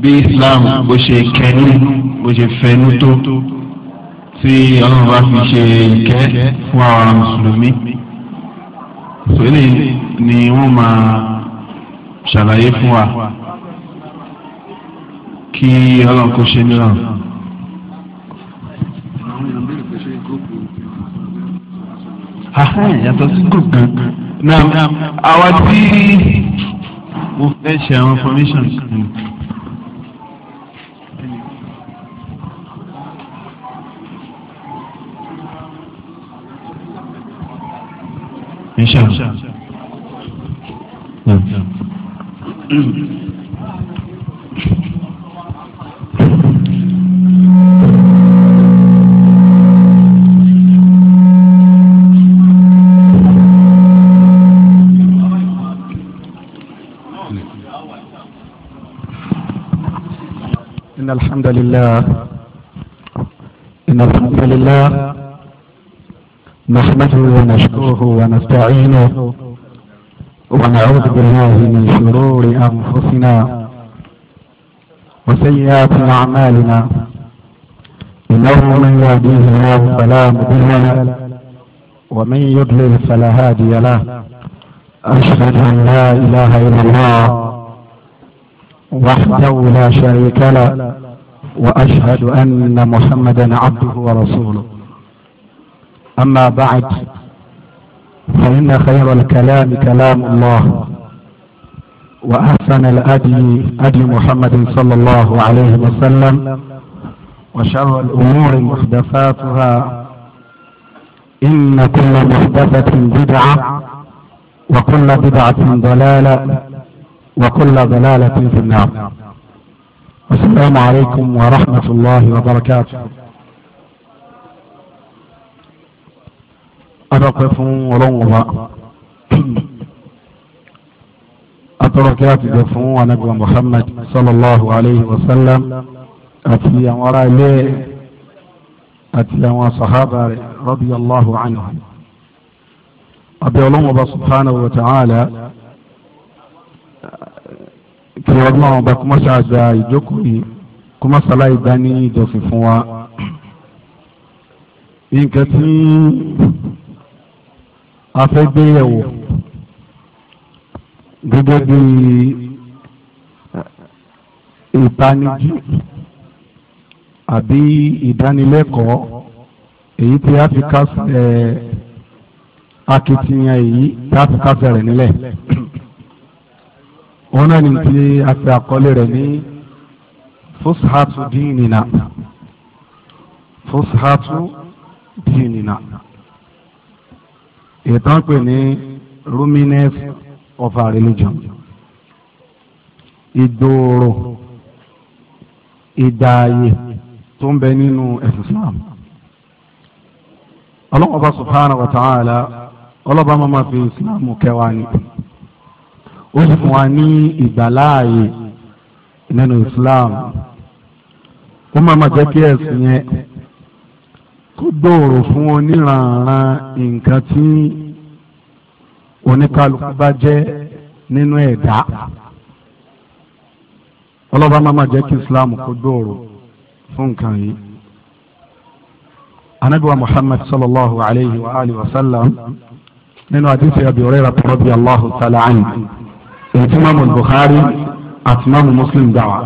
bí islam bó ṣe kẹnu bó ṣe fẹnu tó tí ọlọ́run bá fi ṣe ìkẹ́ fún àwọn mùsùlùmí sórí ni wọ́n máa ṣàlàyé fún wa kí ọlọ́run kó ṣe nílò. yàtọ̀ sí gògùn náà àwa tí mo fẹ́ ṣe àwọn information إن شاء الله نعم. إن الحمد لله إن الحمد لله نحمده ونشكره ونستعينه ونعوذ بالله من شرور أنفسنا وسيئات أعمالنا إنه من يهديه الله فلا مضل له ومن يضلل فلا هادي له أشهد أن لا إله إلا الله وحده لا شريك له وأشهد أن محمدا عبده ورسوله أما بعد فإن خير الكلام كلام الله وأحسن الأدي أدي محمد صلى الله عليه وسلم وشر الأمور محدثاتها إن كل محدثة بدعة وكل بدعة ضلالة وكل ضلالة في النار السلام عليكم ورحمة الله وبركاته adọ́pẹ́ fún ọlọ́run ọba atọ́rọ̀ kí a ti jẹ fún anagba muhammad sallallahu alayhi wa sallam àti àwọn ará ilé àti àwọn sàhábà rẹ̀ radiyallahu anhum abẹ́ ọlọ́run ọba subhanahu wa ta'ala kí ọlọ́run ọba kọ́mọ́sá àgbà ìjókòó yìí kọ́mọ́sá láì dání ìjọsìn fún wa nǹkan tí afẹ́gbéyẹ̀wò gẹ́gẹ́ bí eh, ìtanijí àbí ìdánilẹ́kọ̀ọ́ èyí tí a fi ká eh, akitiyan èyí tí a fi kásẹ̀ rẹ̀ nílẹ̀ òun náà ni tí a fi àkọlé rẹ̀ ní fushatu dinina fushatu dinina ètò ń pè ní ruminous of our religion ìdòòrò ìdààyè tó ń bẹ nínú ẹ̀sìn Islam ọlọ́mọba subhanahu wa ta'ala ọlọ́ba máa fi Islam kẹwàá ni ó sì fún wa ní ìgbàláàyè nínú Islam ó máa jẹ́ kí ẹ̀sìn yẹn kó dòrò fún oníranran nǹkan tí oníkálukú bá jẹ́ nínú ẹ̀dá ọlọ́ba máa ma jẹ́ kí islam kó dòrò fún nǹkan yìí anabiwa muhammad sallallahu alayhi wa alihi wa sallam nínú àdìsí abi hurairah radiyallahu ta'ala anhu èyí mamu bukhari àti mamu muslim dáwà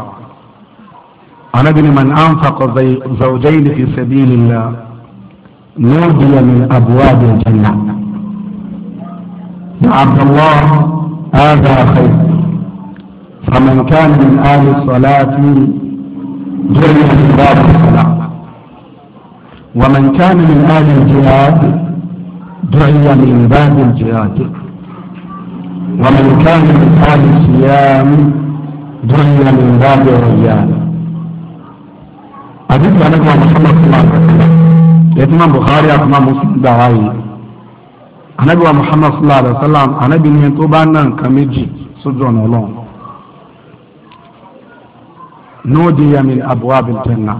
anabi ni man anfaqa zawjayn fi sabilillah. نودي من أبواب الجنة يا عبد الله هذا خير فمن كان من أهل الصلاة جري في باب الصلاة ومن كان من أهل الجهاد دعي من باب الجهاد ومن كان من أهل الصيام دعي من باب الريان حديث عن محمد صلى الله عليه وسلم ẹtùmá Bukhari àtùmá Muslim da wáyé anabi wa Muhammad sallallahu alaihi wa anabi ni tó bá ná nǹkan méjì sójú ọ̀nà ọlọ́run nóòdì yamin abuwa bìtẹ̀nà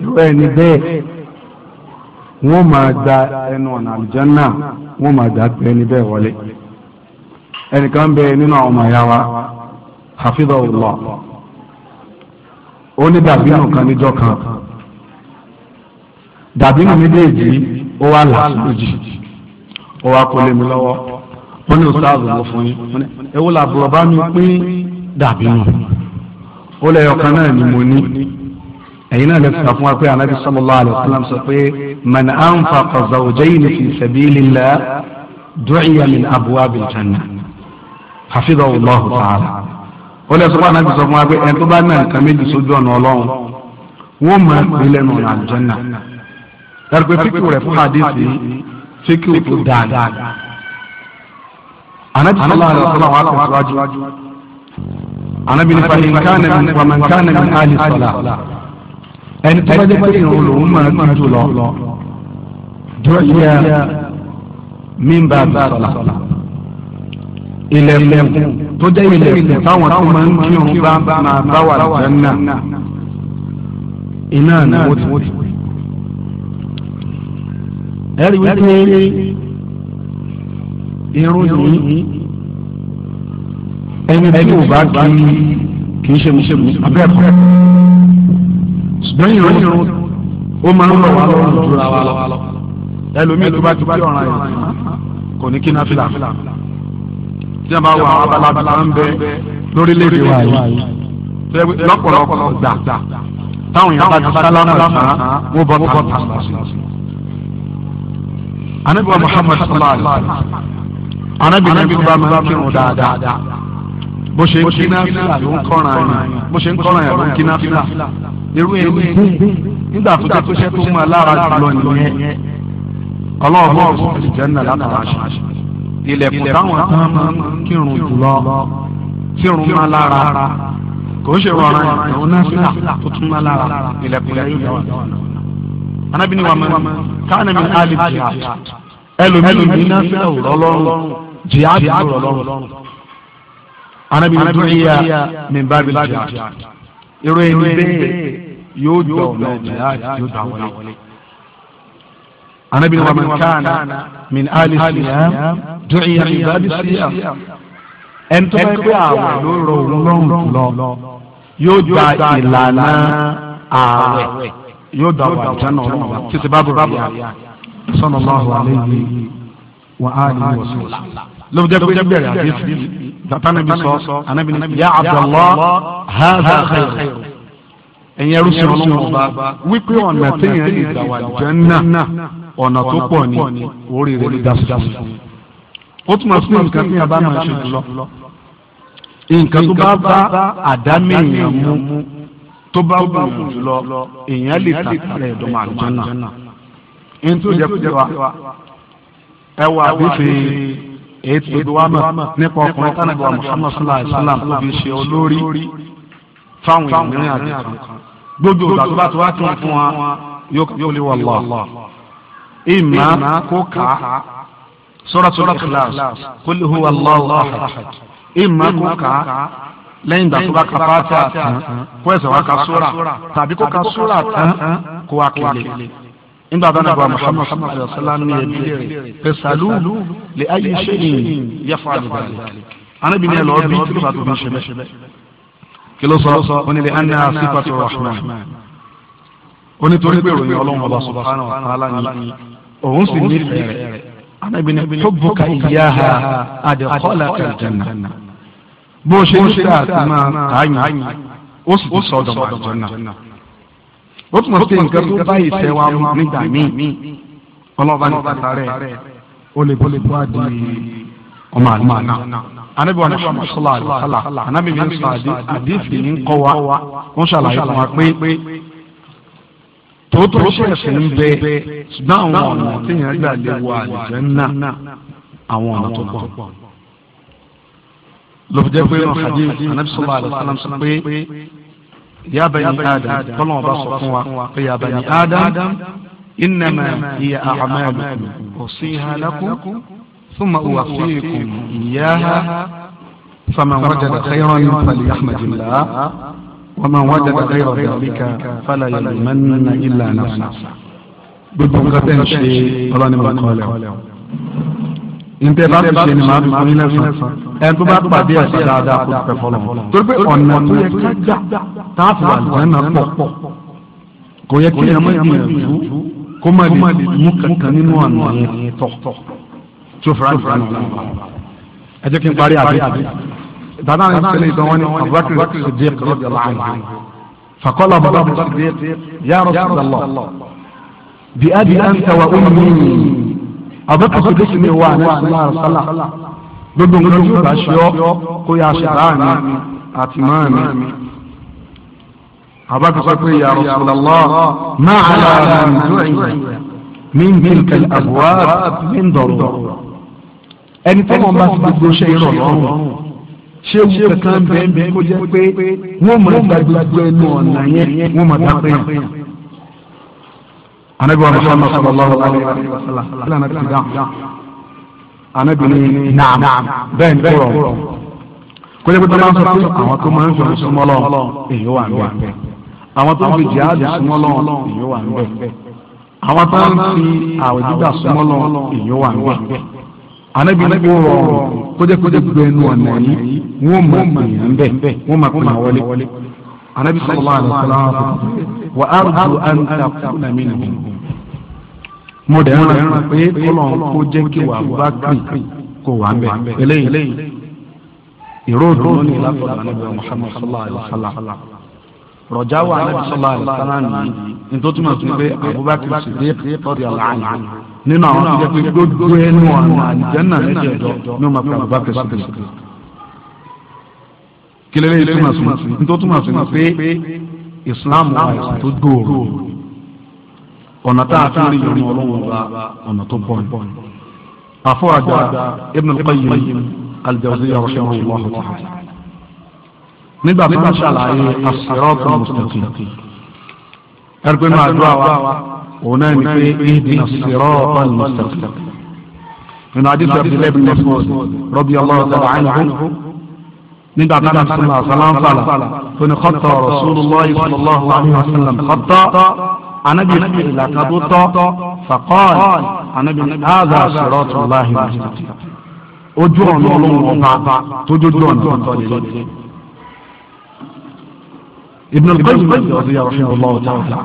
irú ẹni bẹ́ẹ̀ wọ́n máa gba ẹnu ọ̀nà àlùjánná wọ́n máa gbà pé ẹni bẹ́ẹ̀ wọlé ẹnìkan bẹ nínú àwọn ọmọ ẹ̀yà wa hafidhahullah ó ní dàbí nǹkan níjọ́ dàbínú méjèèjì ó wà làásùjì ó wà kó lé mi lọ́wọ́ wọ́n ní ustaz ló fún yín ewu làbúrò bá mi pín dàbínú ó lẹ́yọ̀ kan náà ni mo ní ẹ̀yin náà lè fà fún wa pé anabi sallallahu alayhi wa sallam sọ pé man anfaqa zawjayn fi sabilillah du'iya min abwabil janna hafidahu allah ta'ala ó lè sọ pé anabi sọ fún wa pé ẹni tó bá náà nǹkan méjì sójú ọ̀nà ọlọ́run wọ́n máa pè lẹ́nu ọ̀nà àlùjànnà ẹgbẹ́ fíkù rẹ̀ fún hadisi fíkù tó dáadáa. anabi sallallahu alaihi wa sallam wa tẹ̀síwájú. anabi ní fàyín kánà mi wà màn kánà mi àlè sọ̀la. ẹni tó bá jẹ́ pé ìrìn olùwò máa ń jù lọ. dúrọ̀yà mímbà sọ̀la. ilẹ̀kùn tó jẹ́ ilẹ̀kùn táwọn tó máa ń kírun bá wà lọ́wọ́ náà. iná ni wọ́n ti wọ́n ti ẹ̀rí wípé irun yìí ẹni tí ò bá kí kì í ṣe mùsùlùmí abẹ́ ẹ̀kọ́ ṣùgbọ́n irun irun ó máa ń lọ wá lọ́wọ́ lójúra wa lọ ẹlòmíì tó bá ti pé ọ̀ràn yìí kò ní kí náfìlà tí a bá wà abala abala ń bẹ lórílẹ̀‐èdè wa yìí lọ́pọ̀lọpọ̀ gbà táwọn yàrá ti sálámà sàn án wọ́n bọ́ tà sí i anabi wa muhammad sallallahu alaihi wa sallam anabi náà tún bá mi bá kírun dáadáa bó ṣe ń kí náfìlà ló ń kọ́ra yẹn bó ṣe ń kọ́ra yẹn ló ń kí náfìlà irú ẹni nígbà tó jẹ́ pẹ́ṣẹ́ tó máa lára jùlọ nìyẹn ọlọ́run ìjẹ́nà látara ṣe ilẹ̀kùn táwọn kan máa ń kírun jùlọ kírun máa lára kò ṣe rọra yẹn òun náfìlà tó tún máa lára ilẹ̀kùn yẹn yóò yẹ wà anabini wa man kana min ali jihad ẹlòmíì ní nafila rọlọ́rùn jihad rọlọ́rùn anabini du'iya min babil jihad irú ẹni bẹ́ẹ̀ yóò jọ ọ̀nà jihad yóò dà wọlé. anabini wa man kana min ali siyam du'iya min babil siyam ẹni tó bá gbé lọ yóò gba ìlànà ààwẹ̀ yóò dà wà jánà ọlọ́wà títí bá bọ̀rọ̀ yá sallallahu alayhi wa alihi wa sallam. ló jẹ́ pé bẹ̀rẹ̀ àdéhùn tàtànàbí sọ anábìnrin yá Abdallah hadha khayr ẹ̀yin ẹrú sí ọlọ́wọ́ ọba wípé ọ̀nà téèyàn lè dà wà jánà ọ̀nà tó pọ̀ ní orí rẹ̀ ní dásídásí. ó túmọ̀ sí nǹkan tí a bá máa ṣe jùlọ nǹkan tó bá bá àdámẹ́yìn mú tó bá wù ú jùlọ èèyàn lè tàkà rẹ̀ dọ́mọ àlùjánà ẹni tó jẹ́ pé wa ẹ wà àbífẹ́ èyí tó nípa ọkùnrin tánàbí wa ya sallallahu alayhi wa sallam tó fi ṣe olórí fáwọn èèyàn àti kan gbogbo ìgbàgbọ́ tó wá tún fún wa yóò lè wà lọ ìmọ̀ kó kà lẹ́yìn ìgbà tó bá ka fáta tán kó ẹ̀sẹ̀ wá ka súra tàbí kó ka súra tán kó wá kele nígbà tó nàbà Muhammad sallallahu alayhi wa sallam ní ẹbí rẹ̀ pẹ̀sàlú lè ayé ṣe ní yẹ́fọ́ àlùbáyé anábìnrin ẹ̀ lọ́ọ́ bí tí ó bá tó fi ṣe bẹ́ẹ̀ kí ló sọ onílé anna sípàtì rahman onítorí pé ìròyìn ọlọ́run ọba subhanahu wa ta'ala ni òun sì nífẹ̀ẹ́ rẹ̀ anábìnrin tó bùkà ìyá ha adqalaka al-janna bó ṣe ń sá àti máa káyìn ó sì tún sọdọ̀ wà lọ́jọ́ náà ó tún mọ̀ sí nǹkan tó bá ìfẹ́ wa mú nígbà míì ọlọ́ba ní kàtà rẹ̀ ó lè bọ́ lè bọ́ àdé ọmọ àlùmọ́ náà anabi wa nafa sallallahu alaihi wa sallam anabi mi sọ adi wa wọn ṣàlàyé fún wa pé tòótọ́ ṣẹ̀ṣẹ̀ ń bẹ ṣùgbọ́n àwọn ọ̀nà tí yẹn gbà lè wọ àlùjẹ́ náà àwọn ọ̀nà tó pọ̀. لو بدي حديث النبي صلى الله عليه وسلم يا بني ادم قلوا بصر يا بني ادم انما هي اعمالكم اوصيها لكم ثم اوفيكم اياها فمن وجد خيرا فليحمد الله ومن وجد غير ذلك فلا يلومن الا نفسه. بدون شيء قال انا ntẹ bá fi ṣe ni màá fi fún yín lẹ́sàn ẹ tó bá pàdé ẹ̀sán dáadáa kó fẹ́ fọlọ́ torí pé ọ̀nà tó yẹ ká já tá a fi wà lẹ́nà pọ̀ kò yẹ kí ẹ má di ẹ̀sù kó má lè mú kankan nínú àná yẹn tọ̀ tó fara ìfara nìkan ẹ jẹ́ kí n parí àbí dada ní sẹ́lẹ̀ ìtàn wọn ni abubakar siddiq radiyallahu anhu faqala abubakar siddiq ya rasulallah bi أبقى في جسم وانا صلى الله عليه وسلم بدون بأشياء قويا شعراني أتماني أبقى في يا رسول الله ما على من دعي من تلك الأبواب من ضرورة أن تم ما سبب شيء رضو شو تكلم بين بين كل جنبين ومرتبة بين نوع نعيم ومرتبة anabi wa muhammad sallallahu alaihi wa sallam kí lànà ti dáhùn anabi ni naam bẹ́ẹ̀ ni kúrọ̀ kó lè kó tó máa ń sọ pé àwọn tó máa ń sọ ìsúmọ́lọ́ èyí wà ń bẹ̀ àwọn tó ń fi jihad ìsúmọ́lọ́ èyí wà ń bẹ̀ àwọn tó ń fi àwẹ̀ dídà súnmọ́lọ́ èyí wà ń bẹ̀ anabi ni kó rọrùn kó jẹ́ kó jẹ́ gbẹnu ọ̀nà yìí wọ́n mọ̀ pè é ń bẹ̀ wọ́n mọ̀ pè é wọlé anabi sallallahu alaihi wa sallam wà á rúdu àǹtà kúnà mí nìyí. mo dẹ̀ ń rán pé kọ́lọ̀ kó jẹ́ kí wà bákìrì kó wà ń bẹ̀ eléyìí ìró òdùnnú ni látọ̀dọ̀ ànábì Muhammad sallallahu alayhi wa sallam rọjá wa ànábì sallallahu alayhi wa sallam nìyí nítorí túmọ̀ sí pé Abubakar Siddiq tọ́jú àlàyé nínú àwọn tó jẹ́ pé gbogbo ẹnu ọ̀nà àlìjẹ́nà lẹ́jẹ̀dọ́ ní o máa pè Abubakar Siddiq kílẹ̀ lẹ́yìn túmọ̀ sí nítorí túmọ̀ sí pé islam wa ẹ̀sìn tó gbòòrò ọ̀nà tá a fi rí ìrìn ọlọ́wọ́ wa ọ̀nà tó bọ̀ ni. àfọ àgbà ibn al-qayyim al-jawziyya rahimahullah ta'ala nígbà tó ń ṣàlàyé as-sirat al ẹgbẹ́ náà àdúrà wa òun náà ní pé ihdina as-sirat al-mustaqim. من حديث عبد الله بن مسعود رضي الله تعالى عنه nígbà tí a sọ̀rọ̀ àṣàlánfàlà tó ní kọ́tọ̀ rasulullahi sallallahu alayhi wa sallam kọ́tọ̀ anabi ìlàkàdótọ́ fàkọ́ọ̀lì anabi hàzà siratullahi mustaqim ojú ọ̀nà ọlọ́run ọba tójójú ọ̀nà ọ̀tọ̀ lélẹ̀. ibn al-qayyim ọ̀dọ́yà rahimahullah ta'ala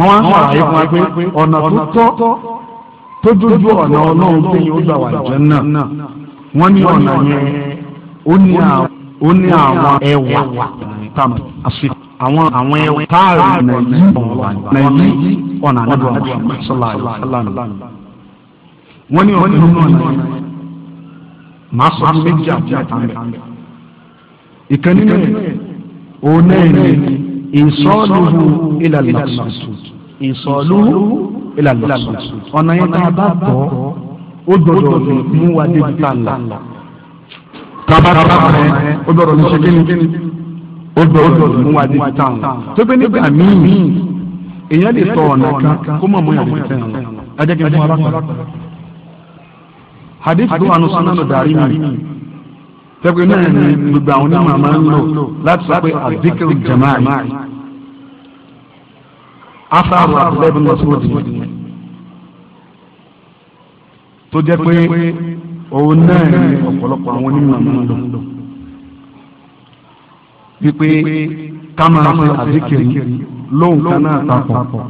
wọ́n wá ń sọ̀rọ̀ ayé fún wa pé ọ̀nà tó tọ́ tójójú ọ̀nà ọlọ́run pé yóò gbà wà jẹ́ náà wọ́n ní ọ̀nà yẹn ó ní àwọn. ó ní àwọn ẹwà tàmù àsìkò àwọn àwọn ẹwà táàrí nàìjíríà nàìjíríà ọ̀nà àdúrà sọláàlú wọ́n ní ọ̀nà ìlú náà máa sọ méjì àti àtàmì ìkànnì náà òun náà ní ìsọ́lùú ìlàlẹ̀ àṣùtù ìsọ̀lúhu ìlàlọ́sùn ọ̀nà yẹn tá a bá ó gbọ́dọ̀ mú wa débi tá a là bàbá bàbá rẹ ó dọ̀rọ̀ ní ṣẹ́kínní ó dọ̀rọ̀ ní mú adé tán tó bẹ́ẹ̀ nígbà míì èèyàn lè sọ ọ̀nà kan kó mọ̀ mọ́ ìyàwó fẹ́ràn ẹ jẹ́ kí n fún arákùnrin. hadith tó anu sunanu dari mi tẹ́pẹ́ náà ni gbogbo àwọn onímọ̀ máa ń lò láti sọ pé àdékèrè jama'i afáàrò àbúlẹ́bí lọ́sọ̀rọ̀ tó jẹ́ pé òun náà ni ọ̀pọ̀lọpọ̀ àwọn onímọ̀ máa ń lò wípé ká máa ṣe àdékèrè lóhùn kan náà papọ̀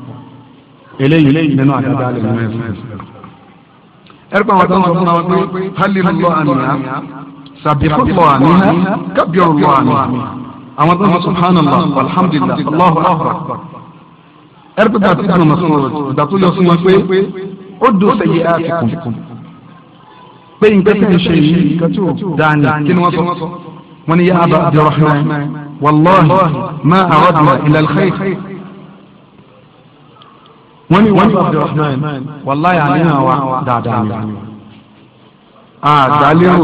eléyìí nínú àdáda lè mú ẹsẹ̀ ẹ̀rọ àwọn tó ń sọ fún wa pé halilu àníyá sàbíkú lọ àníyá kábíọ̀rù lọ àníyá àwọn tó ń sọ subhanallah alhamdulillah allahu akbar ẹ̀rọ tó dàtú ìdáná sọ̀rọ̀ dàtú yọ fún wa pé ó dùn sẹ́yìn àtìkùn pé nǹkan tí mo ṣe yìí nǹkan tí ò dání kí ni wọ́n sọ wọ́n ní yá Aba Abdulrahman wallahi ma aradna illa al-khayr wọ́n ní wọ́n ní Abdulrahman wallahi àníyàn wa dáadáa ni àgbálérò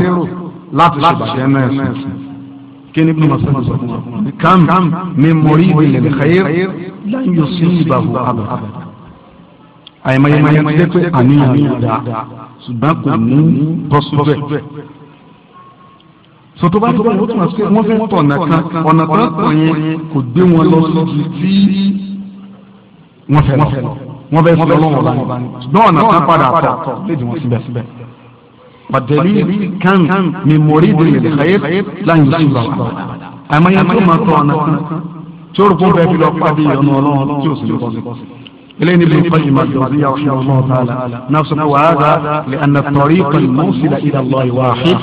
láti ṣèbàjẹ́ náà sùn kí ni kúmọ̀ sọ́nà sọ́nà kam min muridin lil-khayr lan yusibahu abada àyèmáyèmáyè ti dẹ́ pé àníyàn ní ìdá ṣùgbọ́n kò ní bọ́sùbẹ̀. sọtò bá tó bá wọ́n tún àṣẹ wọ́n fẹ́ tọ̀ ọ̀nà kan ọ̀nà tó tọ̀ yẹn kò gbé wọn lọ síbi tí wọ́n fẹ́ lọ wọ́n fẹ́ sọ lọ́wọ́ bá ní ṣùgbọ́n ọ̀nà kan padà tọ̀ lédi wọn síbẹ̀síbẹ̀. pàtẹ́lí kan mi mọ̀rí ìdílé ìdílé láyé ìṣúra àyèmáyè tó máa tọ̀ ọ̀nà kan tí ó rò pé ó fẹ́ fi lọ pàdé ìyọnu ọlọ́run tí ò إلينا ابن القيم الجوزية رحمه الله تعالى نفس هذا لأن الطريق الموصل إلى الله واحد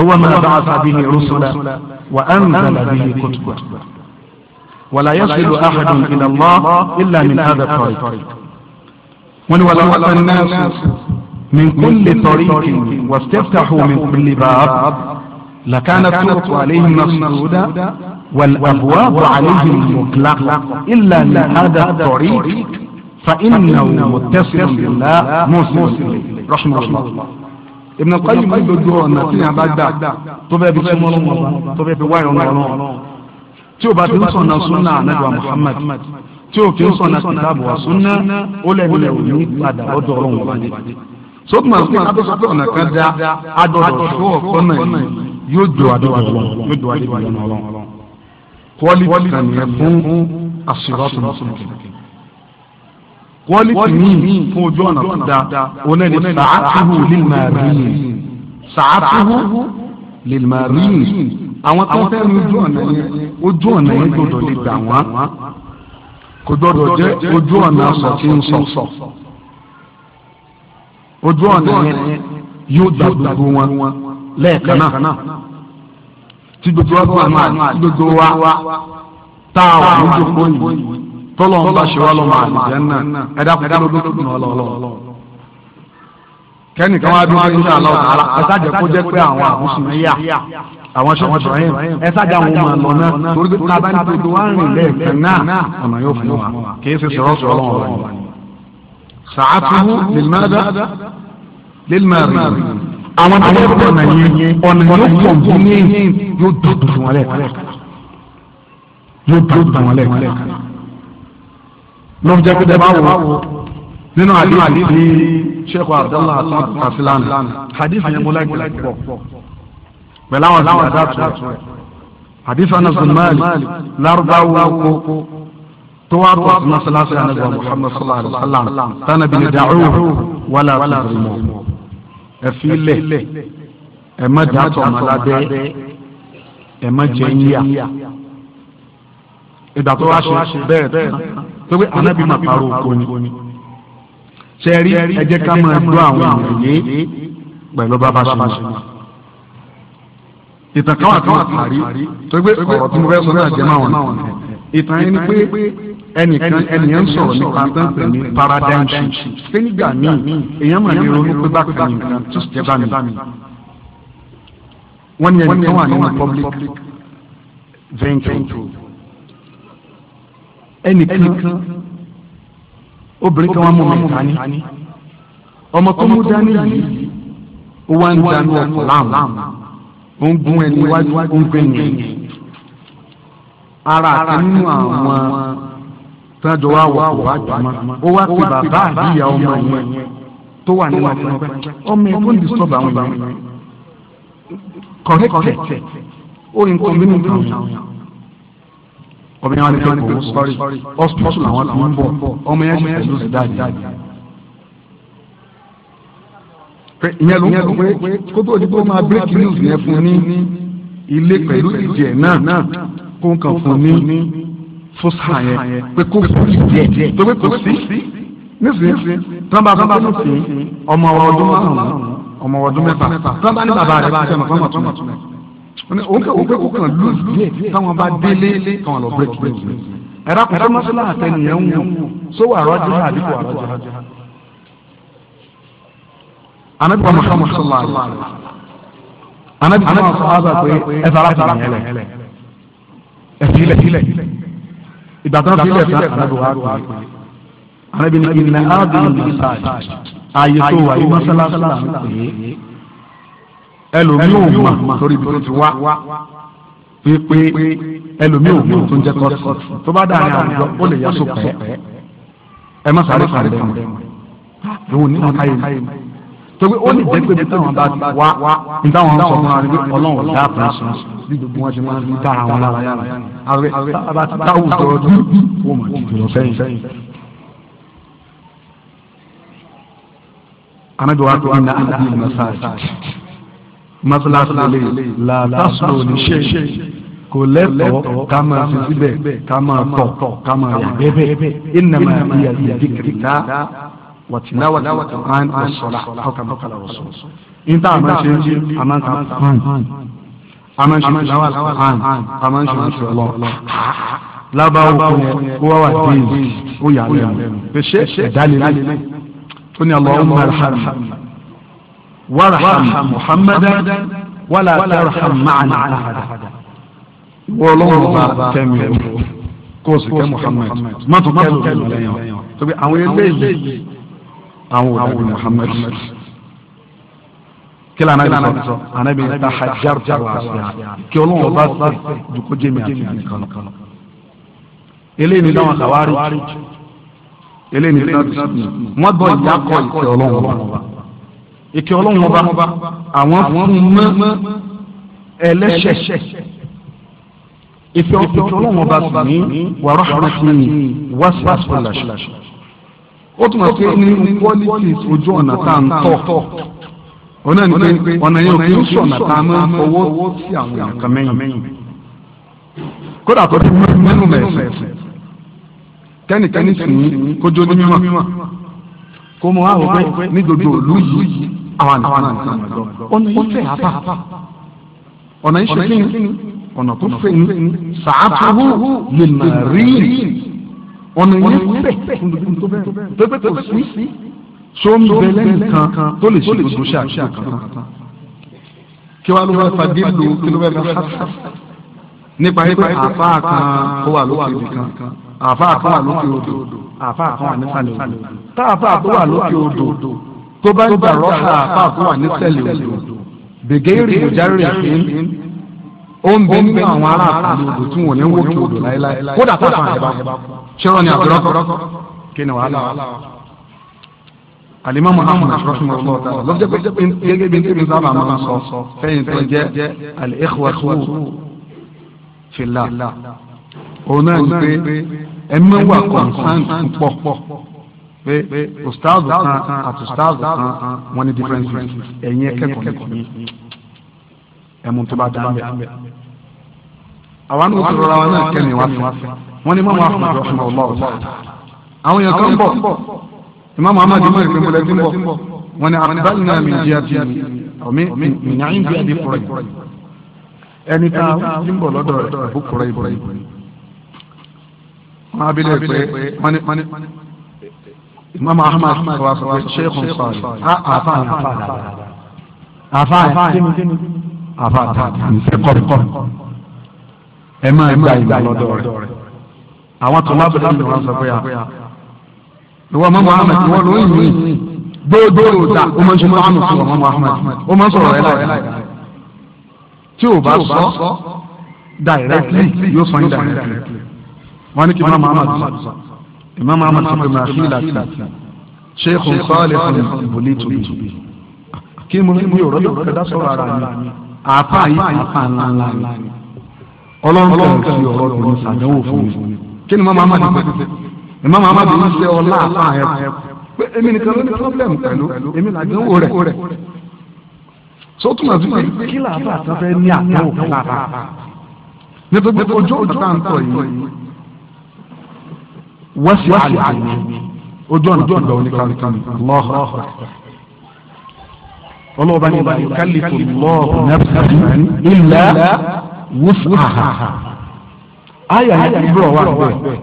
هو ما بعث به رسلا وأنزل به كتبا ولا يصل أحد إلى الله إلا من هذا الطريق ولو أتى الناس من كل طريق واستفتحوا من كل باب لكان الطرق عليهم مسدودا والأبواب عليهم مطلقة إلا من هذا الطريق فإنه متصل بالله مسلم رحمه الله Ibn Qayyim máa ń dojú ọ̀nà tí yàn bá gbà tó bẹ́ẹ̀ fi súnmọ́ lọ́wọ́ tó bẹ́ẹ̀ fi wá ìrọ̀rùn ọ̀rọ̀ tí ò bá fi ń sọ̀nà súnà ànágbà Muhammad tí ò fi ń sọ̀nà kìtàbù wa súnà ó lẹ́nu lẹ́wù ní padà lọ́dọ̀ ọ̀rọ̀ wọn wáyé. sókùnmá sí adọ́sọ́tọ̀ ọ̀nà kan dá adọ̀dọ̀ tó ọ̀kọ́ náà yóò jọ adọ̀dọ̀ ọ̀rọ̀ yóò jọ adọ̀dọ̀ ọ̀rọ̀ quality kan yẹn fún àṣìwáṣọ mùsùlùmí quality mi fún ojú ọ̀nà tó da oní ni sàátìhù lilmarin sàátìhù lilmarin àwọn tó fẹ́ ní ojú ọ̀nà yẹn ojú ọ̀nà yẹn gbọdọ̀ lè gbà wọ́n kò gbọdọ̀ jẹ́ ojú ọ̀nà sọ tí ń sọ ojú ọ̀nà yẹn yóò dá wọn lẹ́ẹ̀kan náà tí gbogbo wa fún àná tí gbogbo wa tá a wà ní ìjókòó yìí tọ́lọ̀ ń bá ṣèwá lọ́mọ àlùjẹ́ náà ẹ̀dá kúkú ló dúró dùn ọlọ́ọ̀lọ́. kẹ́nìkan wá bí wọ́n ń ṣàlọ́ ọ̀tàlá ẹ sáàjẹ́ kó jẹ́ pé àwọn àbúṣe yíyà àwọn ṣọ̀wọ́n ṣọ̀rọ̀ yẹn ẹ sáàjẹ́ àwọn ọmọ àlọ́ náà torí pé tá a bá ní gbogbo wa rìn lẹ́ẹ̀kan náà ọ̀nà yóò fún wa kì í ṣe sọ̀rọ̀ sọ̀rọ̀ lọ́wọ́ àwọn tó bẹ́ẹ̀ bọ̀ ọ̀nà yẹn ọ̀nà yóò pọ̀ ju ní yóò dúdú fún wọn lẹ́ẹ̀kan yóò dúdú fún wọn lẹ́ẹ̀kan lọ́wọ́ jẹ́ pé dẹ́gbà wò nínú àdéhùn ní sẹ́kọ̀ abdallah hasan kasilani hadith yẹn múlá ìgbà pọ̀ pẹ̀lú àwọn àwọn àdáàtú hadith anas bin malik larubawo ko tó wá tó muhammad sallallahu alaihi wa sallam tanabi ni da'uhu wala tuzrimuhu ẹ fi lẹ̀ ẹ má dàtọ̀ ọmọ lábẹ́ ẹ má jẹ yíyà ìgbà tó wá ṣe bẹ́ẹ̀ tán tó pé anábì máa parọ́ òkò ni sẹ́rí ẹ jẹ́ ká máa gbọ́ àwọn ènìyàn yé pẹ̀lú bàbá ṣe máa ìtàn kan wà tó wà tó pé ọ̀rọ̀ tí mo fẹ́ sọ náà jẹ́ máa wọn ìtàn yẹn ni pé ẹnìkan ẹnìyẹn ń sọ̀rọ̀ nípa pẹ́ńpẹ́ ní paradigm shift fínìgà míì èèyàn mà ní ronú pé bákan nìkan tó sì jẹ́ bá mi. wọ́n ní ẹnìkan wà nínú public venture ẹnìkan obìnrin kan wà mọ̀ mẹ́ta ní ọmọ tó mú dání yìí ó wá ń dánú ọkọ̀ láàmú ó ń gún ẹni wájú ó ń gbẹ̀yìn ara àti nínú àwọn tájọ wá wà kó wá jùmọ̀ ó wá pè bàbá àbíyá ọmọ yẹn tó wà nínú ọpẹ ọmọ yẹn tó ń disturb àwọn yẹn correct ó ní kò nínú kan ọmọ yẹn wà ní pẹ́ kò sọ́rí hospital àwọn tó ń bọ̀ ọmọ yẹn ṣe pẹ̀lú dáadé ìyẹn ló ń sọ pé kó tó di pé ó máa break news yẹn fún ní ilé pẹ̀lú ìjẹ náà kó ń kàn fún ní fúsà yẹn pé kó kúrì díẹ̀ tó pé kò sí nísìnyí tọ́ba fún mi sí ọmọ ọdún márùn-ún ọmọ ọdún mẹ́fà tọ́ba ní bàbá rẹ̀ kí sẹ́mi kọ́mọ̀ tún mẹ́tún òun kẹ́ òun kẹ́ kó kàn lù díẹ̀ táwọn bá délé káwọn lọ bírèkì bírèkì ẹ̀rọ kò fún mọ́sálà àtẹnìyẹn ń wò sówó àrọ́jú àdìpọ̀ àrọ́jú. anabi wa muhammad sallallahu alaihi wa sallam anabi wa sahaba pé ẹ fara fara yẹlẹ ẹ filẹ filẹ ìgbà tó ń fi ilẹ̀ tán ànábì wa kò yẹ ànábì ní ìnà ábìlì mọ́sáàjì ààyè tó wà yìí mọ́sálásí là ń pè é ẹlòmíì ò mà torí ibi tó ti wá pé pé ẹlòmíì ò mà tó ń jẹ́ kọ́tù tó bá dáa ní àwùjọ ó lè yá sókè ẹ má sáré sáré fún mi ìwọ ní wọn káyé mi torí ó lè jẹ́ pé bí táwọn bá ti wá ní táwọn sọ fún wa pé ọlọ́run dá àpá sùn bí gbogbo wọn ṣe máa ń dá àwọn lára yára ààrẹ tábà ti dáwù sọ̀rọ̀ tó wọ́n mọ̀ títí lọ sẹ́yìn. anájọ wa tó ń na àdá ìlú masáàjì masalasi lè la tasuro ní ṣe kò lẹ́tọ̀ọ́ ká máa fi síbẹ̀ ká máa tọ̀ ká máa yà bẹ́ẹ̀ bẹ́ẹ̀ ìnàmà ìyàtì dìkìtà wàtíláwà tó kán ọ̀sọ̀lá ọ̀kàmù kàlà ọ̀sọ̀. níta àmọ́ ṣe ń ṣe àmọ́ ká kán àmọ́ ṣe láwà kán àmọ́ ṣe ń ṣe lọ. lábàáwò kò yẹ kó wá wà dín ó yà lẹ́nu pèsè ìdálélẹ́ tó ní Allahumma arhamni warham Muhammadan wala tarham ma'ana ahada. wọ́n lọ́wọ́ bá tẹ̀mí o kó o sì kẹ́ Muhammad má tó kẹ́ lórí ìlú lẹ́yìn o tóbi àwọn eléyìí àwọn òdàbí Muhammad kí lànà bí sọ ànábi ta hajar tó wà sí a kí olóhùn bá sẹ dùkú jẹmi àti nìkan eléyìí ni dáwọn kàwárí eléyìí ni sábì wọn gbọ ìyá kọ ìkẹ Ọlọ́run ọba ìkẹ Ọlọ́run ọba àwọn fún mọ ẹlẹ́ṣẹ̀ ìfẹ́ ìkẹ Ọlọ́run ọba ní wàrà hàn ni wàásù àṣọ ó túmọ̀ pé nínú qualities ojú ọ̀nà tá à ń tọ̀ ọ̀nà ni pé ọ̀nà yẹn ò kí ń sọ̀nà tá a máa ń fọwọ́ sí àwọn èèyàn kan mẹ́yìn kódà tó fi mẹ́nu mẹ́sìn kẹ́nìkẹ́nì sì ń kójó ní mímọ́ kó mọ àwọn pé ní gbogbo òlú yìí àwọn àǹfààní nǹkan àjọ ọ̀nà yìí fẹ́ apá ọ̀nà yìí ṣe kí ni ọ̀nà tó fẹ́ ni sàátúhù lè mà rí ọ̀nà yẹn bẹ̀ fún gbogbo tó bẹ̀rẹ̀ tó pé kò sí tó ń bẹ lẹ́nìkan tó lè ṣe gbogbo ṣe àṣà kankan kí wàá ló fẹ́ fagé lu kí ló fẹ́ fẹ́ hàṣà nípa pé àfa kan kó wà lókè òdò kan àfa kan wà lókè òdò àfa kan wà nísàlẹ̀ òdò tá àfa tó wà lókè òdò tó bá ń gbà rọ́ṣà àfa kan wà nísàlẹ̀ òdò bègéèrè ìjárèrè fún ó ń bẹ nínú àwọn aráàlú òdò tí wọn ò ní wókè òdò láéláé kódà tó àfa àyẹ̀bá kú ṣọ́rọ̀ ni àbúrọ́kọ̀ kí ni wàhálà wa. alimami ahmed rahman allah ta'ala lọ́jọ́ pé gẹ́gẹ́ bí tèmi sábà máa sọ fẹ́yìn tó jẹ́ al-ikhwatu fillah òun náà ní pé ẹ̀mí wà kọ̀ǹsán pọ̀ pé ustaz kan àti ustaz kan wọ́n ní differences ẹ̀yin ẹ̀kẹ́kọ̀ọ́ nìkan ẹ̀mú tó bá dáa bẹ́ẹ̀. àwa náà sọ̀rọ̀ náà kẹ́ni wá sí wọ́n ní mọ́mọ́ ahmed rahman allah ọ̀sán àwọn èèyàn kan bọ̀ imam ahmed imam ìpínlẹ̀ mọ̀lẹ́ ti ń bọ̀ wọ́n ní abdalina mi jẹ́ àti mi mi ní àyìn bí adé kúrẹ́ ẹni tá a ń bọ̀ lọ́dọ̀ rẹ̀ àbú kúrẹ́ ìbọ̀ wọ́n abilẹ̀ pé wọ́n ní imam ahmed wa sọ pé sheikhun sọ̀rọ̀ a àfa ni àfa dàda àfa yẹn àfa dàda ẹ kọ́ ẹ máa gba ìgbà lọ́dọ̀ rẹ̀ àwọn tó lábẹ́ lẹ́yìn wọn sọ pé à ah, ìwọ ọmọ muhammed ìwọ ló ń yìn gbogbo òdà ó máa ń ṣe muhammed fún ọmọ muhammed ó máa ń sọ̀rọ̀ ẹ̀ láì tí ò bá sọ directly yóò sọ yín directly wọn ní kí imam muhammed sọ imam muhammed sọ pé mà á fi ìlà sí sheikh nkọ́lẹ̀ fún ìbòlí tùbí kí mo ní yòrò yòrò kẹdá sọ̀rọ̀ ara mi àáfàá yìí àáfàá ńláńlá ni ọlọ́run kẹrin kí ni mama amadu fẹ́ ni mama amadu ń ṣe ọlá àfa ẹ̀ pé èmi nìkan ló ní pọ́blẹ́mù pẹ̀lú èmi làdánwò rẹ̀ sọtúmọ̀ sí pé kí làbà àtàfẹ́ ní àtẹ̀wò lára nítorí ojú ọ̀tá ń tọ̀ yìí wọ́n sì àlè ojú ọ̀nà tó lọ oníkàlùkàlù lọ́hùn ọlọ́ọ̀bá ní ìbáyìí kálífù lọ́hùn nafsan illa wùsùn àhà àyà yẹn ti bọ̀ wá bẹ́ẹ̀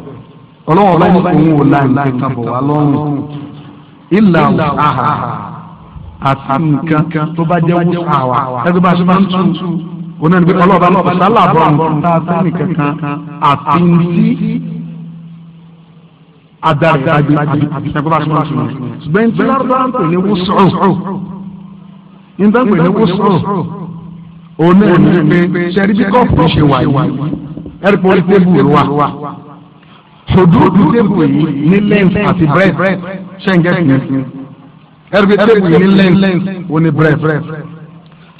ọlọ́wọ́n bá ní òun ò la nǹkan kan bọ̀ wá lọ́rùn ìlà àhà àti nǹkan tó bá jẹ́ wù àwà ẹgbẹ́ bá a ṣe máa ń tu oní ẹni pé ọlọ́ọ̀bá lọ́kọ̀ sálà bọ̀ nǹkan tá a fẹ́ nìkan kan àti ní adarí àbí àbí àbí ẹgbẹ́ bá a ṣe máa ń tu ṣùgbọ́n ní tí lárúbá ń pè ní wùsùrù ní tí wọ́n pè ní wùsùrù oní ẹni pé ṣẹ́rí bí kọ́ọ̀pù ṣe wà yìí ẹ̀rọ̀pọ̀lì tébù ló wà ṣòdúdú tébù yìí ní lens àti bread ṣẹ́ǹgẹ́sì yẹn ẹ̀rọ̀pọ̀lì tébù yìí ní lens òní bread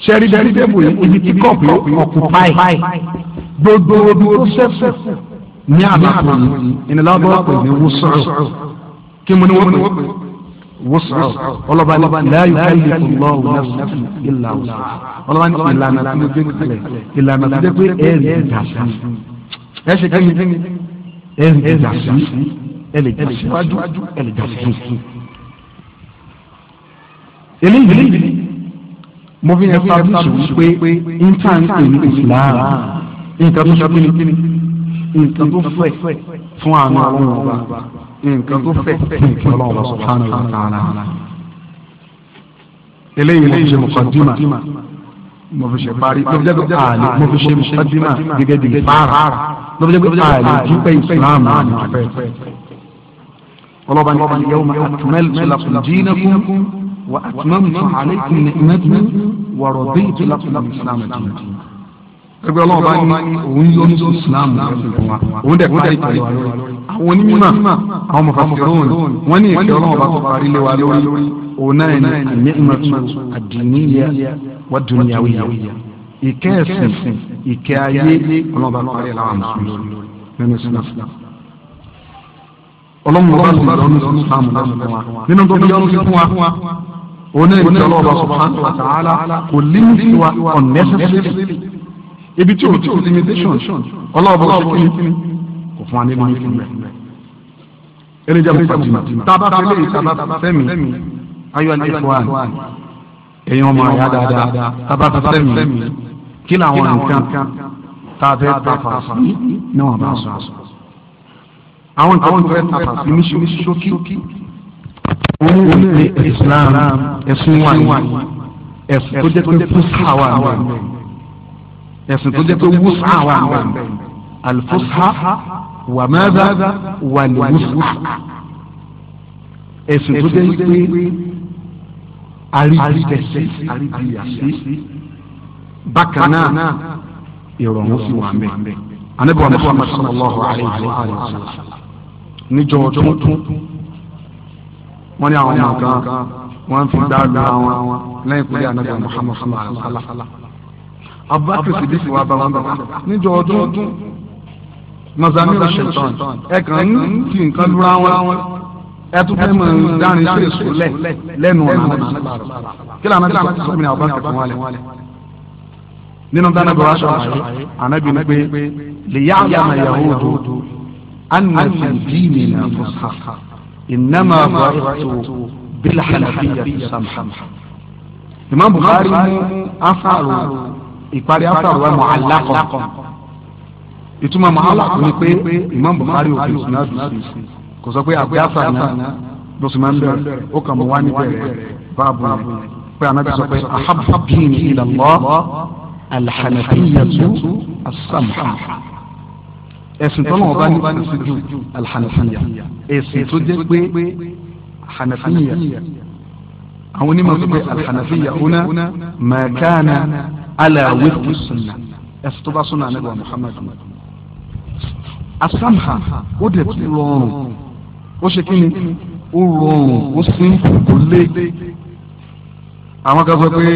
ṣẹ́rí dẹ́rí tébù yìí ibi tí kọ́ọ̀pù ọ̀kùpáì gbogbo odò sẹ́fù ní àlàfo yìí ìnìlábọ̀ pè ní wúsọ̀rọ̀ kí mo ní wọ́n pè é wosoro ọlọba ní láàyò káyọ ìlọ òwúlọsọ ìlà òsọ ọlọba ní ìlànà tí mo gbé kalẹ̀ ìlànà tí mo gbé ẹrì ìdàsí ẹ ṣe kí ni ẹrì ìdàsí ẹlẹ ìdàsí wájú ẹlẹ ìdàsí tuntun. eléyìí mo fi ẹ̀fọ́ abúlé pé intanẹti ní islam nǹkan tó sọ kí ni nǹkan tó fẹ́ fún àwọn ọmọ ọba. إن كنتم سبحانه وتعالى إليه مفيش مقدمة مفيش باري مفيش آل مفيش مقدمة بجد فار مفيش آل جيبه إسلام طلبا اليوم أكملت لكم دينكم وأتممت عليكم نعمتي ورضيت لكم الإسلام دينكم ẹgbẹ́ ọlọ́run bá ní òun yọnu sí islam lẹ́sùn wa òun dẹ̀ parí pẹ̀lú àwọn onímọ̀ àwọn mọ̀fàfẹ́rọ́n wọ́n ní ìfẹ́ ọlọ́run bá tó parí lé wa lórí òun náà ní àníyànmọ́tò àdìníyà wà dùnìyàwó ìkẹ́ ẹ̀sìn ìkẹ́ ayé ọlọ́run bá parí làwọn mùsùlùmí nínú islam. ọlọ́run bá tó yọnu sí islam lẹ́sùn wa nínú tó yọnu sí fún wa òun náà ní ìfẹ́ ọlọ́run bá tó parí làwọn mùsùlùmí ibi tí o ti limitation ọlọ́ọ̀bọ̀ ṣe kí ni kò fún wa ní limitation rẹ̀ eré jẹ́ mọ̀tàdìmọ̀ tábà fẹ́lẹ́ ìtàbà fẹ́mi ayọ̀ ní ìfọ̀ àná ẹ̀yin ọmọ àyà dáadáa tábà fẹ́mi kí làwọn nǹkan tá a fẹ́ tàfà sí ní wọn bá sọ àṣọ. àwọn nǹkan tó fẹ́ tàfà sí ní ṣókí wọ́n ní Islam? ẹ̀sùn wà ní ẹ̀sùn tó jẹ́ pé fún sáwà náà ẹ̀sìn tó jẹ́ pé wúsà wà ń bẹ̀rẹ̀ alfusha wà mẹ́ta wà ní wúsà ẹ̀sìn tó jẹ́ pé àrídẹ̀sẹ̀ àrídìyàsí bákan náà ìrọ̀rùn sí wà ń bẹ̀rẹ̀ anabi wa muhammad sallallahu alayhi wa sallam níjọ wọ́n ní àwọn ọmọ kan wọ́n fi dáadáa wọn lẹ́yìn kúlẹ̀ anabi wa muhammad sallallahu alayhi abubakar sidiki wa bá wọn bá wọn níjọ ọdún mazamiru shaitan ẹ kàn ń fi nǹkan lura wọn ẹ tún fẹ́ mọ̀ dárin sí èso lẹ̀ lẹ́nu ọ̀nà kí lànà kí lànà ti sọ fún mi abubakar fún wa lẹ̀ nínú dáná bọ̀ aṣọ àyè ànábì ní pé lè yá àyàmà yahudu anna fi dìínì nà fọ́sà ìnáma bọ̀ ètò bílà hànàfíyà sàmhàmhà imam bukhari mú afárò. ìparí afárò wa mu'allaqan ìtumọ̀ mu'allaqan ni pé Imam Bukhari òfin sinadu sí kò sọ pé àgbẹ̀ afárò náà ló sì máa ń bẹ̀rẹ̀ ó kàn mọ́ wá ní bẹ̀rẹ̀ báàbò rẹ̀ pé anábì sọ pé ahabbu dini ila Allah ẹ̀sìn tó náà bá ní ìsìnjú alhanafiyya ẹ̀sìn tó jẹ́ pé hanafiyya àwọn onímọ̀ sọ pé alhanafiyya una ma ala wifki sunna ẹsẹ tó bá sunna anabi wa muhammad asamha ó dẹ̀ ti rọrùn ó ṣe kí ni ó rọrùn ó sì ń kò lé àwọn kan sọ pé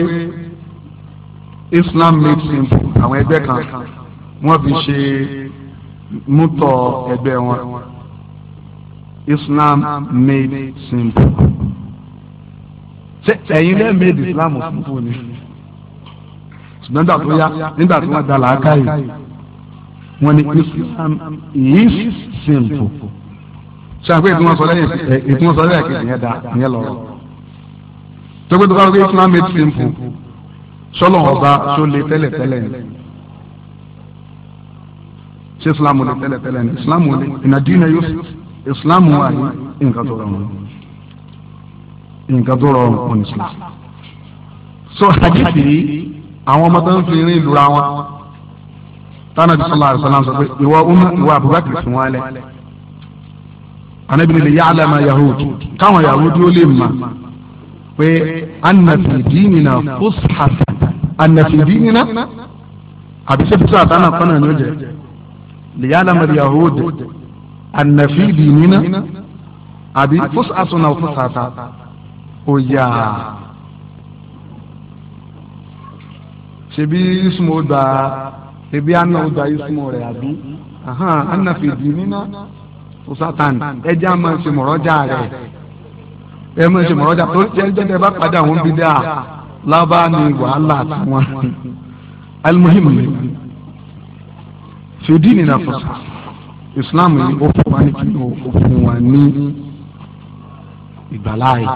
islam made simple àwọn ẹgbẹ́ kan wọ́n fi ṣe mútọ̀ ẹgbẹ́ wọn islam made simple ṣe ẹ̀yin lẹ́ẹ̀ made islam simple ni ṣùgbọ́n nígbà tó yá nígbà tí wọ́n da làákà yìí wọ́n ní Islam is simple ṣàpè ètò wọn sọ lẹ́yìn ètò wọn sọ lẹ́yìn kejì yẹn da yẹn lọ tókè tó bá wọlé Islam made simple sọlọ ọba sọ lè tẹ́lẹ̀ tẹ́lẹ̀ ni ṣé Islam lè tẹ́lẹ̀ tẹ́lẹ̀ ni Islam lè ìnàdínà yóò Islam wà ní nǹkan tó rọrùn nǹkan tó rọrùn on Islam so hadith yìí àwọn ọmọ tó ń fi irin lura wọn tánà bí sọlá àrùsọlá sọ pé ìwọ ọmọ ìwọ Abubakar sùn wọn lẹ anabi nílẹ yàrá ma yahudi káwọn yahudi ó lè mà pé anafi dínínà fúsàtà anafi dínínà àbíṣe fúsàtà náà kọ́nà ni ó jẹ lìyàrá ma yahudi anafi dínínà àbí fúsàtà náà fúsàtà ó yà á. ṣebí ismu gba ṣebí anna gba ismu rẹ̀ àbí anna fi di nínà usatan ẹjẹ a máa ṣe mọ̀rọ́jà rẹ̀ ẹ máa ṣe mọ̀rọ́jà tó jẹ́ jẹ́jẹ́ bá padà àwọn bí dáa lábá ni wàhálà tiwọn alimuhim ni fìdí nínà fọṣọ islam yìí ó fún wa ní kí ó fún wa ní ìgbàláyè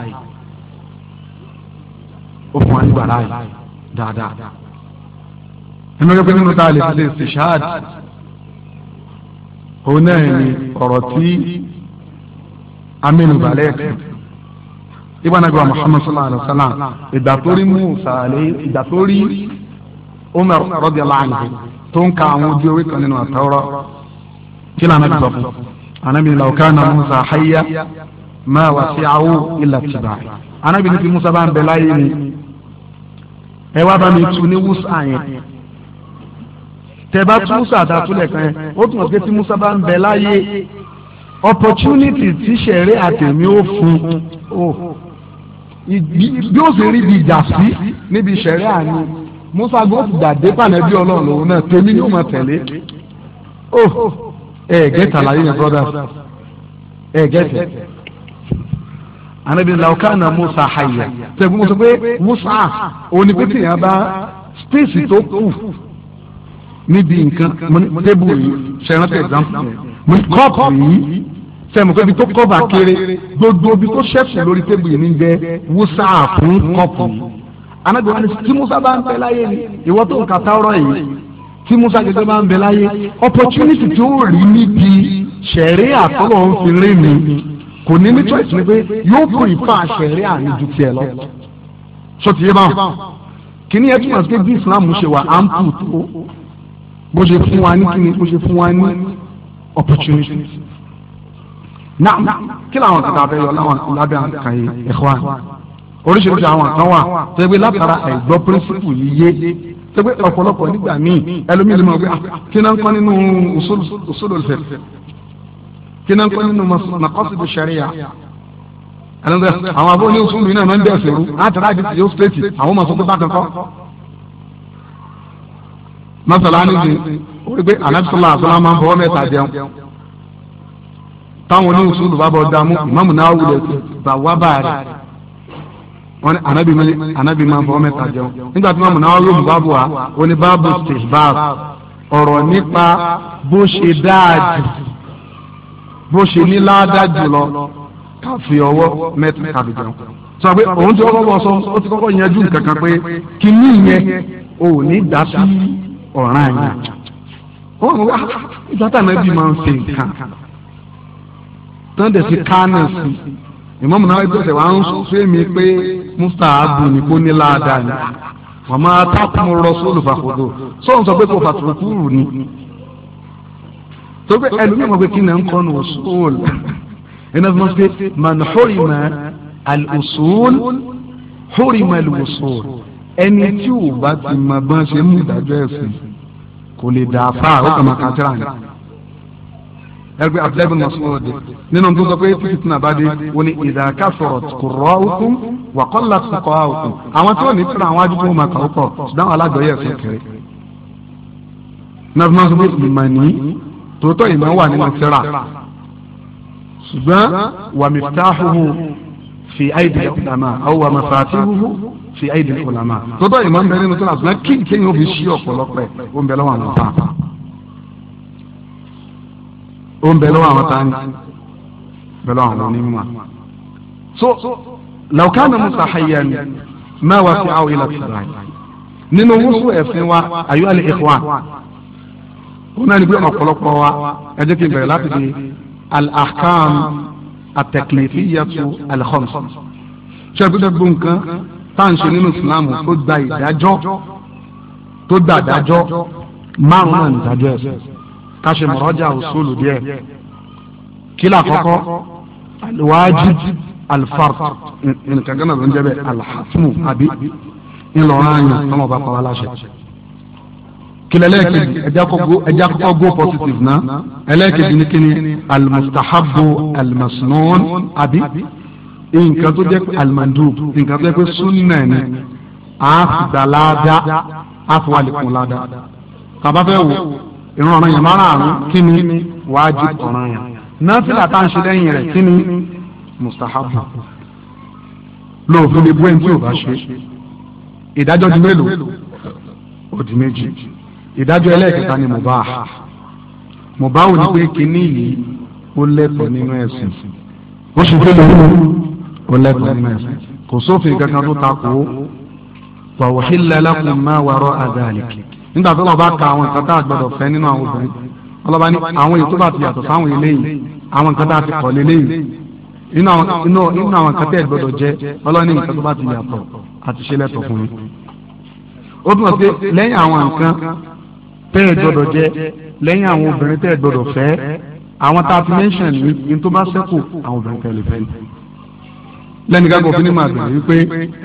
ó fún wa ní ìgbàláyè dáadáa nínú yóò pé nínú tá a lè fi ṣe istishhad òun náà ni ọ̀rọ̀ tí aminu balẹ̀ kù ibà nàgbà muhammad sallallahu alayhi wa sallam ìgbà tó rí musa àlẹ́ ìgbà tó rí umar radiyallahu anhu tó ń ka àwọn ojú orí kan nínú àtọ́rọ́ kí ni anabi sọ fún anabi law kana musa hayya ma wasi'ahu illa tiba'i anabi ní ti musa bá ń bẹ láyé ni ẹ wá bá mi tu ní wúsà yẹn tẹ̀bá tí musa àdàtúlẹ̀ kan yẹn ó tún ọ̀gẹ́ tí musa bá ń bẹ láyé opportunity ti ṣẹ̀rí àtẹ̀mí ó fún o oh. bí ó sì rí ibi ìjà sí níbi ṣẹ̀rí àní musa gbọ́ ti dàdé pànẹ́bí ọlọ́run lòun náà tèmi ni ó máa tẹ̀lé o oh. ẹ gẹ́tì yẹn brother ẹ gẹ́tì anabi laukana musa haya tẹ̀gbọ́n mo sọ pé musa òní pété yẹn bá space tó kù níbi nǹkan tébù yìí ṣẹ̀rántì ẹ̀dáǹpù yẹn kọ́ọ̀pù yìí sẹ́mu pé ibi tó kọ́ bá kéré gbogbo ibi tó ṣẹ́kù lórí tébù yìí ní jẹ́ wúsà fún kọ́ọ̀pù yìí anabi wani tí musa bá ń bẹ láyé ni ìwọ tó ń ka táwọrọ yìí tí musa gẹ́gẹ́ bá ń bẹ láyé opportunity tí ó rí níbi sẹ̀rí àtọ́lọ̀ ń fi rí mi kò ní ní choice ni pé yóò kó ìfà sẹ̀rí àní ju tiẹ̀ lọ so tiẹ̀ báwọn kìnìyẹ túmọ̀ sí pé bí islam ṣe wà ample tó bó ṣe fún wa ní kíni bó ṣe fún wa ní opportunity. naam kí làwọn kàkà bẹ yọ láwọn lábẹ́ àǹkà yìí ẹ̀kọ́ à oríṣiríṣi àwọn kan wà tó yẹ pé látara ẹ̀gbọ́ píríncípù yìí yé tó yẹ pé ọ̀pọ̀lọpọ̀ nígbà míì ẹlòmíì lè mọ̀ pé ah, kí náà ń kọ́ nínú usul al-fiqh kí náà ń kọ́ nínú maqasid al-sharia ah, àwọn abóyún sùn mí náà máa ń bẹ̀ ṣèrú látara àdìsí yóò ṣèṣì àwọn ọmọ sọ pé bákan kọ́ masala ni bi o rí pé anabisala asala máa ń fọwọ́ mẹ́ta jẹun táwọn oní usulu bá bọ̀ dààmú ìmáàmù náà wulẹ̀ bá wá báyìí wọ́n ní anabi mi anabi máa ń fọwọ́ mẹ́ta jẹun nígbà tí ìmáàmù náà wọ́n bá bù wá ó ní báàbù stihbab ọ̀rọ̀ nípa bó ṣe dáàjù bó ṣe ní ládàjù lọ ká ọwọ́ mẹ́ta tàbí jẹun sọ pé òun ti kọ́kọ́ bọ̀ sọ ó ti kọ́kọ́ yanjú nǹkan kan pé kí ní ìyẹn ò ní dá ọ̀ràn àyàn wọ́n mú wá ìjọba nàbí máa ń ṣe nǹkan tán dẹ̀ sí kánà sí ìmọ̀mù náà ìgbésẹ̀ wà ń sọ èmi pé mustaabu ni kò ní láadáa ni wọ́n máa tákùn rọ́sọ́lù fàkóso sọ́n sọ pé kò fàtúrùkúrù ni tó pé ẹlòmíràn mọ̀ pé kí ni à ń kọ́ ní òṣùwòlù iná fi mọ̀ pé man hurima al-usul hurima ẹni tí ò bá ti mọ̀ bá ṣe mú ìdájọ́ ẹ̀sìn kò lè dà fà ó kà máa ka tíra ni ẹgbẹ́ abdulayi bin masoud nínú tó sọ pé fífitì náà bá dé wọ́n ní ìdàkà sọ̀rọ̀ kùrọ̀ òkun wà kọ́lá sọ̀kọ́ òkun àwọn tí wọ́n ní tíra àwọn adúgbò máa kà ó pọ̀ ṣùgbọ́n alágbọ̀ọ́yẹ̀ ẹ̀sìn kiri náà fi máa sọ pé ìmọ̀ tòótọ́ ìmọ̀ wà nínú tíra ṣùgbọ́n wàmí táhùhù fi aidi ulama awo wa masatibuhu fi aidi ulama tọdọ ìmọ̀ nbẹ nínú tíra ṣùgbọ́n kí kéèyàn ó fi ṣí ọ̀pọ̀lọpọ̀ ẹ̀ ó ń bẹ lọ́wọ́ àwọn tán ó ń bẹ lọ́wọ́ àwọn tán bẹ lọ́wọ́ àwọn onímọ̀ so làwùkánà musa hayyan máa wá sí àwọn ilẹ̀ tìrà nínú wúsù ẹ̀sìn wa ayé àlè ìfọ̀wà ó náà ní pé ọ̀pọ̀lọpọ̀ wa ẹ kí n bẹ̀rẹ̀ láti di al-ahkam àtẹ̀kìnìfìyàtú alkhams ṣẹ́gbẹ́dẹ́ gbọ̀ǹkan táǹṣe nínú ìsìláàmù tó gba ìdájọ́ tó gba ìdájọ́ márùn náà ìdájọ́ ẹ̀sìn káṣe mọ̀rọ́jà òṣòlù díẹ̀ kílà kọ́kọ́ alwájú alfar nǹkan gánà ló ń jẹ́ bẹ́ẹ̀ alhasmu àbí ńlọrọ̀ àyàn tọ́mọ̀ bá pa wá láṣẹ kìlẹ̀ lẹ́ẹ̀kejì ẹja kọ́kọ́ go positive na ẹlẹ́ẹ̀kejì ní kíni alimustahabu alimasunun àbí nǹkan tó jẹ́ alimandub nǹkan tó jẹ́ pé sunna ni a fi gbàláda a fi wà lẹ́kùn láda tàbá fẹ́ wò ìran ọ̀ràn yẹn mara àrùn kíni wájib ọ̀ràn yẹn nọ́ọ̀sìlà tá à ń ṣe lẹ́yìn rẹ̀ kíni mustahabu lóòfin lè ẹni tí ò bá ṣe ìdájọ́ di mélòó ó méjì ìdájọ́ ẹlẹ́ẹ̀kẹta ni mubah mubah ò ní pé kínní yìí ó lẹ́tọ̀ọ́ nínú ẹ̀sìn ó sì fẹ́ lórí ó lẹ́tọ̀ọ́ nínú ẹ̀sìn kò sófin kankan tó ta kó wa uhilla lakum ma wara'a dhalik nígbà tó lọ́ọ́ bá ka àwọn nǹkan tá a gbọ́dọ̀ fẹ́ nínú àwọn obìnrin ọlọ́ba ní àwọn èyí tó bá ti yàtọ̀ sáwọn eléyìí àwọn nǹkan tá a ti kọ̀ léléyìí inú àwọn nǹkan tẹ́ ẹ̀ gbọ́dọ̀ jẹ́ ọlọ́ni nǹkan tó bá ti yàtọ̀ àti ṣe lẹ́tọ̀ fún yín ó dùn ọ́ pé lẹ́yìn àwọn nǹkan tẹ́ ẹ gbọ́dọ̀ jẹ lẹ́yìn àwọn obìnrin tẹ́ ẹ gbọ́dọ̀ fẹ́ àwọn tá a ti mẹ́ṣàn ní ní tó bá ṣẹ́kù àwọn obìnrin tẹ́ lè fẹ́ ni. lẹ́nu gágọ̀ fún ní màá bẹ̀rẹ̀ wípé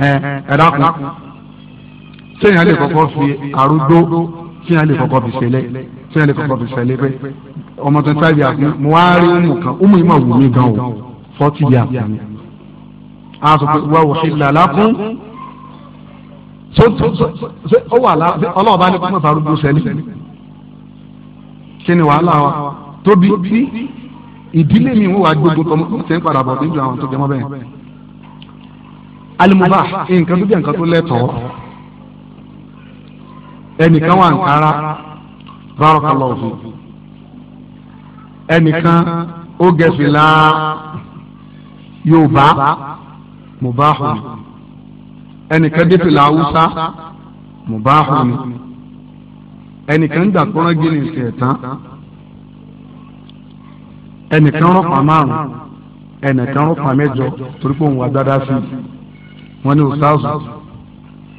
ẹ ẹ dákun sẹ́yìn á lè kọ́kọ́ fi arúgbó sẹ́yìn á lè kọ́kọ́ fi ṣẹlẹ̀ sẹ́yìn á kọ́kọ́ fi ṣẹlẹ̀ pé ọmọ tó ń sáyé àfin mo wá rí ọmọ kan ọmọ yìí máa wù mí gan o forty years. a sọ pé wà wò ó wà lára ọlọ́wọ́ bá ní kó mọ̀tà arúgbó sẹ́ni kí ni wàhálà wa tóbi bí ìdílé mi wọ́n wà gbogbo tọmọ tẹ́ ń padà bọ̀ níbi àwọn tó jẹ mọ́ bẹ́ẹ̀. alimuba nǹkan tó jẹ́ nǹkan tó lẹ́tọ̀ọ́ ẹnìkan wà nkara bárọ̀kálọ̀ òfin ẹnìkan ó gẹ̀fìlà yorùbá mubahun ẹnìkan dé fìlà haúsá mùbáhù ni ẹnìkan dà kọ́rọ́ gíní ìsẹ̀ tán ẹnìkan rọ́pà márùn ẹnìkan rọ́pà mẹ́jọ torí pé òun wà dáadáa sí i wọ́n ní òsáàzù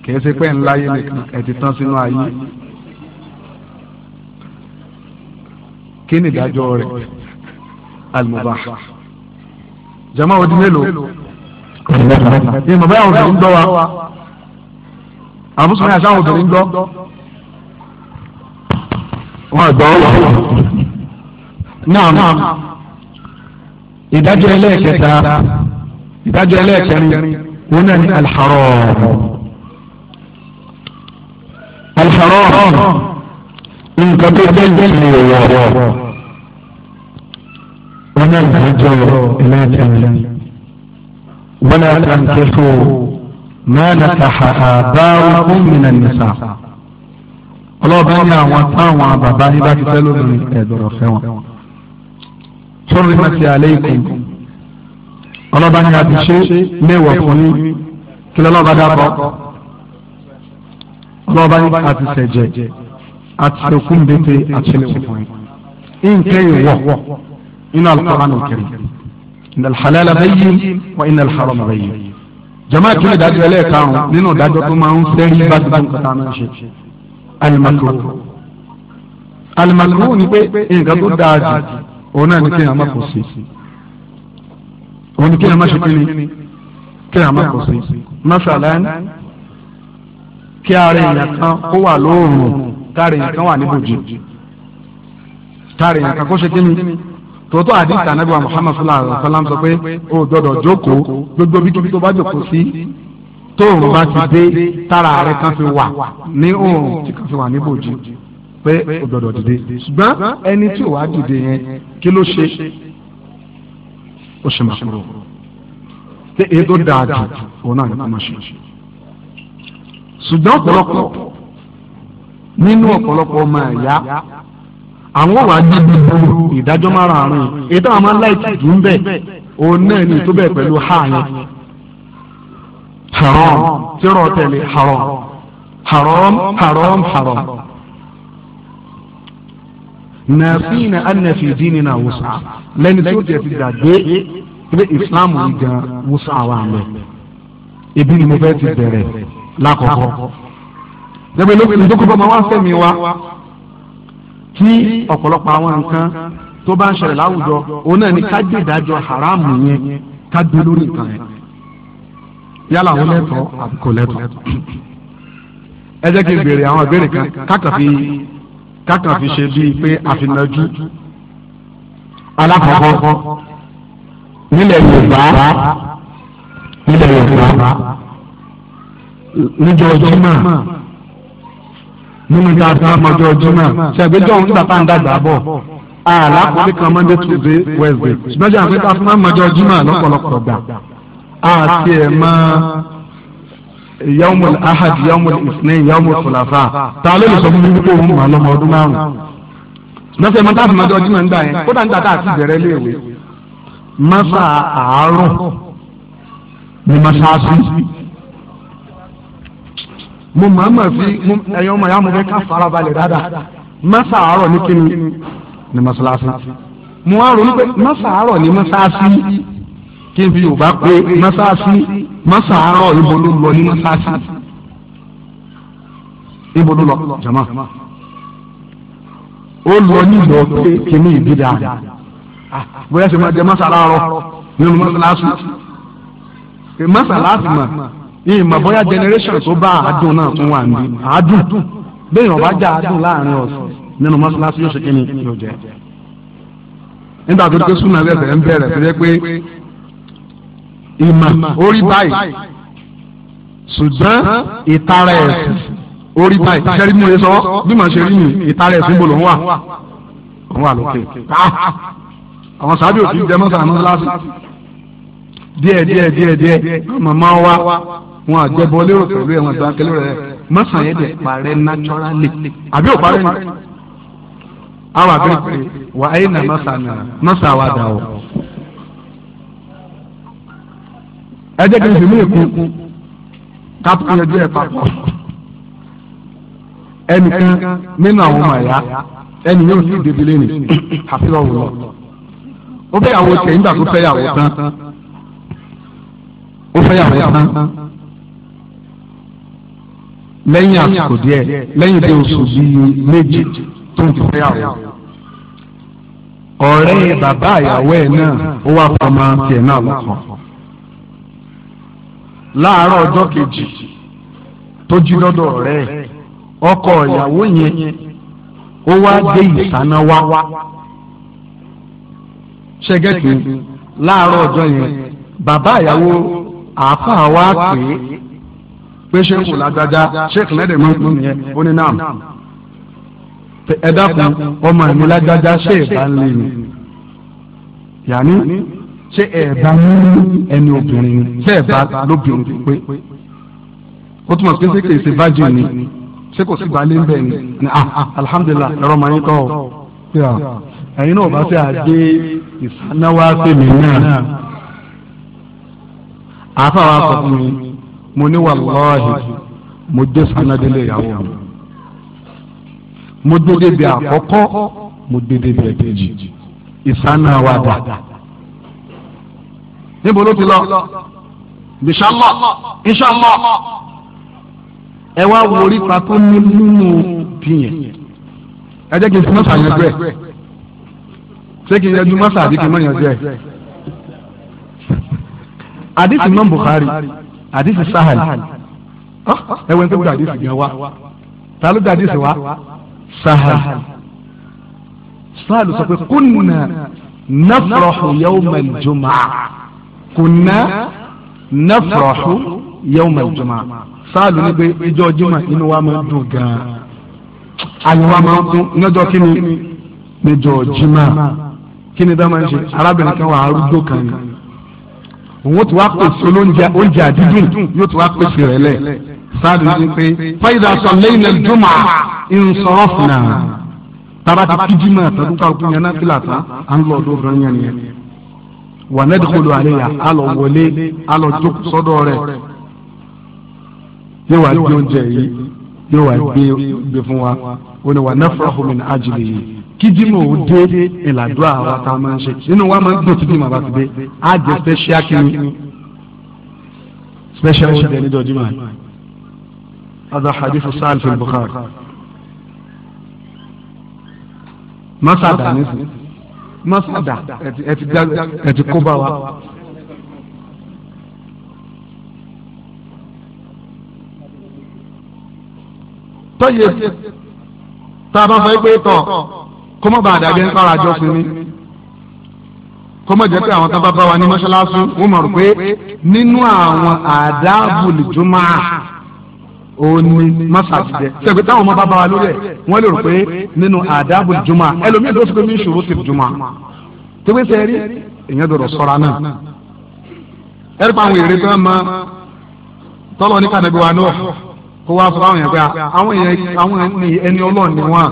kìí ṣe pé ńlá yé nìkan ẹ̀ ti tán sínú ayé kí ni ìdájọ́ rẹ̀ almubah jama odi mélòó ìmọ̀ bẹ́ẹ̀ obìnrin ń gbọ́ wa àwọn mùsùlùmí àti àwọn obìnrin ń gbọ́ wọn gbọ́ wọn. náà ìdájọ́ ẹlẹ́ẹ̀kẹta ìdájọ́ ẹlẹ́ẹ̀kẹrin wọn náà ní alḥaram alḥaram nǹkan tó jẹ́ ìdílé wọ̀ọ̀wọ̀ wọn náà ìdájọ́ ẹlẹ́ẹ̀kẹrin. ولا تنكحوا ما نكح آباؤكم من النساء ọlọ́ọ̀bá ní àwọn táwọn bàbá yín bá ti fẹ́ lóbìnrin ẹ̀dọ̀rọ̀ fẹ́ wọn. sọ́run náà ti àlẹ́ ìkùn ọlọ́ọ̀bá ní àbíṣe léèwọ̀ fún yín kí lọ́ọ̀bá dábọ̀ ọlọ́ọ̀bá ní àti ṣẹ̀jẹ̀ àti ṣẹ̀kúndéńté àti ṣẹlẹ̀ fún yín. nǹkan ìwọ̀ nínú Al-Qur'an al inna al-halala bayyin wa inna al-harama bayyin. jama kí ni dájọ́ ẹlẹ́ẹ̀karùn-ún nínú dájọ́ tó máa ń fẹ́rí bá gbogbo nǹkan tá a máa ń ṣe al-makruh al-makruh ni pé nǹkan tó dáa jù òun náà ni kí èèyàn má kò sí òun ni kí èèyàn má ṣe kí ni kí èèyàn má kò sí masalan kí ara èèyàn kan kó wà lóòrùn káàrin kan wà níbòjì káàrin kan kó ṣe kí ni tòótọ́ àdìsí ànábì wa muhammad sallallahu alayhi wa sallam sọ pé o gbọdọ̀ jókòó gbogbo bí kíbi tó bá jókòó sí tóòrùn bá ti dé tára rẹ kan fi wà ní òòrùn tí kan fi wà ní bòjì pé o gbọdọ̀ dìde ṣùgbọ́n ẹni tí ò wá dìde yẹn kí ló ṣe ó ṣe màkúrò ṣé èyí tó dáa jù òun náà ní kó má ṣe ṣùgbọ́n ọ̀pọ̀lọpọ̀ nínú ọ̀pọ̀lọpọ̀ ọmọ ẹ̀yà àwọn wàá gbé gbogbo ìdájọ́ márààrún ètò àwọn aláìsí jù ń bẹ̀ òun náà ní ha yẹn haram tírọ̀ tẹ̀lé haram haram haram haram nàfíìnà ànàfì dínínà wùsà lẹ́ni tó jẹ́ ti gbàgbé ilé ìsìláàmù wùsà wà ibi ni mo fẹ́ ti bẹ̀rẹ̀ lákọ̀ọ́kọ́. jẹ́bi lókè máa wá sẹ́mi wá. tí ọ̀pọ̀lọpọ̀ àwọn nǹkan tó bá ń ṣẹlẹ̀ láwùjọ òun náà ni ká gbé ìdájọ́ haramu yẹn ká gbé lórí nǹkan yẹn yálà wọn lẹ́tọ̀ọ́ àbí kò lẹ́tọ̀ọ́ ẹ jẹ́ kí n béèrè àwọn ìbéèrè kan kákan fi kákan fi ṣe bíi pé àfinajú alákọ̀ọ́kọ́ nílẹ̀ Yorùbá nílẹ̀ Yorùbá níjọ́ Jímọ̀ nínú tá a san àmọ́jọ́ jimá ṣàgbéjọ́ ń dàtà ń dàgbà bọ̀ àlàkùnrin kan monday tuesday wednesday ṣùgbọ́n àgbẹ̀ tá a san àmọ́jọ́ jimá lọ́pọ̀lọpọ̀ gbà àti ẹ̀ máa yawmul ahad yawmul isnin yawmul fulafa tá a lè sọ fún mi wípé òun mà lọ́mọ ọdún márùn lọ́sẹ̀ mọ́tà àmọ́jọ́ jimá ń gbà yẹn kódà ń dàtà àti ìbẹ̀rẹ̀ léèwé mọ́sà àárọ̀ ni mọ́sà á sí mo máa ma fi ẹ̀yọ́ ọmọ ya mo fẹ́ ká farabalẹ̀ dáadáa masa àárọ̀ ní kíni ní masalasi mo wá ronú pé masa àárọ̀ ní masalasi kí n fi yorùbá pé masalasi masa àárọ̀ ibo ló lọ ní masalasi ibo ló lọ jama ó lọ ní ìlọ pé kíní ìdídà bóyá sì máa masa àárọ̀ nínú masalasi masalasi mà ní ìmọ̀ bóyá generation tó bá àádùn náà tún wà ní àádùn bẹ́ẹ̀ yàn bá já àádùn láàrin ọ̀sán nínú mọ́ṣáláṣí yóò ṣe kí ni yóò jẹ́ nígbà tó dé súnà lẹ́sẹ̀ ń bẹ̀rẹ̀ sí pé ìmọ̀ orí báyìí ṣùgbọ́n ìtara ẹ̀sìn orí báyìí jẹ́rí mi lè sọ bí màá ṣe rí mi ìtara ẹ̀sìn bò ló ń wà ó ń wà lókè ah! àwọn sábẹ́ òkè jẹ́ mọ́ṣáláṣí díẹ̀ díẹ̀ díẹ̀ díẹ̀ màmá wa. wọn àjẹbọ lérò pẹ̀lú ẹ̀ wọn àgbà kẹlẹ́ rẹ̀ mọ́sàn yẹn dẹ̀ parẹ́ naturally àbí ò pari ni. awa bẹ́ẹ̀ wa wà á na wa dà o. ẹ jẹ́ kí n fìmí èkó kápẹ́ ẹjọ́ ẹ̀ papọ̀ ẹnìkan nínú àwọn ọmọ ẹ̀yà ẹnì yóò sì débi lẹ́nu àfi ọ̀wọ̀ lọ. ó fẹ́ yàwó tẹ̀ nígbà tó fẹ́ yàwó tán ó fẹ́ yàwó tán. lẹ́yìn àsìkò díẹ̀ lẹ́yìn dé oṣù bíi méje tó ń fẹ́yàwó. ọ̀rẹ́ bàbá àyàwó ẹ̀ náà ó wá fọmọ tiẹ̀ náà lọ́kàn. láàárọ̀ ọjọ́ kejì tó jí lọ́dọ̀ ọ̀rẹ́ ẹ̀ ọkọ ìyàwó yẹn ó wá dé ìsáná wá. ṣẹ́gẹ́tì láàárọ̀ ọjọ́ yẹn bàbá àyàwó àáfàá wá pè é. pé ṣéèkù lágbájá ṣéèkù lẹ́dẹ̀ mọ́ ìlú nìyẹn ó ní náà ẹ dákun ọmọ ìlú lágbájá ṣé ẹ̀ bá ń lé ni yàní ṣé ẹ̀ bá ń lé ẹni obìnrin ni ṣé ẹ̀ bá lóbìnrin tó pé ó túmọ̀ pé ṣé kìí ṣe virgin ni ṣé kò sí balẹ̀ ń ni ni ah, ah alhamdulilah ẹ̀rọ màá yín tọ́ ọ ah, ẹ̀yin náà bá ṣe àgbé ìsanáwá sí mi náà àáfàá wa kọ̀ mi mo ní wàlláhi mo dé sanadélé ìyàwó mi mo dé débi àkọ́kọ́ mo dé débi ẹ̀kejì ìsáná wa dà níbo ló ti lọ inṣàlá inṣàlá ẹ wá wo oríta tó ní nínú bìyẹn ẹ jẹ́ kí n fi mọ́sà yẹn gbẹ ṣé kí n yẹn ju mọ́sà àbí mọ́ yẹn gbẹ àdìsí mọ́ Bukhari àdìsí sahal ẹwẹ́n tó gba àdìsí gan wa ta ló gba àdìsí wa sahal sahal sọ pé kunna nafrahu yawma al-jum'ah kunna nafrahu yawma al-jum'ah sahal ní pé ìjọ juma inú wa máa dùn gan-an àyè wa máa dùn lọ́jọ́ kí níjọ juma kí dá máa ń ṣe arábìnrin kan wà arúgbó kan ni òun ti wá pèsè olóúnjẹ oúnjẹ àdídùn yóò ti wá pèsè rẹ̀ lẹ̀ sáàdù ní pé fáyidà sọlẹ́yìn ẹ̀dùnmá ìrùsọ̀rọ̀ fúnà tara ti kíjí mọ́ àtàdún kálukú yẹn náà fìlà tán à ń lọ ọdún obìnrin yẹn nìyẹn wà nẹ́dìkọlù àríyá á lọ wọlé á lọ jókòó sọ́dọ̀ rẹ̀ yóò wá gbé oúnjẹ yìí yóò wá gbé fún wa ó ní wà nafrahu min ajlihi kídìmọ̀ ò dé ìlàdúrà wa tá a máa ń ṣe nínú wa máa ń gbòtú bí màbá ti dé á jẹ special kìíní special ọ̀dẹ ní dọ̀júmọ̀ هذا حديث سهل في البخاري masada nísìn masada ẹ ti kó bá wa. tọ́yẹ tá a bá fọ ẹgbẹ́ tán kó mọ̀ bá àdàbí ń pàrọ̀ àjọ fún mi kó mọ̀ pé àwọn tábà bá wa ní mọ́ṣáláṣí wọ́n mọ̀ rò pé nínú àwọn àdáàbò à òní mọ́ṣáláṣí jẹ́ táwọn ọmọ bá bá wa lórí ẹ̀ wọ́n lè rò pé nínú àdáàbò lìjọ́mọ́ à ẹlòmíì ló fi pé mí ṣòro sí lìjọ́mọ́ à tó pé sẹ́ẹ̀rí èèyàn dọ̀rọ̀ sọ́ra náà ẹ̀rí pa àwọn èrè tó ń mọ tọ́lọ́ ní kànáàbí wa náà kó wá fún àwọn èèyàn pé àwọn èèyàn ẹni ọlọ́ọ̀ ni wọ́n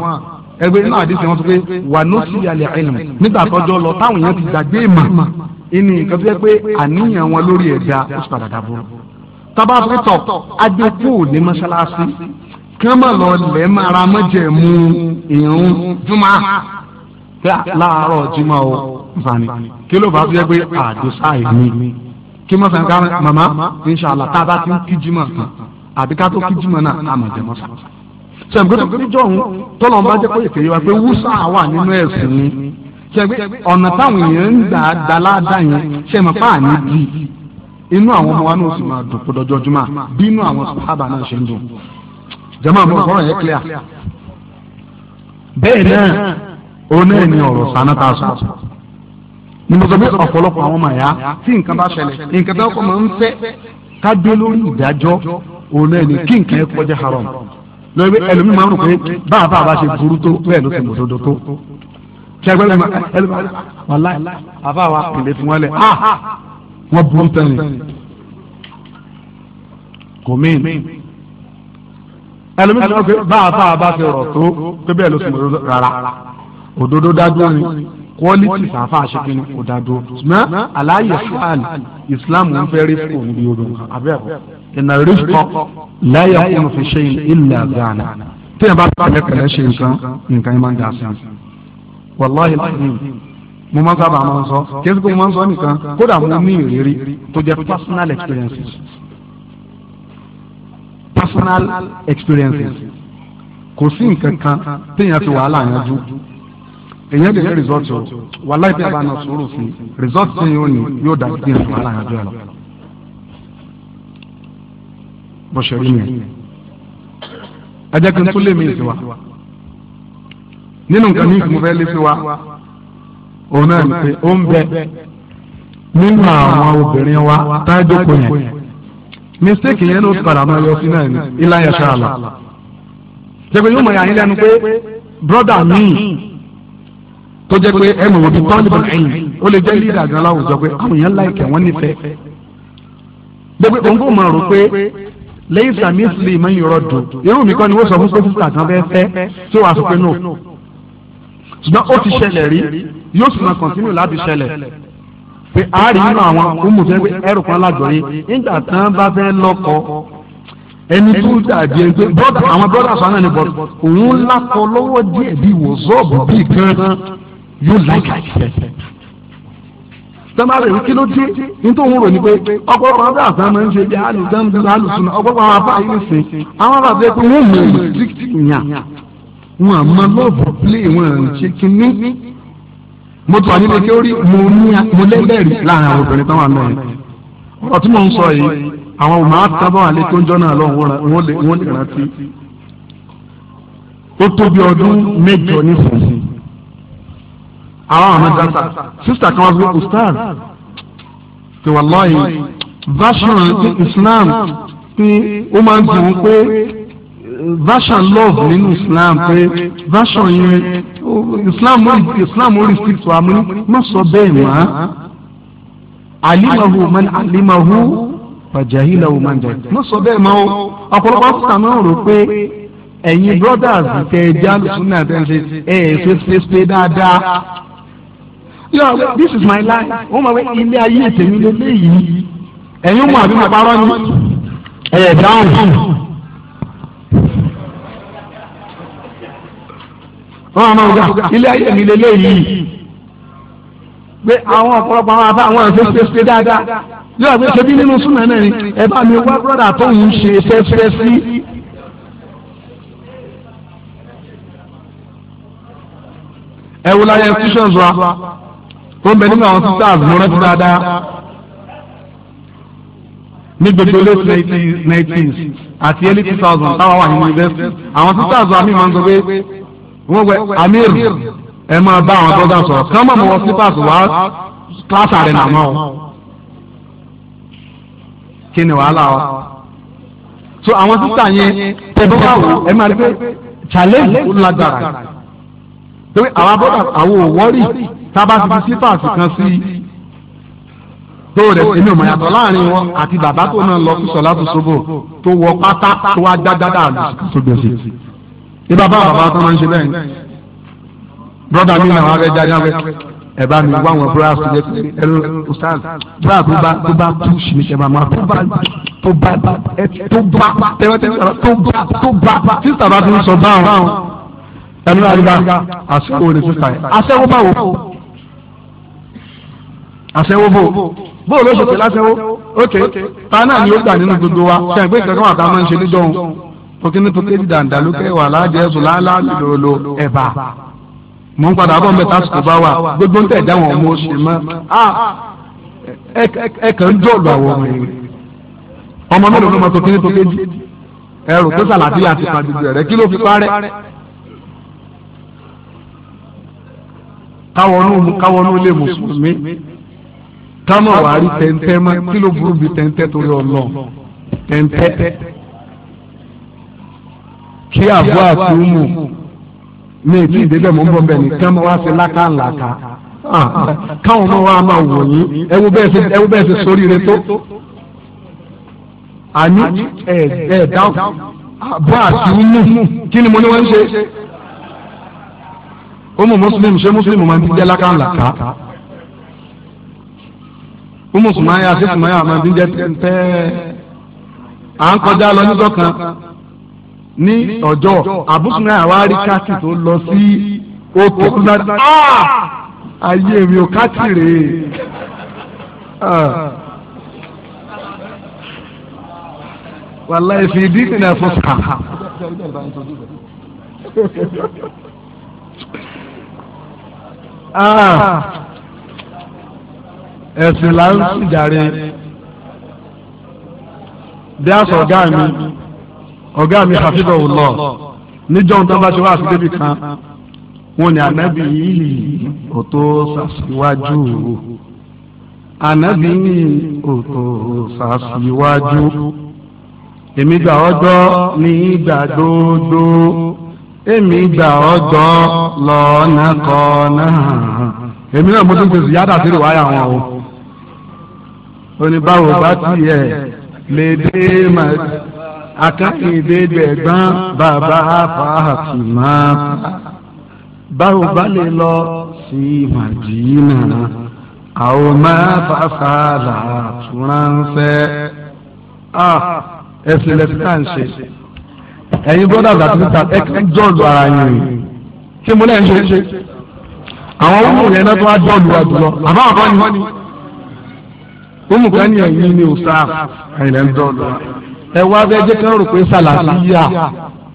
ẹgbẹ́ inú àdìsí wọn sọ pé wà lóṣù yàlẹ̀ ẹ̀lẹ̀m nígbà tọ́jọ́ lọ táwọn èèyàn ti gbàgbé ìmọ̀ ìní nǹkan tó jẹ́ pé àníyàn wọn lórí ẹ̀dá ó sì padà dàbọ̀ tábà pé tọ̀ adékù ní mọ́ṣáláṣí kí wọ́n mọ̀ lọ lẹ́ máa ra mọ́jẹ̀mú ìrún jùmọ̀ láàárọ̀ jùmọ̀ o nfààní kí ló bá tó jẹ́ pé àdùsá ìní kí mọ̀ sàn ká màmá inṣàlá tá a bá ti ń kí jùmọ̀ kan àbí ká tó kí jùmọ̀ náà àmọ̀jẹ̀mọ́sà sẹ̀gbẹ́ níjọ́ òun tọ́lọ̀ bá jẹ́ pé ìkèyè wa pé wúsà wà nínú ẹ̀sìn ni sẹ̀gbẹ́ ọ̀nà táwọn èèyàn ń gbà dáláàdá yẹn sẹ̀mọ̀ pa di inú àwọn ọmọ wa náà sì máa dùn kó dọjọ́ jùmọ̀ bí inú àwọn sàhábà náà ṣe ń dùn jẹ́mọ̀ ọ̀rọ̀ yẹn clear bẹ́ẹ̀ náà náà ọ̀rọ̀ sáná ta sọ ni mo sọ haram lórí ẹlòmíì máa ń rò pé báwa báwa bá ṣe burú tó bẹ́ẹ̀ ló ti mọ̀tòdó tó ṣẹgbẹ́ mi ẹlòmíì wàlá àbá wa kìlẹ̀ fún wọn lẹ̀ ah, ah wọ́n burú tán ni kò mí ẹlòmíì sọ pé báwa báwa bá ṣe rọ̀ tó pé bẹ́ẹ̀ ló ti mọ̀tòdó rárá òdodo dájú ni quality sàfà àṣekínú òdàdó ṣùgbọ́n aláyẹ̀ àlè Islam ń fẹ́ rí fún òun bí odò àbẹ́ẹ̀kọ́ ìnà rìfọ́ láyà kún fi ṣe ilẹ̀ àgbàna tí yẹn bá pẹ̀lẹ́ pẹ̀lẹ́ ṣe nǹkan nǹkan yẹn máa ń dà sí i wàláhì lẹ́yìn mo máa ń sábà máa ń sọ kí ẹ sì pé mo máa ń sọ nìkan kódà mo ní ìrírí tó jẹ́ personal experiences personal experiences kò sí nǹkan kan téèyàn fi wàhálà yanjú èèyàn lè ní result o wàláhì bí a bá nà sọ̀rọ̀ sí result téèyàn ò ní yóò dàbí bí èèyàn wàhálà yanjú ẹ lọ. bọ̀ṣẹ̀rí ajakin tún lè wa nínú nǹkan lé wa òun náà ní pé ó ń bẹ nínú àwọn obìnrin wa yẹn mistake yẹn ló padà máa yọ sí náà ní ilá yóò yín pé tó pé ẹnu òbí tọ́lìbù ẹ̀yìn ó lè jẹ́ lídà gan láwùjọ pé àwọn wọ́n nífẹ̀ẹ́ gbogbo lẹ́yìn sàmì ìsìlẹ̀ ìmọ̀ ìrọ̀ dùn irú mi kọ́ ni wọ́n sọ fún pé sísà kan fẹ́ fẹ́ tí wàá sọ pé no ṣùgbọ́n ó ti ṣẹlẹ̀ rí yóò sì máa kọ̀ntínú láti ṣẹlẹ̀ pé àárín nínú àwọn ọmọọ̀fẹ́ ẹrù kan lágbọ̀ọ́yé nígbà tán bá fẹ́ lọ́kọ ẹni tó dàbí ẹni pé bọ́dà àwọn bọ́dà sọ náà ni bọ́dà òun lákọ lọ́wọ́ díẹ̀ bí wò zọ́ọ̀bù bíi kan yóò láìka ìṣẹ̀ṣẹ̀ tọ́ba rẹ̀ kí ló dé nítorí òun rò ní pé ọ̀pọ̀lọpọ̀ ọ̀dọ́ àṣà máa ń ṣe bí alùdáńdúrà alùsùnà ọ̀pọ̀lọpọ̀ àwọn afá yìí sìn àwọn bàbá pé wọ́n mọ̀ strict yàn wọn àmọ́ lọ́ọ̀bù play wọn à ń ṣe kínní. mo tún wà níbi tí ó rí mo lẹ́lẹ́rìí láàrin àwọn obìnrin táwọn àná yẹn ọ̀rọ̀ tí mò ń sọ yìí àwọn ò máa tábà wà lé tó ń jọ́nà lọ wọ́n lè rántí ó tóbi ọdún mẹ́jọ nísìnyí àwọn àmọ́ta sísítà kan wá sí ustaz pé wàláyé version islam pé ó máa ń dùn pé version love nínú islam pé version yẹn islam islam ó respect wa mú ní sọ bẹ́ẹ̀ mọ́ alimahu man alimahu fajahilahu man jahil mọ́ sọ bẹ́ẹ̀ mọ́ ọ̀pọ̀lọpọ̀ sísítà náà rò pé ẹ̀yin brothers tẹ̀ ẹ́ jálùsùn náà tẹ̀ ẹ́ ṣe ṣe ṣe dáadáa yọ this is my life wọ́n mọ̀ pé ilé ayé ìtẹ̀mí lélẹ́ yìí ẹ̀yin mú àbí màpárọ́ ni ẹ̀ dáhùn. wọ́n á máa gbà ah, ilé ayé mi lélẹ́ yìí pé àwọn ọ̀pọ̀lọpọ̀ àwọn àbá àwọn àfẹ́ ṣe ṣe dáadáa yóò àgbẹ̀ ṣe bí nínú súnmọ́ náà ni ẹ bá mi wá bọ́dà tó ń ṣe fẹ́fẹ́ sí. ẹ wò láyé institutions wa tó ń bẹ nínú àwọn sisters mo rántí dáadáa ní gbogbo late nineties àti early two thousand táwa wà ní university àwọn sisters wa mi máa ń sọ pé wọ́n wẹ amir ẹ máa bá àwọn brọ́dà sọ̀rọ̀ kí wọ́n máa mọ̀ wọ́n sisters wá kílásì àrẹ nàmọ́ kí ni wàhálà wa so àwọn sísá yẹn tẹ̀bọ́ bá wò ẹ máa rí pé challenge ó lágbára torí àwọn abọ́dà àwọn ò wọ́rì tába ti fi sípàsì kan sí tó rẹ̀ èmi ò mọ̀ yàtọ̀ láàrin wọn àti bàbá tó náà lọ sọ̀lá tó ṣòbò tó wọ pátá tó wá dáadáa àlùsọ̀gbẹ̀ sí. ní bàbá bàbá tó máa ń ṣe bẹ́ẹ̀ ni brọ́dà mi làwọn abẹ́ jáde abẹ́ ẹ bá mi wá àwọn bros tó yẹ ẹ ló ustaz bros tó bá tó bá push mi ẹ bá máa tó bá tó bá tó bá tẹ́wọ́tẹ́wọ́ tó bá tó bá tí sábà tó ń sọ báwọn ẹnu àríwá àṣẹ wo ni sísá yẹn àṣẹ wo báwo àṣẹwó bò bó ló ṣe pé láṣẹwó ok ta náà ni ó gbà nínú gbogbo wa ṣe àgbẹ̀ ìkankan wà ká máa ń ṣe níjọ́ òun tokini tokini dàǹdà lókè wà láàjẹ bùlálà lòlò ẹ̀bà mò ń padà bọ̀ ń bẹ tásìkò bá wà gbogbo ń tẹ̀ dáwọn ọmọ oṣù mọ́ ẹ kàn ń jọ̀lù àwọn ọmọ yìí ọmọ mélòó ló mọ tokini tokini ẹrù tó sàlàbí àti pàdùdù rẹ kí ló fi parẹ́. káwọnú káwọnú mùsùlùmí kámọ̀ wàá rí tẹ́ntẹ́ mọ́ kí ló burú bí tẹ́ntẹ́ torí ọlọ́run tẹ́ntẹ́ kí àbú àti umu ní ètí ìdébẹ̀ mọ́ bọ́ bẹ́ẹ̀ ni kámọ̀ wá sí lákàlàkà ah, ah. káwọn ọmọ wa máa wò yín ẹ wo bẹ́ẹ̀ ṣe sórí rẹ tó àní ẹ̀ẹ́dá àbú àti umu kí ni mo ní wọ́n ń ṣe ọmọ mùsùlùmí ṣe mùsùlùmí máa ń ti jẹ́ lákàlàkà fún mùsùlùmáyà sí mùsùlùmáyà àmọ́ bí jẹ́ tẹ́ à ń kọjá lọ níjọ́ kan ní ọjọ́ àbúsùnmáyà wá rí káàtì tó lọ sí òkè tó náà ayé mi ò káàtì rèé wàláyé fi ìdí ìpínlẹ̀ fún sàkà ah ẹ̀sìn là ń sùn jàre bí mi ọ̀gá mi hafidọ̀ wùlọ̀ níjọ́ ń ṣe wá sí débi kan wọn ni ànábì yìí kò tó ṣàṣìwájú ànábì yìí kò tó èmi gbà ọjọ́ ní ìgbà dódó èmi gbà ọjọ́ lọ́nà kọ́nà èmi náà mo tún yádà sí ìwáyà wọn o. oníbàwò bá tiẹ̀ lè dé mà akáyìndé gbẹ̀gbọ́n bàbá fàákìmá báwo bá lè lọ sí màdínà àwọn máa fàáfà làtúránṣẹ́ ẹ̀sìn lẹ́sìkà ń ṣe ẹ̀yin brothers àti sisters ẹ̀ kí jọ́ọ̀lù ara yín rìn ṣé mo lẹ́yìn ṣe àwọn ohun ìrẹ́lẹ́ tó wá jọ́ọ̀lù wa jùlọ àbáwọ̀ kan ni wọ́n ni fóònù kan ní ẹ̀yìn ní òòsà ẹ̀yìn lẹ́nu dọ́ọ̀dọ́ ẹ wá bẹ́ẹ̀ jẹ́ kẹ́rọ̀ pé sàlàfíà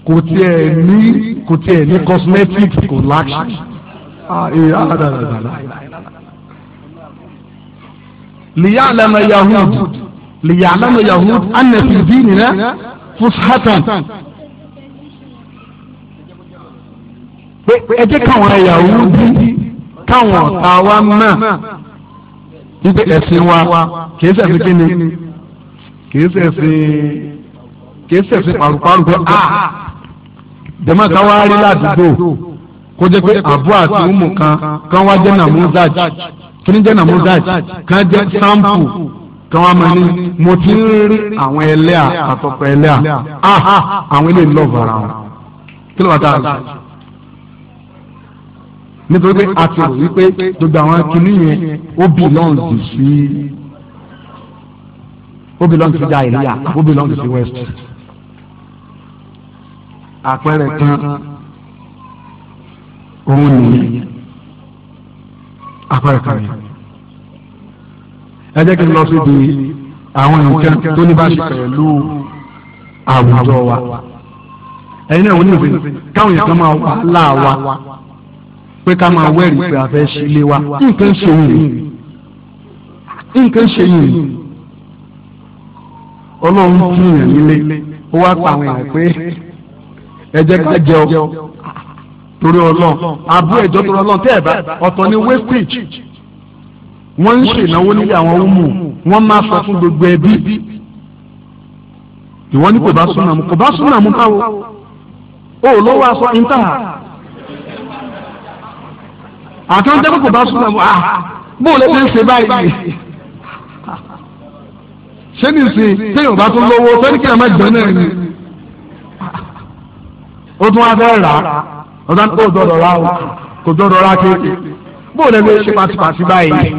kò tiẹ̀ ní kò tiẹ̀ ní cosmetic kò láṣì ah, ee eh, aládàdàdàdà. Ah, liyalama yahud liyalama yahud anna fi dinina fushatan pé ẹ jẹ́ káwọn yahudi káwọn ọ̀tá wa wípé ẹ̀sìn wa kìí ṣẹ̀sìn kíni kìí ṣẹ̀sìn kìí ṣẹ̀sìn paruparu pé a jẹ́mọ́ kan wá rí ládùúgbò kó jẹ́ pé àbú àti umu kan kan wá jẹ́ namuzaj kí ni jẹ́ namuzaj kan jẹ́ sampo kan wá máa ní mo ti ń rí àwọn ẹlẹ́à ẹlẹ́à ah, ah, àwọn eléyìí lọ́ọ̀bù ara wọn kí ló dáa. nítorí pé a ti rò wípé gbogbo àwọn kìnnì yẹn ó bìlọ́ǹsì sí ó bìlọ́ǹsì sí jàìlíyà ó bìlọ́ǹsì sí west. àpẹẹrẹ kan òun nìyẹn àpẹẹrẹ kan yẹn. ẹ jẹ́ kí n lọ síbi àwọn nǹkan tó ní bá ṣe pẹ̀lú àwùjọ wa ẹ̀yin náà wọ́n ní òfin káwọn yẹn kan máa wà láàwa pé ká máa wẹ́rìí pé a fẹ́ ṣe ilé wa nǹkan ṣe yìí nǹkan ṣe yìí ọlọ́run tún yàn nílé ó wá pa àwọn èèyàn pé ẹ jẹ́ ká jẹ ọ torí ọlọ́run àbú ẹ̀jọ́ torí ọlọ́run tẹ́ ẹ̀ bá ọ̀tọ̀ ni wastage wọ́n ń ṣènáwó nílé àwọn ọmọ wọ́n máa sọ fún gbogbo ẹbí ìwọ ni kò bá súnà mú kò bá súnà mú báwo ó lọ́wọ́ aṣọ ìntà àti wọn dẹ́kun kò bá súnmọ́ mu ah bóun lè fi ń ṣe báyìí ṣé ní sè téèyàn bá tún lówó fẹ́ẹ́ kí ẹ má jẹun náà ni ó tún wá fẹ́ rà á ọ̀dọ́ ní kò dọ̀dọ̀ rà ó kò dọ̀dọ̀ rà kéèké bóun lè fi ṣe pàṣípàṣí báyìí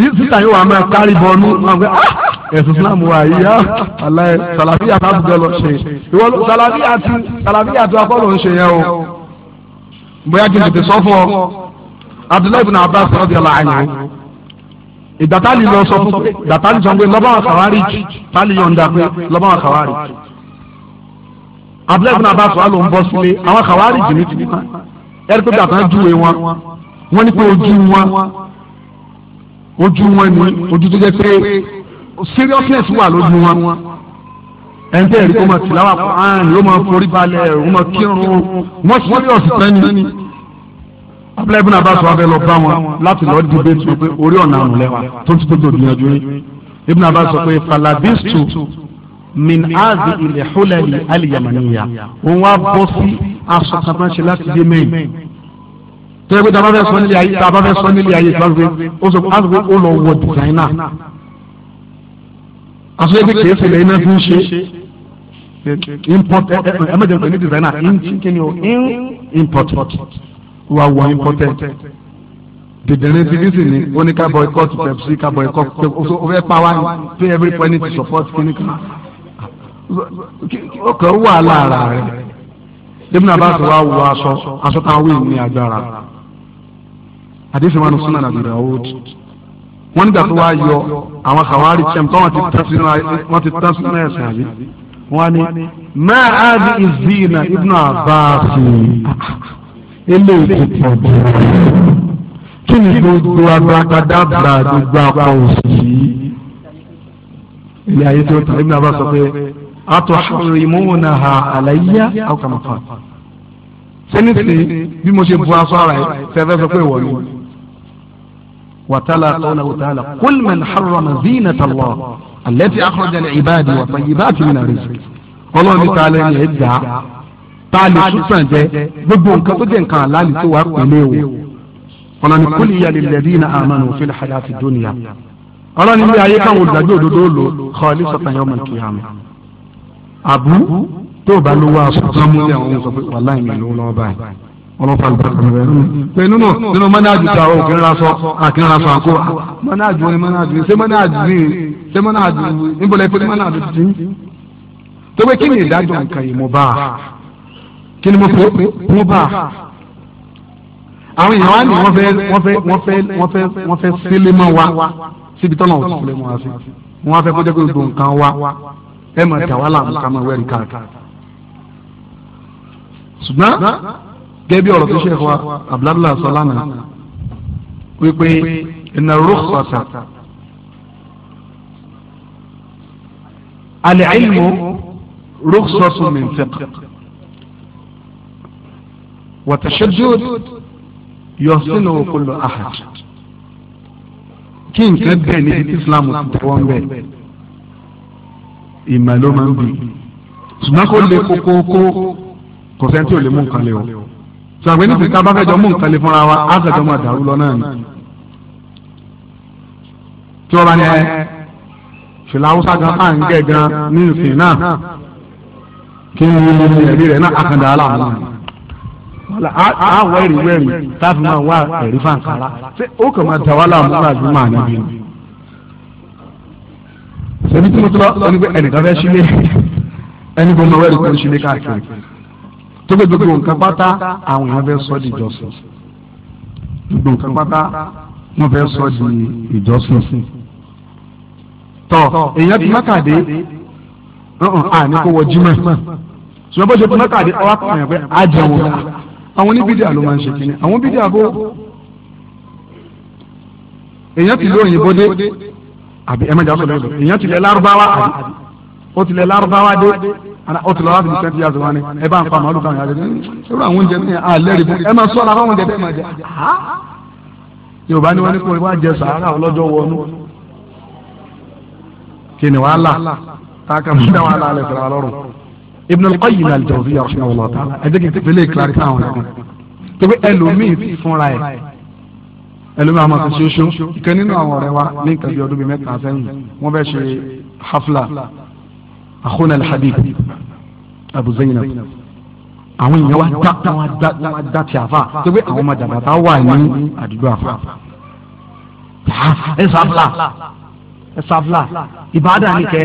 yìí sísà yóò wá máa kárí bọ́ọ̀nù máa gbé ah ẹ̀sùn islam wa yìí á ah, aláì sàlàfíà tábùjọ lọ ṣe ìwọ sàlàfíà tí sàlàfíà tí wọn ń ṣe yẹn o bóyá kí n tètè sọ fún ọ abdullahi bin abbas radiyallahu anhu ìdátàlì lọ sọ fún ìdátàlì sọ pé lọ́bàá kàwárì tálì yọ̀ǹda pé lọ́bàá kàwárì abdullahi bin abbas wà ló ń bọ́ sílé àwọn kàwárì jì ní tìbí tán ẹ̀rí pé dàtà júwe wọn wọ́n ní pé ojú wọn ojú wọn ni ojú tó jẹ́ pé seriousness wà lójú wọn ẹnití ẹ̀rí kó máa tìláwà Kùránì yóò máa forí balẹ̀ ó máa kírun wọ́n sírìọ̀sì tẹ́ni. abúlé ibùdó abá sọ abẹ́ lọ bá wọn láti lọ́ọ́ dìbò o pé orí ọ̀nà àrùn lẹ́wà tó ti tó tó gbìyànjú yín ibùdó abá sọ pé falabistu min azi ilẹ̀ hulẹ̀lì aliyamaniya òun wá bọ́ sí aṣọ kàmáṣe láti dé mẹ́yìn tó yẹ pé tàbá fẹ́ sọ nílé ayé tàbá fẹ́ sọ nílé ayé tàbá fẹ́ ó sọ pé ó lọ wọ dìsáínà àti pé kèéfì lẹ́yìn náà fi ń ṣe import ẹmẹjẹ eh, eh, eh, pẹ̀lú designer in kini o in import wa wọ imported dìdìrín ti dísì ni ó ní ká boycott Pepsi ká boycott ó fẹ́ pa wá pay every penny to support kini kan ó o ó wà lára rẹ̀ ibùdó àbá tó wá wọ aṣọ aṣọ táwọn wíì ní agbára àdéhùn wa ní sunan nàbìrì àwòdì wọ́n nígbà tó wá yọ àwọn kàwárí chẹ́m tó wọ́n ti tán sínú ẹ̀sìn àbí. واني ما عاد الزينة ابن عباس اللي يخطب كن يدو أبراك يا يدو ابن عباس إيه؟ أتحرمونها علي أو كما قال سنتي بموشي بواسوالي سيفاس وتلا قوله تعالى قل من حرم زينة الله alẹ́tí akọ̀jẹ̀lẹ̀ ìbáàdì wà fún yìí bá ti mìíràn rẹ̀ ọlọ́run ta lẹ́ yẹn gbà á ta lè tútàn jẹ gbogbo nǹkan tó jẹ́ nǹkan àlàálì tó wà pẹ̀lú o ọlọ́run kò lè yàlẹ̀ lẹ́bí iná àmàlù òfin àyà ti dóníyà ọlọ́run ilé ayé káwọn olùdájọ́ òdodo lò kọ́ọ̀lì sọ̀tàn yọmọ kìyàmù àbú tó bá lówó aṣọ tó mú ọlọ́fà àlùbáṣà bẹ̀rẹ̀ nínú pẹ̀lú nù nínú mọ́nájú ta o kìnìún aṣọ àkìnìún aṣọ àǹkó mọ́nájú ni mọ́nájú ṣé mọ́nájú ni ṣé mọ́nájú níbo lẹ́pẹ́ ní mọ́nájú ti tó pé kí ni ìdájọ́ nǹkan yìí mo bá a kí ni mo fẹ́ mo bá a àwọn èèyàn wá ní wọ́n fẹ́ wọ́n fẹ́ wọ́n fẹ́ wọ́n fẹ́ wọ́n fẹ́ sílé mọ́ wa síbi tọ́nà òtún sílé mọ́ wa sí wọ́n fẹ́ kọjá pé ṣùgbọ́n gẹ́gẹ́ bí ọ̀rọ̀ tó ṣe wa abdullahi salana wípé iná rúkọ̀tà alẹ́ ilmu rúkọ̀tà min fiqh wàtàṣẹ́dúd yọ̀sínú kullu ahad kí nǹkan bẹ́ẹ̀ ní islam ti tẹ̀wọ́n bẹ́ẹ̀ ìmọ̀ ń bì ṣùgbọ́n kó lè kókó kó kò sẹ́ńtì ò lè mú nǹkan lé o sọ̀gbẹ́ ní sìkà bákẹ́jọ mú nǹkan fúnra wa á sàjọ máa dàrú lọ náà ni. tí wọ́n bá ní ẹ ṣùlá haúsá gan á ń gẹ̀ gan ní ìsìn náà kí ni ẹ̀rí rẹ̀ náà àkàndá aláàmú a wọ ẹ̀rí wẹ̀rí táfi máa wá ẹ̀rí fàǹkàrà ṣé ó kàn máa dàwọ́ aláàmú náà ju máa nàbí ni. ṣèbí tí mo tọ́ ẹni pé ẹnìkan fẹ́ sílé ẹni gbọ́n mọ̀ wẹ́rí kan sílé káàkiri tó gbé gbogbo nǹkan pátá àwọn èèyàn fẹ́ sọ di ìjọsìn gbogbo nǹkan pátá wọ́n fẹ́ sọ di ìjọsìn tọ èèyàn ti mọ́kàdé àní kó wọ jímọ̀ ṣùgbọ́n bó ṣe ti mọ́kàdé ọwọ́ kan yẹn pé á jẹun àwọn oníbídìí àlọ́ máa ń ṣe kínní àwọn bídìí àbó èèyàn ti lé òyìnbó dé àbí ẹ má jà sọ lẹ́yìn èèyàn ti lé lárúbáwá àbí ó ti lé lárúbáwá dé ó ti lọ láti fi twenty years wọn ni ẹ bá ń pa màálù kan yàrá irú àwọn oúnjẹ ní alẹ́ rí fún ẹ máa sọ́ra fáwọn oúnjẹ tẹ́ máa jẹ yorùbá ni wọ́n ní kó wá jẹ sàárà ọlọ́jọ́ wọnú kí ni wàhálà táàkà mú dá wàhálà alẹ́ sọ̀rọ̀ alọ́rùn Ibn al-Qayyim al-Jawziyya rahimahullah ta'ala ẹ jẹ́ kí n ti fi lè kílárí sáwọn ẹ̀kọ́ tóbi ẹlòmíì ti fúnra ẹ̀ ẹlòmíì àwọn àti ṣoṣo ìkẹ́ nínú àwọn ọ̀rẹ́ wa ní nǹkan bí ọdún bíi mẹ́ta sẹ́yìn wọ́n fẹ́ ṣe hafla أخونا الحبيب أبو زينب àwọn èèyàn wa dá wọn dá wọn dá tí a fa tóbi àwọn ọmọ jàmbá wà ní àdúgbò àfa ẹ sáfìlà ẹ sáfìlà ìbáàdà ni kẹ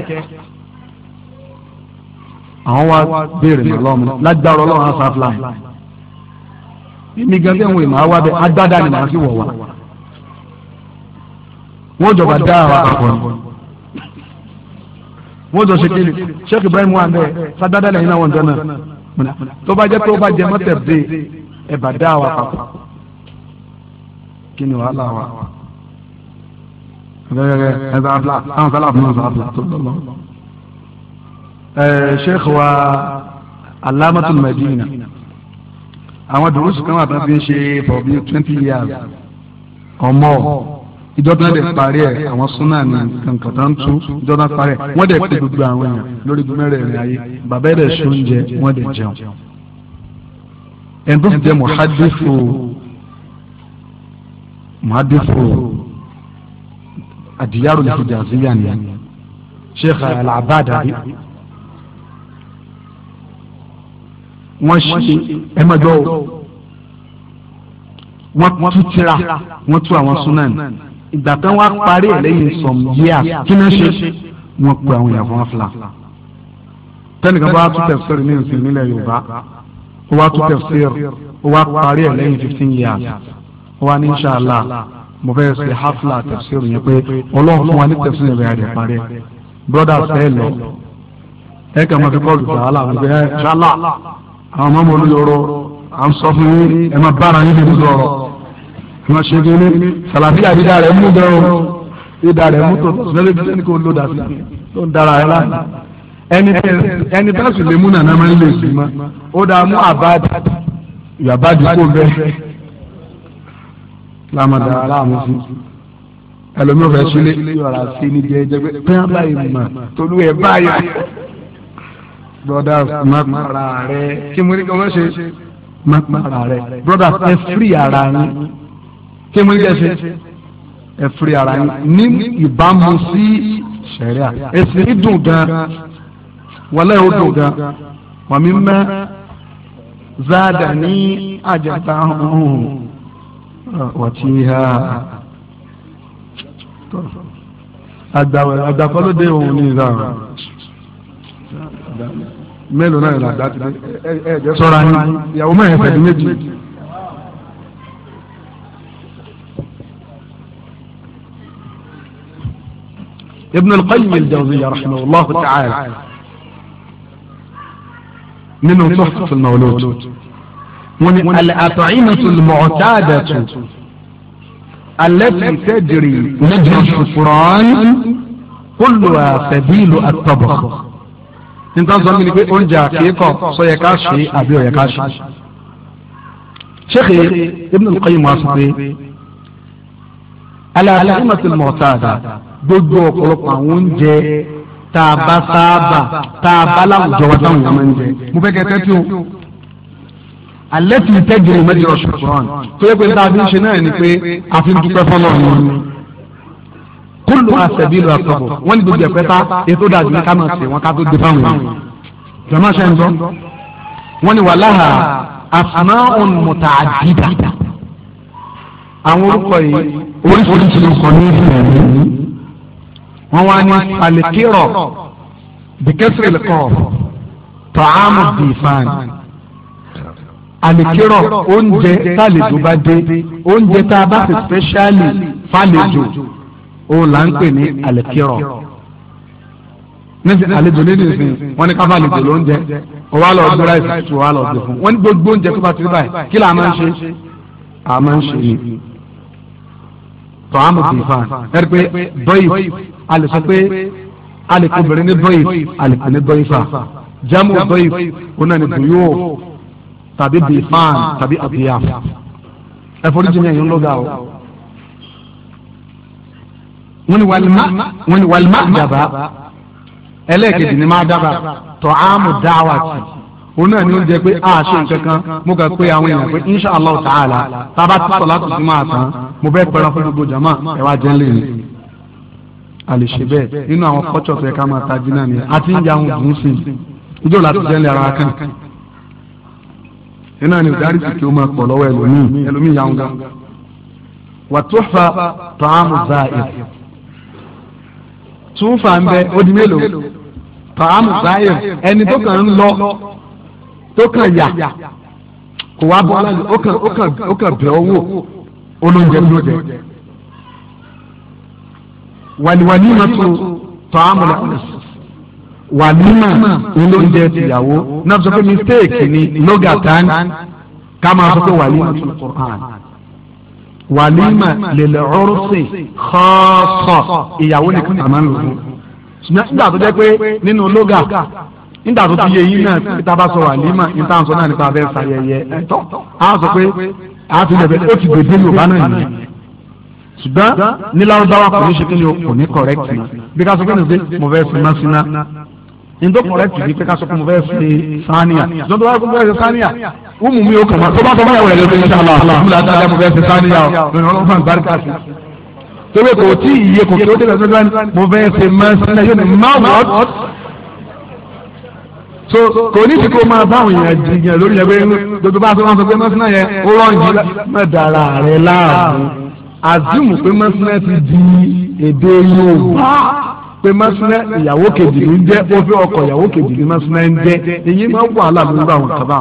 àwọn wa béèrè lọ́mọ lágbára ọlọ́run á sáfìlà èmi gan bí àwọn èèyàn bẹ agbádá ni màá fi wọ̀ wá wọ́n jọba dá àwọn akọni wọ́n jọ ṣe kéde Sheikh Ibrahim wa bẹ́ẹ̀ sadada lẹ́yìn náà wọ́n jọ náà tó bá jẹ́ tó bá jẹ́ mọ́tẹ̀ bẹ́ẹ̀ ẹ̀ bá dá wa papọ̀ kí ni wàhálà wa gẹ́gẹ́ Sheikh wa Alamatul Madina àwọn dùrúsù kan wà tó fi ń ṣe for bíi twenty years or more ìjọba dẹ̀ parí ẹ̀ àwọn súnà ní kankan tó ń tú ìjọba parí ẹ̀ wọ́n dẹ̀ pé gbogbo àwọn èèyàn lórí mẹ́rẹ̀ẹ̀rin ayé bàbá dẹ̀ sún oúnjẹ wọ́n dẹ̀ jẹun. ẹ̀ńtọ́ sì jẹ́ mọ̀hádìfò mọ̀hádìfò àdìyàrò lè fi jà sí yàn yàn sheikh al wọ́n ṣe ẹ má gbọ́ wọ́n tú tira wọ́n tú àwọn súnà ní ìgbà kan wá parí ẹ̀ lẹ́yìn some years kí náà ṣe wọ́n pe àwọn èèyàn fún afla tẹnikan bá tún tẹfsir ní ìsìn nílẹ̀ yorùbá ó wá tún tẹfsir ó wá parí ẹ̀ lẹ́yìn fifteen years ó wá ní inshàlá mo fẹ́ ṣe hafla tẹfsir yẹn pé ọlọ́run fún wa ní tẹfsir rẹ̀ rẹ̀ parí ẹ̀ brothers ẹ lọ ẹ kàn máa fi kọ́ọ̀lù sàálà wọn àwọn ọmọ mi olùyọrọ à ń sọ fún yín ẹ máa bára yín nínú sọ̀rọ̀ wọ́n ṣe kí ni sàlàfí àdídá rẹ̀ mú gan o dídá rẹ̀ mú tó lórí bí sẹ́ni kò ló dà sí tó ń dára ẹ̀ ẹni ẹni tẹ sùn lè mú nàná máa ń lè sùn mọ́ ó dáa mú àbáàdì ìyàbáàdì kò bẹ́ẹ̀ lámàdà aláàmú ẹlòmí ò fẹ́ sílé yọ̀rọ̀ sí ní jẹ́ jẹ́ pé pé báyìí mà tolú ẹ̀ báyìí broda má para rẹ kí mo ní kí wọ́n ṣe má para rẹ broda ẹ firi ara yín kí mo jẹ́ ṣe ẹ firi ara ní ìbámu sí sẹ̀ríà ẹ̀sìn ní dùn gan wọlé ó dùn gan wàmí mẹ́ záàdà ní àjàtà ọ̀hún wàtí ha àgbàkọ́lódé òun ní ìlà ọ̀hún mélòó náà ìlà àdá ti dé ẹ ẹ jẹ́ sọ́ra yín ìyàwó mẹ́rin fẹ̀dí méjì. ابن القيم الجوزية رحمه الله تعالى منه تحفة المولود الأطعمة المعتادة التي تجري نجم الشكران كلها سبيل الطبخ انت tó ń gbé oúnjẹ àkíkọ سيكاشي yẹ ká شيخي ابن القيم ká الأطعمة المعتادة gbogbo ọ̀pọ̀lọpọ̀ àwọn oúnjẹ tá a bá sáábà tá a bá láwùjọ wa táwọn èèyàn máa ń jẹ. mo fẹ́ kẹ́ tẹ́tí o alẹ́ tí ń tẹ́jú ní mẹ́jọ ṣùgbọ́n tó yẹ pé ní tàbí ṣe náà ni pé àfi ń dúpẹ́ fọ́nà ọ̀hún kúlù àṣẹbí lọ àtọ̀bọ̀ wọ́n ní gbogbo ẹ̀pẹ́ta ètò dàbí ká máa ṣe wọn ká tó dé fáwọn ọ̀hún. jọ̀mọ́ ṣe ń gbọ́ wọ́n ní wàláhà asma'un muta'addida àwọn orúkọ yìí oríṣiríṣi nǹkan ní ìfẹ́ rẹ̀ wọ́n wá ní alikirọ̀ bìkẹ́sìrì kọ̀ tọ́hámù dìfán alikirọ̀ oúnjẹ tálejò bá dé oúnjẹ tá a bá fi spẹ́ṣálì fálejò òun là ń pè ní alikirọ̀ níbi àlejò lé nìsín wọn ní káfá àlejò ló ń jẹ wá lọ gbéra ìsìtú ó wá lọ gbé fún wọn ní gbogbo oúnjẹ tó bá ti rí báyìí kí là á máa ń ṣe à máa ń ṣe ni tọ́hámù dìfàn ẹ̀rí pé dọ́yìf a lè sọ pé a lè kó obìnrin ní dọ́yìf a lè kó jamu dọ́yìf ọ̀nà ni bùyó tàbí dìfàn tàbí àbíyàf ẹ̀fọ́ríjì ni ẹ̀yìn lọ́gà o. wọ́n ní wàlímà dàbà ẹlẹ́ẹ̀kejì ni má dàbà tọ́hámù dáwàtì. òun náà ni ó jẹ pé a ṣe nǹkan kan mo kàn pé àwọn èèyàn pé insha allah ta'ala tí sọlá tó máa tán mo jama ẹ wá jẹ́ lẹ́yìn bẹ́ẹ̀ nínú àwọn kọ́tsọ̀ ká máa náà ni ń ya ohun dùn sí i láti jẹ́ lẹ́yìn ara kan nínú àná ìdarí sì kí ó máa pọ̀ lọ́wọ́ ẹlòmíì ẹlòmíì tó kàn yà kò wá bọ́ láti ó kàn ó kàn ó kàn bẹ̀ ọ́ wò olóúnjẹ ló jẹ. wàlíwàlímà tó tọ́ àmọ̀lá wàlímà olóúnjẹ tìyàwó náà sọ pé mistake ni lọ́gàtán ká máa sọ pé wàlímà tó Qur'an wàlímà lèlè ọrùsìn xọ́ọ̀sọ̀ ìyàwó nìkan ni àmà ń lò ó. nígbà tó jẹ́ pé nínú lọ́gà nígbà tó ti yé yín náà pé tá a bá sọ̀rọ̀ àlímà ní sọ náà nípa abẹ́ sàyẹyẹ ẹ̀tọ́ a sọ pé a ti lẹ̀ bẹ́ẹ̀ ó ti gbèdé yorùbá náà nìyẹn ṣùgbọ́n ní kò ní ṣe kí ni o kò ní kọ̀rẹ́kì bí ká sọ pé nìgbẹ́ mo fẹ́ sin náà sin náà ndo kọrẹti ni pé ká sọ pé mo fẹ́ ṣe saniya lọ́dọ̀ wa gbogbo ẹ̀ṣẹ̀ saniya wúmu mi ò kàn máa tó bá tó bá yà wẹ̀rẹ̀ lórí ṣe àlọ́ àmúlẹ̀ àtàlẹ́ mo fẹ́ ṣe saniya o lórí ọlọ́run so kò ní ìsìnkú máa báwọn èèyàn jìyàn lórí ẹgbẹ́ gbogbo bá a sọ wọn sọ pé mọ́sánná yẹn ó rọ̀jì mẹ́dàrà rẹ̀ láàbù àzùmù pé mọ́sánná ti di èdè Yorùbá pé mọ́sánná ìyàwó kejì ní jẹ́ ó fi ọkọ̀ ìyàwó kejì ní mọ́sánná ń jẹ́ èyí máa ń wà láàbùrú àwọn kaba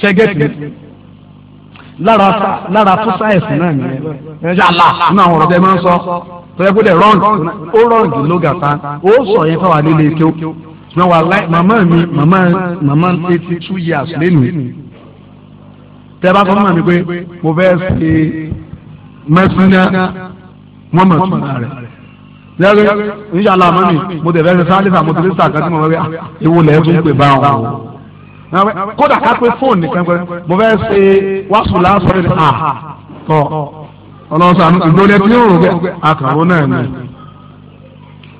ṣẹ́gẹ́tì lára fúsá ẹ̀sìn náà nìyẹn ẹ̀ṣẹ̀ àlà nínú àwọn ọ̀rọ̀ tẹ́ máa ń sọ tọ́jú pé dẹ̀ rọ́ǹdì ó rọ́ǹdì lógàtà ó sọ yẹn fáwọn alẹ́ ṣùgbọ́n wà láì màmá mi màmá màmá eighty two years lẹ́nu tẹ́ bá fọ́ mọ́ mi pé mo fẹ́ ṣe mẹ́sìnà wọ́n mọ̀ túmọ̀ rẹ̀ yẹ́rẹ́ níṣàlá àmọ́ mi mo tẹ̀ fẹ́ ṣe sáálífà mo tẹ̀ fẹ́ sàkà tí mo fẹ́ ewu lẹ́yìn tó ń pè bá wọn kódà ká pé fóònù nìkan pé mo fẹ́ ṣe wàásùlá sọ̀rọ̀ à tọ̀ ọlọ́sàn ìgbóni ẹtí yóò rò bẹ́ẹ̀ àkàrò náà ni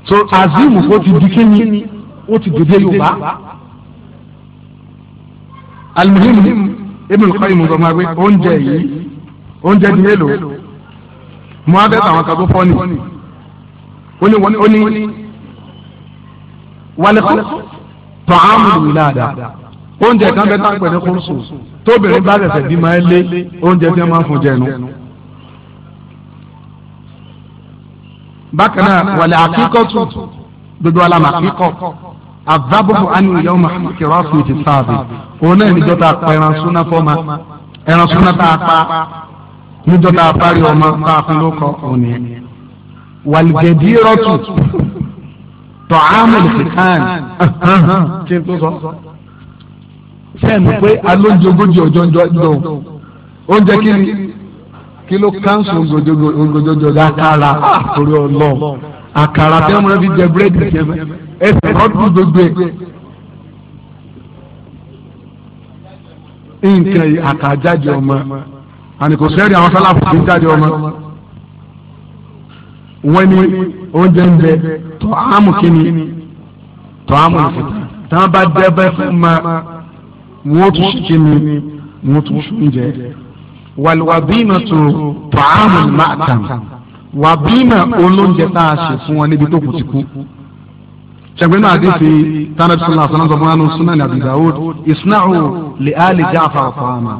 so azeem kò ti di kéyìn ó ti dòde yorùbá alimuhimu Ibn Qayyim sọ ma pé oúnjẹ yìí oúnjẹ di mélòó mo á bẹ́ẹ̀ àwọn kan tó fọ́ ni ó ní ó ní wàlẹ́kọ́ tọ́ àmì wìláàdà oúnjẹ kan bẹ́ẹ̀ tá à ń pè tóbìnrin bá rẹ̀fẹ̀ bí máa lé oúnjẹ tí wọ́n máa fún jẹ bákan náà wàlẹ́ àkíkọ́ tù gbogbo alamà azabuhu anu yawma kirasu ti sáàbì òun náà níjọ́ tá a pa ẹran súná fọ́mà ẹran súná tá a pa níjọ́ tá a parí ọmọ tá a fún lóko òun yẹn. wàlgẹ̀dìrọ̀tù tọ̀hámù lùfìkàn kí n tó sọ. sẹ́ẹ̀mù pé alóúnjẹ ogójì ọjọ́ ń jọ ìjọ oúnjẹ kí ni kí ló kánṣu ogójì ọjọ́ ìjọ dákàrà ah, torí ọlọ́ọ̀ àkàrà tí wọ́n fi jẹ búrẹ́dì kẹfẹ́ ẹsẹ̀ rọ́dù gbogbo ẹ̀ nǹkan yìí àkàjáde ọmọ àníkò sẹ́rí àwọn sálàfù tó jáde ọmọ wọ́n ni, oúnjẹ ń bẹ tọ́ àmù kínní tọ́ àmù ìfọ̀tà tí wọ́n bá jẹ́ bẹ́ẹ̀ fún ma wọ́n tún kínní wọ́n tún oúnjẹ wàlúwàbí náà tó tọ́ àmù máa tàn wà bímà olóúnjẹ tá a ṣe fún wọn níbi tó kù ti kú sẹgbẹnu àdìsí tanabi sọlá sọlá sọlá ní sunan abi dawud isna'u li ali jaafar fama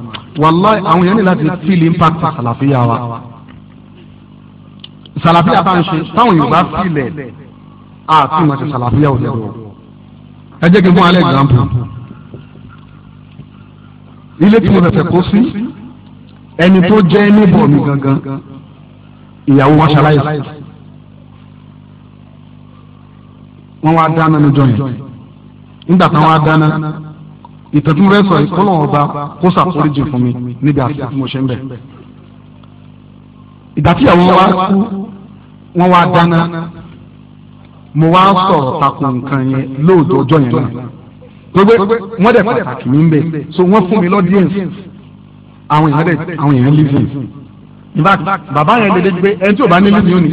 wàllayi àwọn yẹn ní láti fíìlì impact sàlàfíà wa sàlàfíà bá ń ṣe táwọn yorùbá fílẹ̀ àti wọn ṣe sàlàfíà ò lẹ́rọ ẹ jẹ́ kí n fún alẹ́ example ilé tí mo fẹ́ kó sí ẹni tó jẹ́ níbọ̀ mi gangan ìyàwó wọn ṣaláyè wọn wá dáná níjọ yẹn nígbà táwọn á dáná ìtẹ̀tún bẹ́ẹ̀ sọ ìkọlọ̀ ọba kó sàkóríjì fún mi níbi àti àti mo ṣe ń bẹ̀. ìgbà tí ìyàwó wa kú wọn wá dáná mo wá sọ̀rọ̀ takò nǹkan yẹn lóòjọ́ ọjọ́ yẹn náà gbogbo wọ́n dẹ̀ pàtàkì mi ń bẹ̀ so wọ́n fún mi lọ́díẹ̀nsì àwọn èèyàn lè àwọn èèyàn lè sìn bàbá yẹn lè gbé ẹni tí ò bá nílé ni ó ní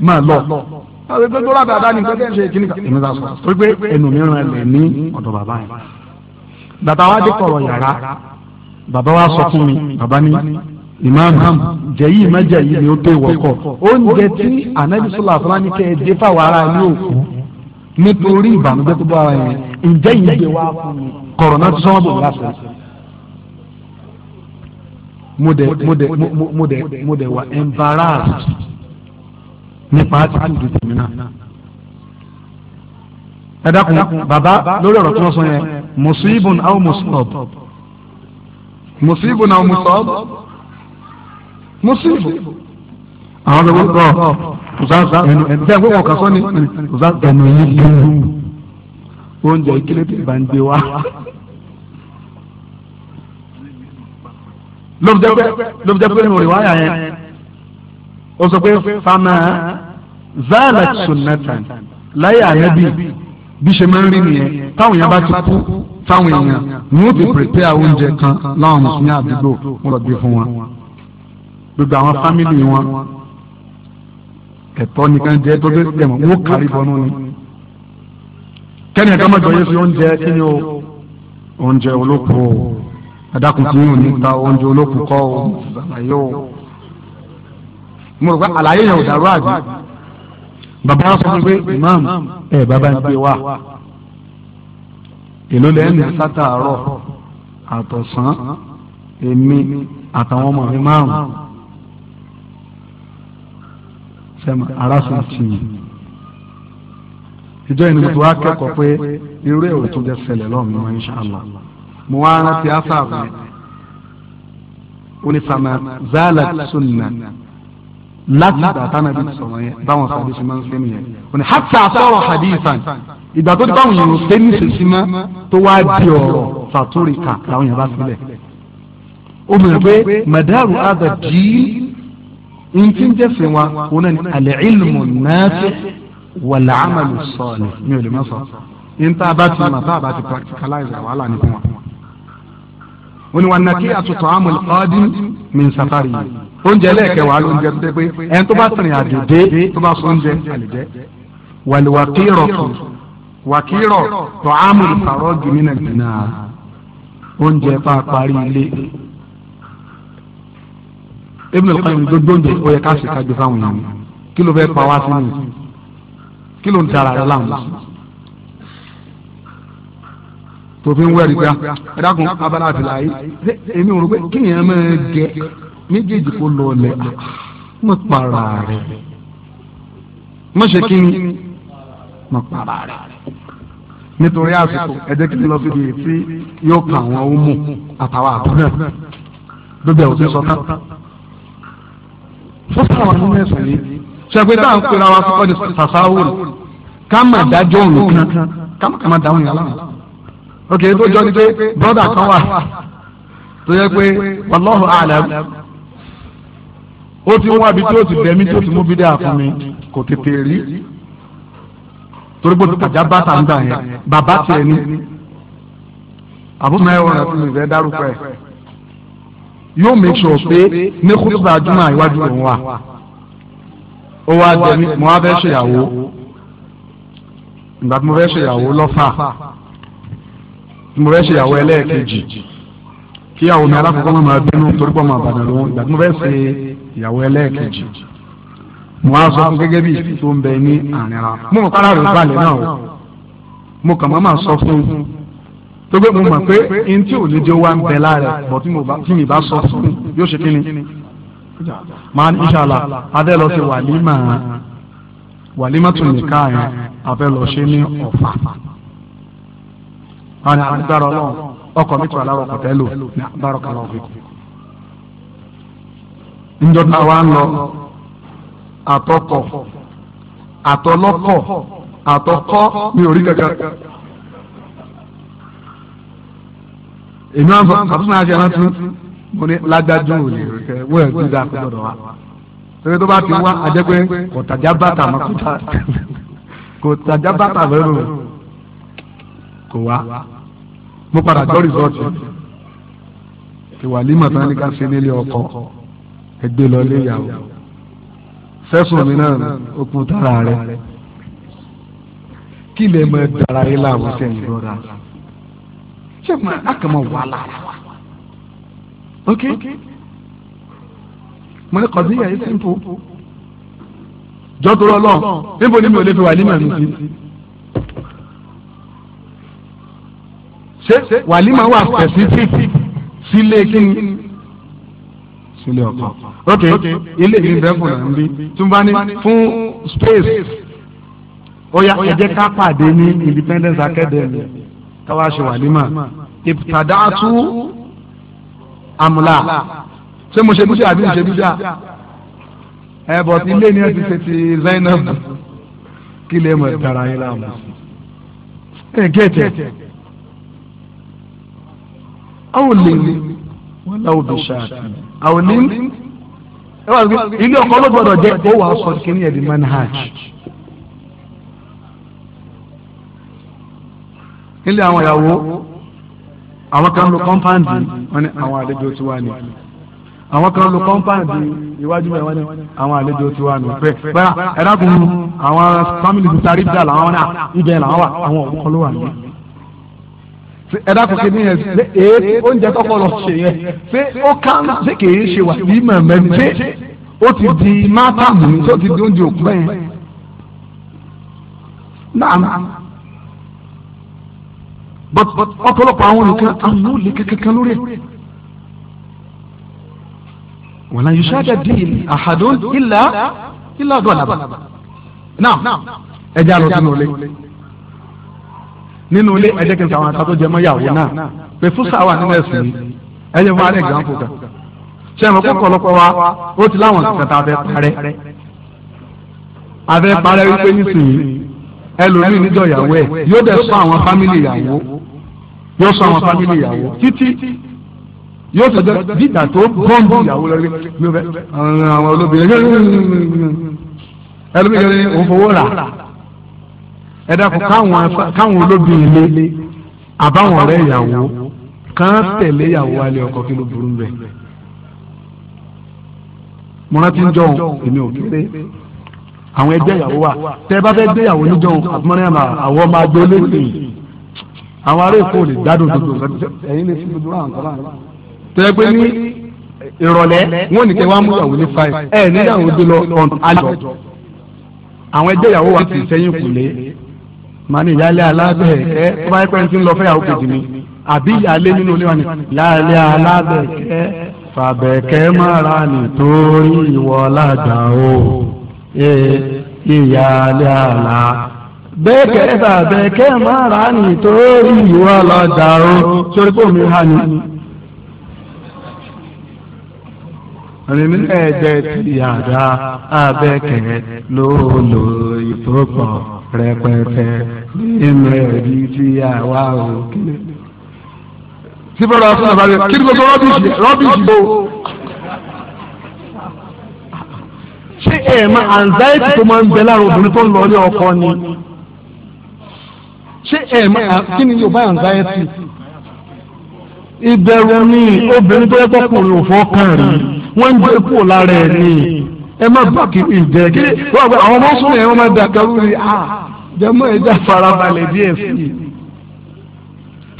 máa lọ àwọn ẹgbẹ́ tó rábà dání pé bẹ́ẹ̀ ṣe kí ni ká èmi ta sọ tó gbé ẹnu mìíràn lẹ̀ ní ọ̀dọ̀ bàbá yẹn bàbá wa dé kọ̀rọ̀ yàrá bàbá wa sọ fún mi bàbá ní ìmáàmù jẹ̀yí ìmájẹ̀yí ni ó tó ìwọ̀kọ̀ oúnjẹ tí ànábì sọlá fúlání kẹ́ ẹ dé fáwọn ará ní òkú nítorí ìbànújẹ́ tó bá ara yẹn ǹjẹ́ ìyẹn gbé wá kọ̀rọ̀ náà tó sọ́wọ́n bò láṣẹ Mude mude mude mude mo dẹ̀ embarrassed nípa attitude tèmi náà. ẹ dákun bàbá lórí ọ̀rọ̀ tí wọ́n sọ yẹn musibun aw musab musibun aw musab musibu. àwọn bẹ wọ́n kọ́ ọ̀sán ẹnu ẹnu bẹ́ẹ̀ wọ́n kà sọ́ ni ọ̀sán ẹnu yìí gbẹ̀rù oúnjẹ ìkíni tí ìbá ń gbé wá. lóbìdẹ́pẹ́ lóbìdẹ́pẹ́ nínú rìwáyà yẹn ó sọ pé fama zalat sunnatan láyé ànábì bí ṣe máa ń rí nìyẹn táwọn èèyàn bá ti kú táwọn èèyàn ni ó ti prepare oúnjẹ kan láwọn mùsùlùmí àdúgbò wọn lọ gbé fún wọn gbogbo àwọn fámìlì wọn ẹ̀tọ́ nìkan jẹ́ tó dé tẹ̀mọ̀ wọ́n kárí bọ́nú ni kẹ́ni ẹ̀ka mọ̀jọ yẹn fi oúnjẹ kí ni o oúnjẹ olóko adakun tí yóò ní ta oúnjẹ olókùn kọ́ ọ àlàyé o mo rò pé àlàyé yẹn ò dàrú àbí bàbá wa sọ fún mi pé imam ẹ bàbá ń gbé wa èló lẹ́yìn sátàárọ̀ àtọ̀sán èmi àtàwọn ọmọ mi márùn sẹ́mi aráàlú ti ìjọ ìnìmọ̀tò wa kẹ́kọ̀ọ́ pé irú ẹ̀ ò jẹ́ ṣẹlẹ̀ lọ́mọ inṣàlá mo wá rántí asáàbù yẹn onífàmà zálà sunna láti ìgbà táwọn ẹbí sọ̀rọ̀ yẹn báwọn sàbí ṣe máa ń sẹ́nu yẹn òní hàtà àtọ̀rọ̀ hadithan ìgbà tó dáhùn yìí ó sẹ́nu ṣèṣin mọ́ tó wá di ọ̀rọ̀ sàtúrìkà làwọn yẹn bá sílẹ̀ ó mọ̀ pé madaru ada jí ntí ń jẹ́sẹ̀ wa wọn ni al-ilmu nafi' wal-amalu salih mi ò lè má sọ yín tá a bá ti mọ̀ tá a bá ti practicalize wàhálà ní fún wa wọn ni wọn nàkí àtútù àmọ́ ìfọ́dín mi ń safari oúnjẹ lẹ́ẹ̀kẹwàá lóúnjẹ tó dé pé ẹni tó bá sìnrìn àjò dé tó bá sọ oúnjẹ àlejẹ wàlúwàkírọ̀ wàkírọ̀ tó àmọ́ ìfàrọ̀ gìmínà gìmínà oúnjẹ bá parí ilé Ibn al gbogbo oúnjẹ ó yẹ ká ṣe ká gbé fáwọn èèyàn kí ló fẹ́ pa wá sí kí ló ń tara rẹ láwọn tó fi ń wẹ̀rí gbá ẹ̀dákun abala àfìlà yìí èmi ò rò pé kí ni ẹ máa gẹ méjèèjì kó lọ lẹ mo para rẹ mo ṣe kí ni mo para rẹ nítorí àsìkò ẹ kí n lọ fi di tí yóò kan àwọn ọmọ àtàwọn àbúrò lóbi àwọn tó sọ tán fún àwọn ọmọ ẹ̀sìn yìí ṣẹ́gbẹ́ tá à ń pera wa sọ́kọ́ ni sàṣàwò ká mà dájọ́ òun kan ká mà dáhùn yàrá wọn ok tó jọ ni pé brọ́dà kan wà tó yẹ pé wallahu a'lam ó ti ń wá bí tí ó ti bẹ̀ mí tí ó ti mú bídẹ́ àfún mi kò tètè rí torí pé tàjà bàtà ń gbà yẹn bàbá tiẹ̀ ni àbúrò náà ẹ̀wọ̀n rẹ̀ fún mi ìfẹ́ dárúkọ ẹ̀ yóò make sure pé ní kúrúbà jùmọ̀ iwájú òun wà ó wá jẹ ní mo wá fẹ́ ṣèyàwó ìgbà tí mo fẹ́ ṣèyàwó lọ́fà mo fẹ́ ṣèyàwó ẹlẹ́ẹ̀kejì kí àwọn omi alákọ̀ọ́kọ́ máa bínú torí pọ̀ máa bàdàn lóhùn ìgbà tí mo fẹ́ ṣe ìyàwó ẹlẹ́ẹ̀kejì mo á sọ fún gẹ́gẹ́ bí ìfi tó ń bẹ ní àárín ara mo mọ̀ kára rẹ̀ balẹ̀ náà o mo kàn máa sọ fún un tó gbé mo mọ̀ pé n tí ò ní jẹ́ wá ń bẹ láàrẹ̀ bọ̀ tí mi bá sọ fún un yóò ṣe kí ni máa ní ìṣàlà adé lọ sí wàlímà wàlímà tún nìkan yẹn abẹ́ lọ ṣe ní ọ̀fà. àwọn àgbàrá ọlọ́run ọkọ mi tù aláwọ̀ kọ̀tẹ́ lò ní àgbàrá ọkọ̀ fi. njọ́ tá ń lọ àtọkọ̀ àtọlọ́kọ̀ àtọkọ́ mi ò kankan. èmi wọn fọ àtúntò náà ṣe rántí mo ní lágbájú ò rẹ wọ́n ẹ̀ gbígbà kó tó bá ti wá kò kò wá mo padà gbọ́ rìsọ́ọ̀tì ìwàlímọ̀ tán ní ká ṣe nílé ọkọ ẹgbẹ́ lọ lé ìyàwó sẹ́sùn mi náà okùn tára rẹ kí lè mọ dara yín láwọn sẹ́yìn lọ́ra ṣé mo àkàmọ̀ wà lára wa ok mo ní kọ́sí yẹn simple jọ́tò lọ́lọ́ níbo ni mi ò lè fi wàlímọ̀ mi sí. ṣé wàlímà wà specific sílé kíni sílé ọkọ ok ilé yìí bẹ fún un bí túnbá ní fún space ó yá ẹ jẹ́ ká pàdé ní Independence Academy káwá ṣe wàlímà ìtàdáàtú àmúlà ṣé mo ṣe bíṣẹ àbí mo ṣe bíṣẹ ẹ bọ̀ ilé ni ẹ ti ṣe ti Zainab kí lè mọ̀ tara yín láàmú ẹ gẹ́tẹ̀. awolin wọláwó bí ṣáàtì awolin ilé ọkọ ló gbọ́dọ̀ jẹ ó wàá sọ kíní ẹdín manhaj nílé àwọn ìyàwó àwọn kan lo kọ́ńpáǹdì wọn ni kan lo kọ́ńpáàdì iwájú ẹ̀ wọ́n ní àwọn àlejò tí wà nù pẹ́ bẹ́ẹ̀ ẹ̀dá kun àwọn fámìlì ti sáré dà ẹ̀dá kò kìíní yẹn ṣe oúnjẹ tọkọ lọ ṣe yẹn ṣé ó kàn ṣé kìí ṣe wà sí mẹ̀mẹ́ ṣé ó ti di mátàmù ní ṣé ó ti di oúnjẹ òkú bẹ́ẹ̀ náà but ọ̀pọ̀lọpọ̀ àwọn nìkan àwọn ò lè kankan lórí ẹ̀. wala yushada din ahadun illa illa galaba náà ẹ̀jẹ̀ àlọ́ tó nù lé nínú ilé ẹ jẹ́ kí n sàwọn àtàtó jẹ mọ́ yàwó náà pé fúsà wà nínú ẹ̀sìn yìí ẹ jẹ́ fún alẹ́ ìgbàǹfò kan ṣé àwọn kókò ọlọ́pọ̀ wa ó ti láwọn kẹta abẹ parẹ́ abẹ parẹ́ wípé nísìnyí ẹlòmíì níjọ ìyàwó ẹ yóò dẹ̀ sọ àwọn fámìlì ìyàwó yóò sọ àwọn fámìlì ìyàwó títí yóò sọ jẹ dídà tó bọ́ǹbù ìyàwó lórí àwọn olóbìnrin ẹlòmíì yẹn ni òun fowó rà ẹ dákun káwọn olóbìnrin ilé àbáwọn ọ̀rẹ́ ìyàwó kàn tẹ̀lé ìyàwó alẹ́ ọkọ kí ló burú bẹ̀. mo rántí ń jọun èmi ò kéré àwọn ẹgbẹ́ ìyàwó wa tẹ́ ẹ bá fẹ́ gbé ìyàwó níjọun àtúmọ̀rẹ́ àwọn ọmọ agbó lẹ́sìn àwọn ará èkó lè gbádùn gbogbo ẹ̀yin lè fi gbogbo àwọn kan láàrin. tẹ́lẹ̀ pé ní ìrọ̀lẹ́ wọn ò ní wá mú ìyàwó ní five ẹ̀ níyàwó dé lọ ọ̀n àjọ àwọn ẹgbẹ́ ìyàwó wa ti sẹ́yìn kù lé màá ní ìyáálé alábẹ̀ẹ́kẹ́ tó bá yẹ pé ẹni tí ń lọ fẹ́yàwó kejì ni àbí ìyáálé nínú ilé wa ni ìyáálé alábẹ̀ẹ́kẹ́ fàbẹ̀ẹ́kẹ́ mára nítorí ìwọ ládà o ìyáálé àlá bẹ́ẹ̀kẹ́ fàbẹ̀ẹ́kẹ́ mára nítorí ìwọ ládà o sórí pé omi ha ni. rìnmí ẹ̀jẹ̀ ti yàrá abẹ́kẹ̀ lóòlò ìtòpọ̀ rẹpẹtẹ nínú ẹ̀rí tí àwa ò kíni. tí bọ́lá fún àbálẹ̀ kí ni gbogbo rọ́bìsì rọ́bìsì bò. ṣé ẹ̀ máa anxiety tó máa ń bẹ lára obìnrin tó ń lọ ní ọkọ ni ṣé ẹ̀ máa kí ni Yorùbá anxiety ìbẹ̀rù ni obìnrin tó yẹ kọkùnrin ò fọkàn rí wọ́n ń gbé kúrò lára ẹ̀ ni ẹ má bà kí ni ìjẹ́ kí wọ́n àwọn ọmọ sùn yẹn wọ́n máa dà kẹ́rù rí a jẹ́mọ́ ẹ já farabalẹ̀ díẹ̀ sí i.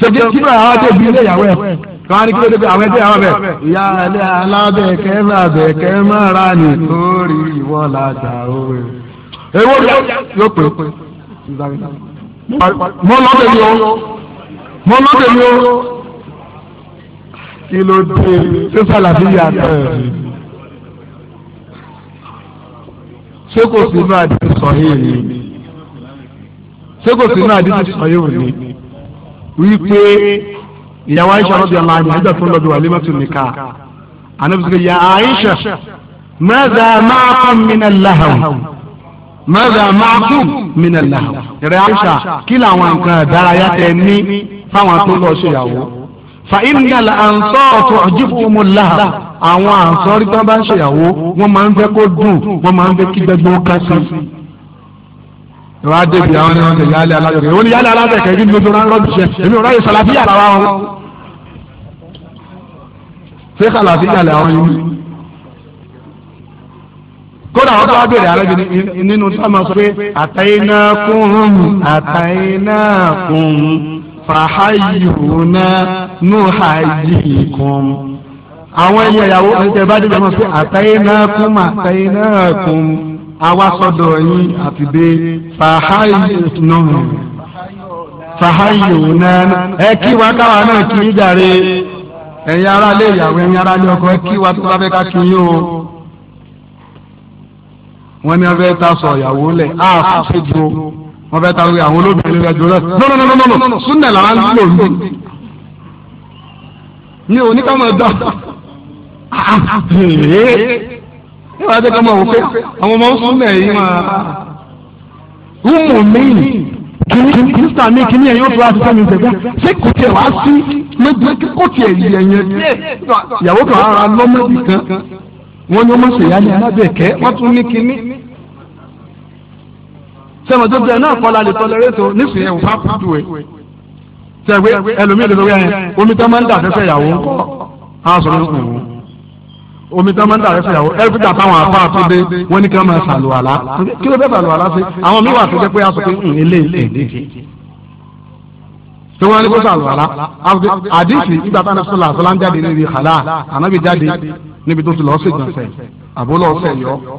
ṣèké kí ló àwọn àjẹbí ilé ìyàwó ẹ̀ kàn án ní kí ló dé pé àwọn ẹgbẹ́ àwọn bẹ̀. ìyá alẹ́ alábẹ̀kẹ́ làbẹ̀kẹ́ mọ́ra ni torí ìwọ làjà òwe. èwo yóò pè é mo lọ́ọ́ mi o mo lọ́ọ́ mi o kí ló dé ṣé sàlàbí yàtọ̀ ẹ̀ ni ṣé kò sínú àdìsí sọ̀hìn ni ṣé kò sínú àdìsí sọ̀hìn ni wípé ìyàwó Aisha rọ́bì ọ̀la àyè nígbà tó ń lọ́dún wàlẹ́ mọ́tò nìka ànábìsíkẹ́ ya Aisha mẹ́ta máa kọ́ mi náà láhàwù mẹ́ta máa kú láhàwù rẹ̀ Aisha kí làwọn nǹkan ìdárayá tẹ ní fáwọn tó lọ ṣèyàwó fàìlì àǹsọ́ ọ̀tún ọ̀jìfùmù làhà àwọn àǹsọ́rí tó bá ń ṣèyàwó wọ́n máa ń fẹ́ kó dùn wọ́n máa ń fẹ́ kí gbẹgbẹ́ ó ká sí i. ìwà débi àwọn ẹni wọn tẹ yálé alájọkẹ ìwọ ni yálé alájọkẹ yìí lójú rán lọ́dúnṣẹ́ èmi ò ráyè sàlàfíà lára wọn. ṣé sàlàfíà lè àwọn yìí. kódà wọn tó wá béèrè ààrẹ nínú sáà máa sọ pé àtàyínákùn àtàyínákùn fàáyùnà nùhàjìkùn àwọn ẹyẹ ìyàwó ẹ̀jẹ̀ bá dìbò wọn pé àtẹ̀yìnàkùn àtẹ̀yìnàkùn àwa sọ́dọ̀ yín àti dé fàáyùnà fàáyùnà ẹ kí wa káwa náà kí í jàre ẹ̀yin ará lé ìyàwó ẹ̀yin ará lé ọkọ ẹ kí wa tó bá fẹ́ ká kí yín o wọ́n ní ọbẹ̀ tá a sọ ìyàwó lẹ̀ á fẹ́ ju wọ́n fẹ́ ta àwọn olóbìnrin rẹ̀ jùlọ nọ́nọ́nọ́nọ́nọ́ súnà làwọn ń lò lù ní oníkàmọ̀ ẹ̀dọ́ ẹ wá dé kàmọ̀ òkè àwọn ọmọ súnà yìí máa wúmọ̀ mí kìíní kìíní mi kìíní ẹ̀yìn ó tó wá sí sẹ́mi ìgbẹ́gbẹ́ ṣé kò tiẹ̀ wá sí méjì kò tiẹ̀ yìí ẹ̀yìn díẹ̀ ìyàwó kan ara lọ́mọdì kan wọ́n ní ọmọ ṣèyá ní alábẹ̀kẹ́ wọ́n tún ní kìíní sẹ́wọ̀n tó jẹ náà kọ́lá lè tọ́lẹ́rẹ́tò nísìnyẹn òfà kúdù ẹ̀ sẹ́wẹ́ ẹlòmíì lè sọ́wọ́ yẹn omi tó máa ń dà fẹ́fẹ́ ìyàwó ńkọ́ á sọ̀rọ̀ ńkọ́ omi tó máa ń dà fẹ́fẹ́ ìyàwó ẹ̀rí fúdà táwọn afá tó dé wọ́n ní kí wọ́n máa sàlùwàlá kí ló fẹ́ sàlùwàlá sí àwọn mi wà tó jẹ́ pé aṣọ pé ń ilé ìdè tí wọ́n ní kó sàlùwàlá àdìsí ìgbà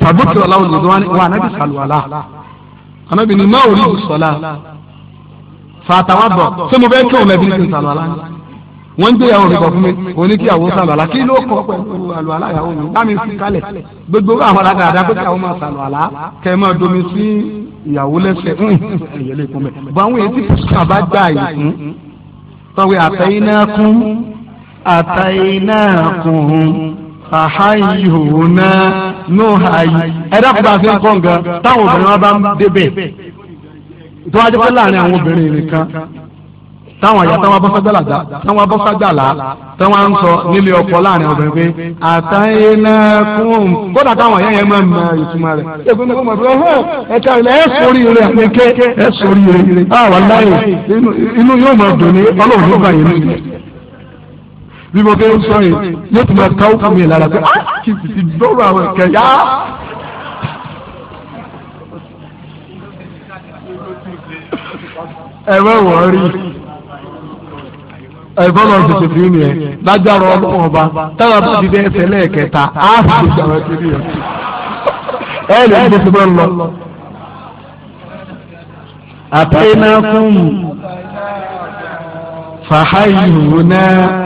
fàbùkì ọ̀la olùdó wa anabi sàlùwàlà anabi ni má òrí ìsọ̀lá fàtàwà bọ̀ ṣé mo bẹ́ẹ̀ kí òun lẹ́bi ní kí n sàlùwàlà ni wọ́n ń gbé yàwó mi bọ̀ fún mi oníkíyàwó sàlùwàlà kí ló kọ́ pẹ̀lú àlùwàlà yàwó mi bá mi fi kalẹ̀ gbogbo àwọn alága àdá pé káwọn máa sàlùwàlà kẹ́ ẹ máa domi sí ìyàwó lẹ́sẹ̀ ẹ̀yẹlé kún bẹ̀ bọ̀ àwọn èyí tí bàbá gbà yìí fún tọ́wé àtẹ̀yìnàkún àtẹ̀yìnàkún àháyìhùnà nóòhà yìí ẹ̀dá kúta fi ń kọ́ nǹkan táwọn obìnrin wọn bá ń débẹ̀ tó wájú pé láàrin àwọn obìnrin nìkan táwọn àyà táwọn abọ́sádàlà táwọn abọ́sádàlà táwọn ń sọ nílé ọkọ láàrin ọbẹ̀ pé àtàyè náà fún un kódà táwọn àyà yẹn máa ń mọ ìtumọ̀ rẹ̀. ẹgbẹ́ náà mọ̀ pé ọ̀hún ẹ̀ka ilẹ̀ ẹ̀ sórí rẹ̀ àpèké ẹ̀ sórí rẹ̀ àwọn aláyè inú yóò máa dùn ní ọlọ́run nígbà yẹn nìyẹn bí mo fẹ́ sọ yìí yóò tún máa káwọ́ fún mi lára pé ah, kí n sì dọ́rọ̀ àwọn ẹ̀kẹ́ yá. ẹ̀rọ ẹ̀wọ̀n rí ẹ̀fọ́n náà tètè fi nìyẹn lágbára ọlọ́wọ́n ọba táwọn bá ti dé ẹsẹ̀ lẹ́ẹ̀kẹta á sì lè sọ̀rọ̀ kiri yẹn. ẹ lè ní ti bọ́ọ̀ lọ. àtẹnákùn fàáyù náà.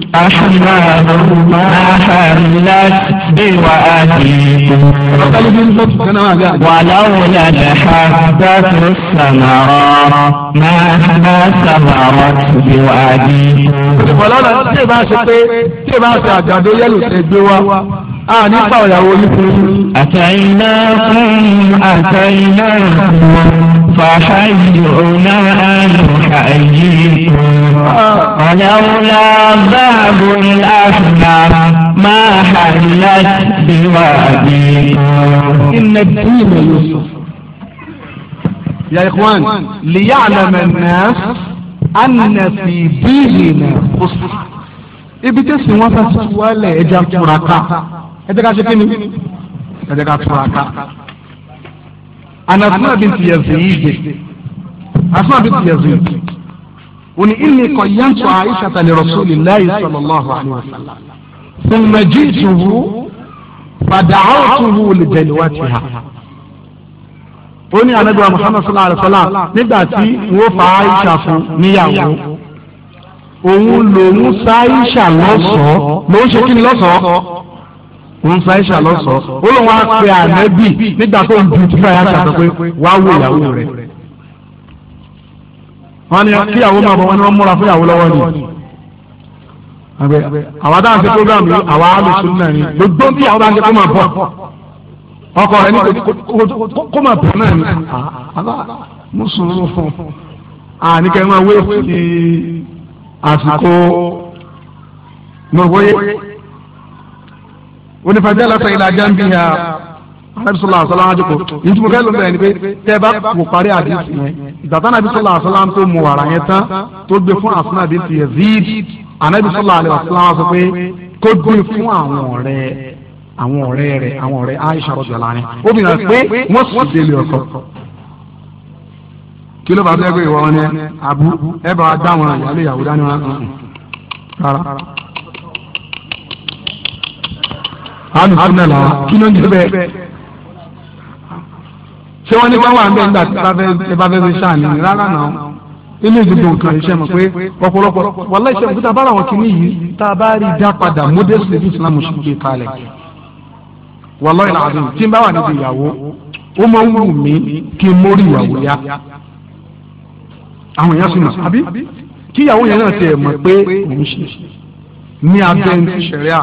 أحماه ما حملت بوأديكم ولولا لحبت الثمرة ما ما ثمرت بوأديكم. ولولا tí ì bá ṣe pé tí ì bá ṣe àgbàdo yẹ́lò ṣe gbé wá. نقطة آه، ولا أتيناكم أتيناكم فحيونا أن نحييكم ولولا باب الأحمر ما حلت بواديكم إن الدين يوسف يا إخوان ليعلم الناس أن في ديننا خصوصا ابتسم وفتح ولا إجابة ẹ jẹ́ ká ṣe kíni ẹ jẹ́ ká tura ká anasuna binti Yazid asuna binti Yazid woni inni qayyantu Aisha li rasulillahi sallallahu alaihi wasallam thumma ji'tuhu fada'awtuhu li jalwatiha oni anabi wa Muhammad sallallahu alaihi wasallam nígbà tí wọ́n fa Aisha fún níyàwó òun lòun sáyíṣà lọ́sọ̀ọ́ lòun ṣe kí ni lọ́sọ̀ọ́ wọn sọ aisha lọsọ ó ló wá pe ànábì nígbà tó ń dùn tí báyà sàtọ pé wàá wo ìyàwó rẹ wọn ni kíyàwó máa bọ wọn ni wọn múra fún ìyàwó lọ́wọ́ ni àwa dáhùn sí program yìí àwa alùsùn náà ni gbogbo tí àwọn bá ń ṣe kó máa bọ ọkọ rẹ ní kó máa bọ náà ni mùsùlùmí fún àníkẹ́ máa wé sí àsìkò mọ̀ wọ́yé onífàjẹ́ lọ́sọ̀ ilà jambi ya alábísọ̀lá àṣọlá wọn àjòkò yìí tí mo fẹ́ lọ bẹ̀rẹ̀ ni pé tẹ́ bá wò parí àdìsí yẹn ìgbàtà alábísọ̀lá àṣọlá tó mu wàrà yẹn tán tó gbé fún àṣọlá àdìsí yẹn zid alábísọ̀lá àlẹ́ àṣọlá wọn sọ pé kó gbé fún àwọn ọ̀rẹ́ àwọn ọ̀rẹ́ rẹ̀ àwọn ọ̀rẹ́ Aisha rọ̀jọ̀ láàrin obìnrin pé wọ́n sì délé ọkọ kí ló bá fẹ́ pé ìwọ àánú fún náà làwọn kí ló ń jẹ bẹ́ẹ̀ ṣé wọ́n ní ká wà ń bẹ nígbà tí bá fẹ́ fi ṣàní rárá náà nínú ìdìbò nǹkan iṣẹ́ mọ̀ pé ọ̀pọ̀lọpọ̀ wàlá iṣẹ́ mọ̀ pé tá a bá ra àwọn kìíní yìí tá a bá rí i dá padà modest lady Islam ṣe gbé kalẹ̀ wàlá ìlà àdùn tí n bá wà níbi ìyàwó ó máa ń wù mí kí n mórí ìyàwó yá àwọn èèyàn sì mọ̀ àbí kí ìyàwó yẹn náà tiẹ̀ mọ̀ pé òun ṣe ní abẹ́ ní ṣẹ̀ríà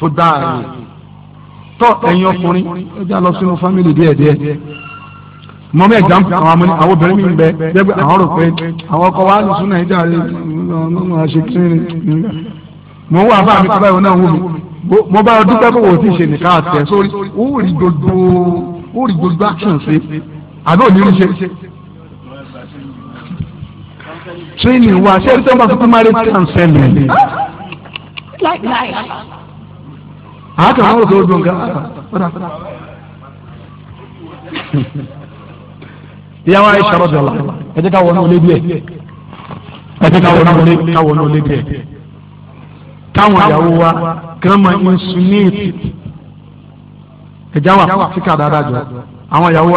tó dáa tọ ẹ̀yin ọkùnrin ẹ jẹ́ àlọ́ sínú fámìlì díẹ̀díẹ̀ mọ mẹ ẹgbà àwọn amúni àwọn obìnrin mi bẹ dẹgbẹ àwọn rò pé àwọn ọkọ wa lù sún nàìjíríà rẹ ọmọ àṣekínrin mọ wà fún àmì tó báyìí wọn náà wù mí mo bá dúpẹ́ pé wò ó ti ṣe nìkan àti ẹ̀ sórí ó rí gbogbo ó rí gbogbo action ṣe àbí òní rí ṣe. training wa ṣé ẹni tó ń bá tuntun máa rí tí à ń àákà wọn ò tó dùn ká ìyàwó Aisha radiyallahu anha ẹ jẹ́ ká wọnú olé díẹ̀ ẹ jẹ́ ká wọnú olé díẹ̀ káwọn ìyàwó wa kí wọ́n máa insunéètì ẹ̀já wà fíkà dáadáa jọ àwọn ìyàwó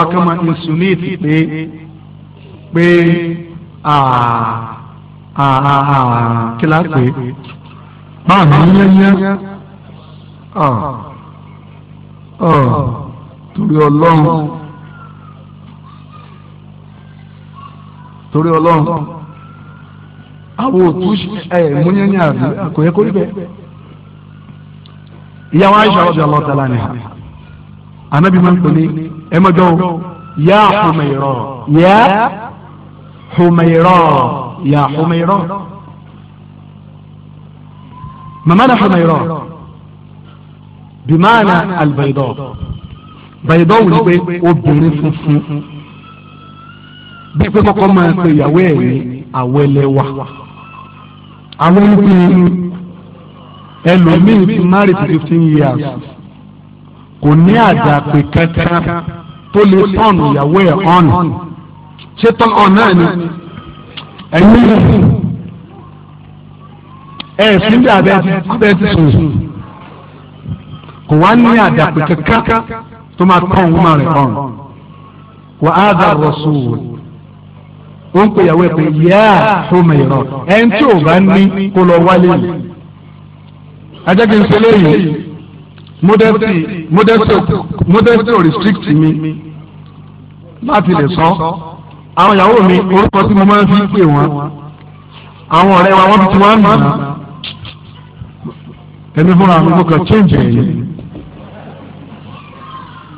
wa torí ọlọ́run torí ọlọ́run àwọn òtú ẹ̀ múyẹ́ ní àbí kò yẹ kó rí bẹ́ẹ̀ ìyàwó aisha rọ̀bì ọlọ́tàlá ni anabi máa ń pè ní ẹ mọ jọ yá humayrọ yá humayrọ yá humayrọ mamadu humayrọ bimaana albaidọ baidọ wuli pé obìnrin funfun bí pé kọ́kọ́ máa pe ìyàwó ẹ̀ ní awẹ́lẹ́wà àwọn ibi ẹlòmíì ti marry for fifteen years kò ní àdàpè kankan tó lè tọ́nù ìyàwó ẹ̀ ọ̀nà ṣé tọ́n ọ̀nà ni ẹ̀yìn ẹ̀ sí ní abẹ́ ti sùn kò wá ní àdàpè kankan tó máa tán òun máa rẹ̀ kọ́rùn wà á dà rọ̀ṣùn ó ń pè yàwó ẹ̀ pé yá fúnmi ìrọ̀ ẹ̀ ń tí ò bá ní kó lọ wálé yìí ajẹ́kí ń ṣe léyìí modesty ò restrict mi láti lè sọ àwọn ìyàwó mi orúkọ tí mo máa ń fi pè wọ́n àwọn ọ̀rẹ́ wa wọ́n ti wá ń nà ẹni fúnra mi mo kàn change ẹ̀yìn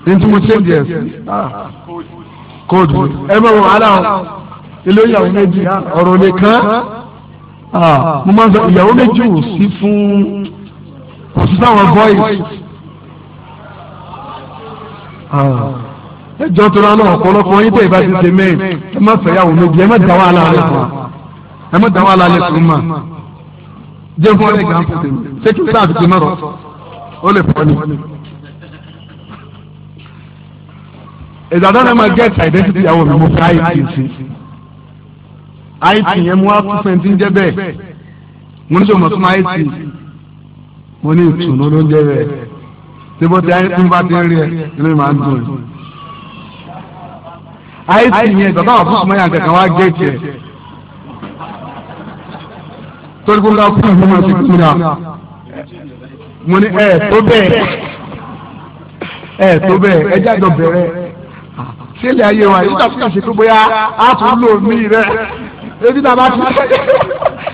ní tí mo ṣe díẹ̀ kóòdù ẹ bá wọn ara ilé ìyàwó méjì ọ̀rọ̀ nìkan ah, mo máa ń sọ ìyàwó méjì ò sí fún kò sí sáwọn boys ah, ẹ jọ tó lánàá ọ̀pọ̀lọpọ̀ yín tẹ̀ ìbá ti ṣe mẹ́rin ẹ má fẹ́ ìyàwó méjì ẹ má dá wàhálà rẹ fún wa ẹ má dá wàhálà rẹ fún ma jẹ́ fún ọ́ lẹ́gàá fún mi ṣé kí n sáà fi ti mọ̀rọ̀ ó lè pọ̀ ni. Is I don't ever get identity àwọn mi mo fi IT sí IT yẹn mo wá tún fẹ́ ti ń jẹ́ bẹ́ẹ̀ mo ní sọ mọ̀ súnmọ́ IT mo ní ìtùnú ló ń jẹ́ bẹ́ẹ̀ tí bó ti IT bá ti ń rí ẹ inú mi máa ń dùn IT yẹn bàbá àwọn fún súnmọ́ kankan wá gẹ̀ẹ́tì ẹ̀ torí kó ń ká fún ìfúnmọ́ sí kúndà mo ní ẹ̀ tó bẹ́ẹ̀ ẹ̀ tó bẹ́ẹ̀ ẹ jáde bẹ̀rẹ̀ sílé ayé wa yìí tàbí ìṣètò bóyá a tún lò mí rẹ ebi náà bá tún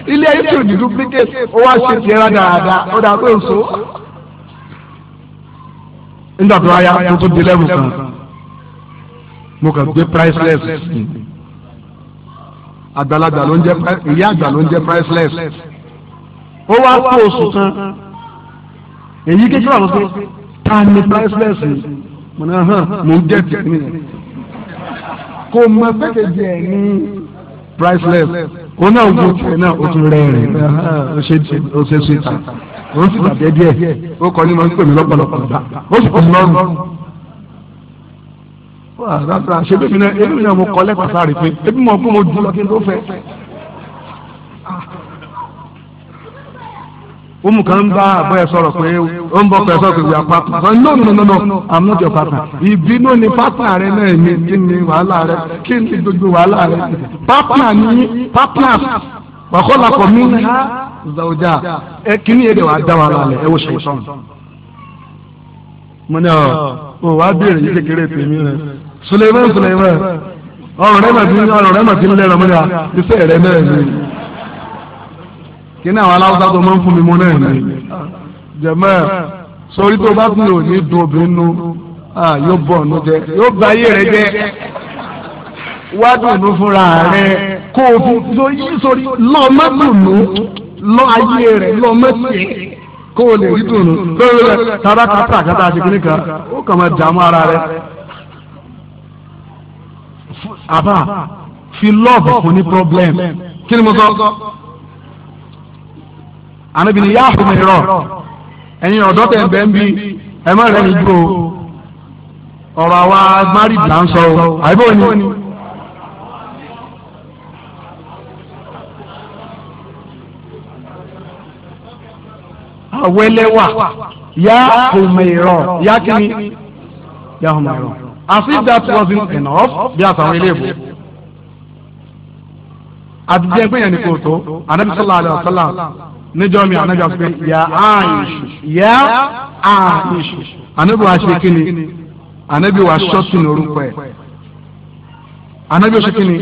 ilé ayé tí ò ní duplicate ó wá ṣe tiẹ̀ rà dáadáa ó dà pé òṣó. nígbà tó wáyà tó tó di lẹ́rù kan mo kàn gbé priceless àgbàlagbà ló ń jẹ ìyá àgbà ló ń jẹ priceless ó wá kó oṣù kan èyí kékeré àwọn pé ta ni priceless mo náà hàn mo ń jẹ́ tìkínì kò mọ pẹ́kẹ̀jì ẹ̀ ní priceless òun náà gbọ́ tiẹ̀ náà ó tún rẹ́rìn ó ṣe ṣètà ó sì bàbẹ́ díẹ̀ o kọ́ ní ma ń pè mí lọ́pọ̀lọpọ̀ gbà ó sì kọ́ mi lọ́rùn. ṣé bí mi náà ebi mi náà mo kọ́ lẹ́kọ̀ọ́ sáré pé ebi mo kó mo dùn lọ tó fẹ́ umu kan bá àbọ̀ ẹ̀ sọ̀rọ̀ pé ó ń bọ̀ pẹ̀ sọ̀rọ̀ we are partner sọ no no no no i'm not your partner ìbínú ni partner rẹ náà mi kí ni wàhálà rẹ kí ni gbogbo wàhálà rẹ partner ni partners wàhálà kọ̀ mí ní zawuja ẹ kí ni èdè wàá dá wàhálà rẹ ẹ wò ṣe sọ̀rọ̀ mo ní ọ ọ wàá béèrè yìí kékeré tèmi rẹ Suleiman Suleiman ọ̀rọ̀ rẹ màtí ọ̀rọ̀ rẹ màtí ń lẹ́rọ̀ mọ́ni à iṣẹ́ rẹ náà ni kí ni àwọn aláwùsá tó máa ń fún mi mọ́ náà ni jẹ̀mọ́ sórí tó bá tún lò ní dùn obìnrin nu yóò bọ̀ ọ̀nù jẹ yóò gba ayé rẹ jẹ wá dùnú fúnra rẹ kó o fún sórí lọ́ọ́ má dùnú lọ́ ayé rẹ lọ́ọ́ má tiẹ̀ kó o lè rí dùnú lórí rẹ tàbá kàtà kàtà àti kìnìkan ó kàn máa dààmú ara rẹ àbá fi lọ́ọ̀bù fún ní problem kí ni mo sọ ànábì ni yáàfù mi rọ ẹ̀yin ọ̀dọ́ tẹ̀ bẹ́ẹ̀ bí ẹ má rẹ̀ níjú o ọ̀rọ̀ àwa married là ń sọ o àìbò ni. àwẹlẹwà yá òmìnirọ yá kíni yá òmìnirọ as if that wasn't enough bí àtàwọn ilé ìbò àdìjẹ́ gbẹ̀yẹ̀ ni kò tó ànábì sallallahu alaihi wasallam níjọ́ mi ànájà sọ pé yà áyìṣù yà áyìṣù ànábì wa ṣe kíni ànábì wa ṣọ́ọ̀ṣì ní orúkọ ẹ̀ ànábì wa ṣe kíni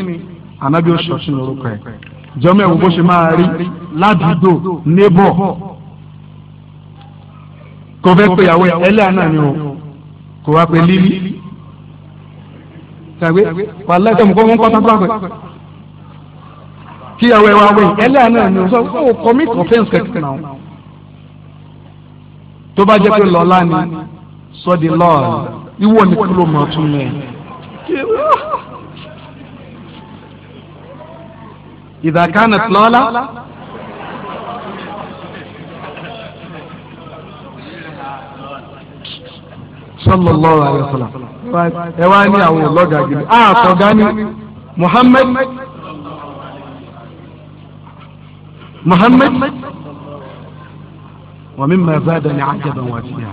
ànábì wa ṣọ́ọ̀ṣì ní orúkọ ẹ̀ jọ́mọ̀ ẹ̀wò bó ṣe máa rí ládùúgbò nébọ̀ kò fẹ́ pé ìyàwó ẹlẹ́yà náà ni o kò wá pé lílí tàbí wàhálà ìtẹ̀mùkọ́ wọn kọ́ sápá pẹ̀ kí ìyàwó ẹ wá wé ẹlẹ́yà náà ni sọ ó commit offence kẹ̀kẹ́ náà tó bá jẹ́ pé lọ́la ni sọ di lọ́ọ̀lù ìwọ ni kúlò mọ́ tún mẹ́ ìdàkánà lọ́la. sallallahu alayhi wa sallam ẹ wá ní àwọn ọlọ́gàgìrì àtọ̀gá ah, ni Muhammad. محمد ومما زادني عجبا واجبا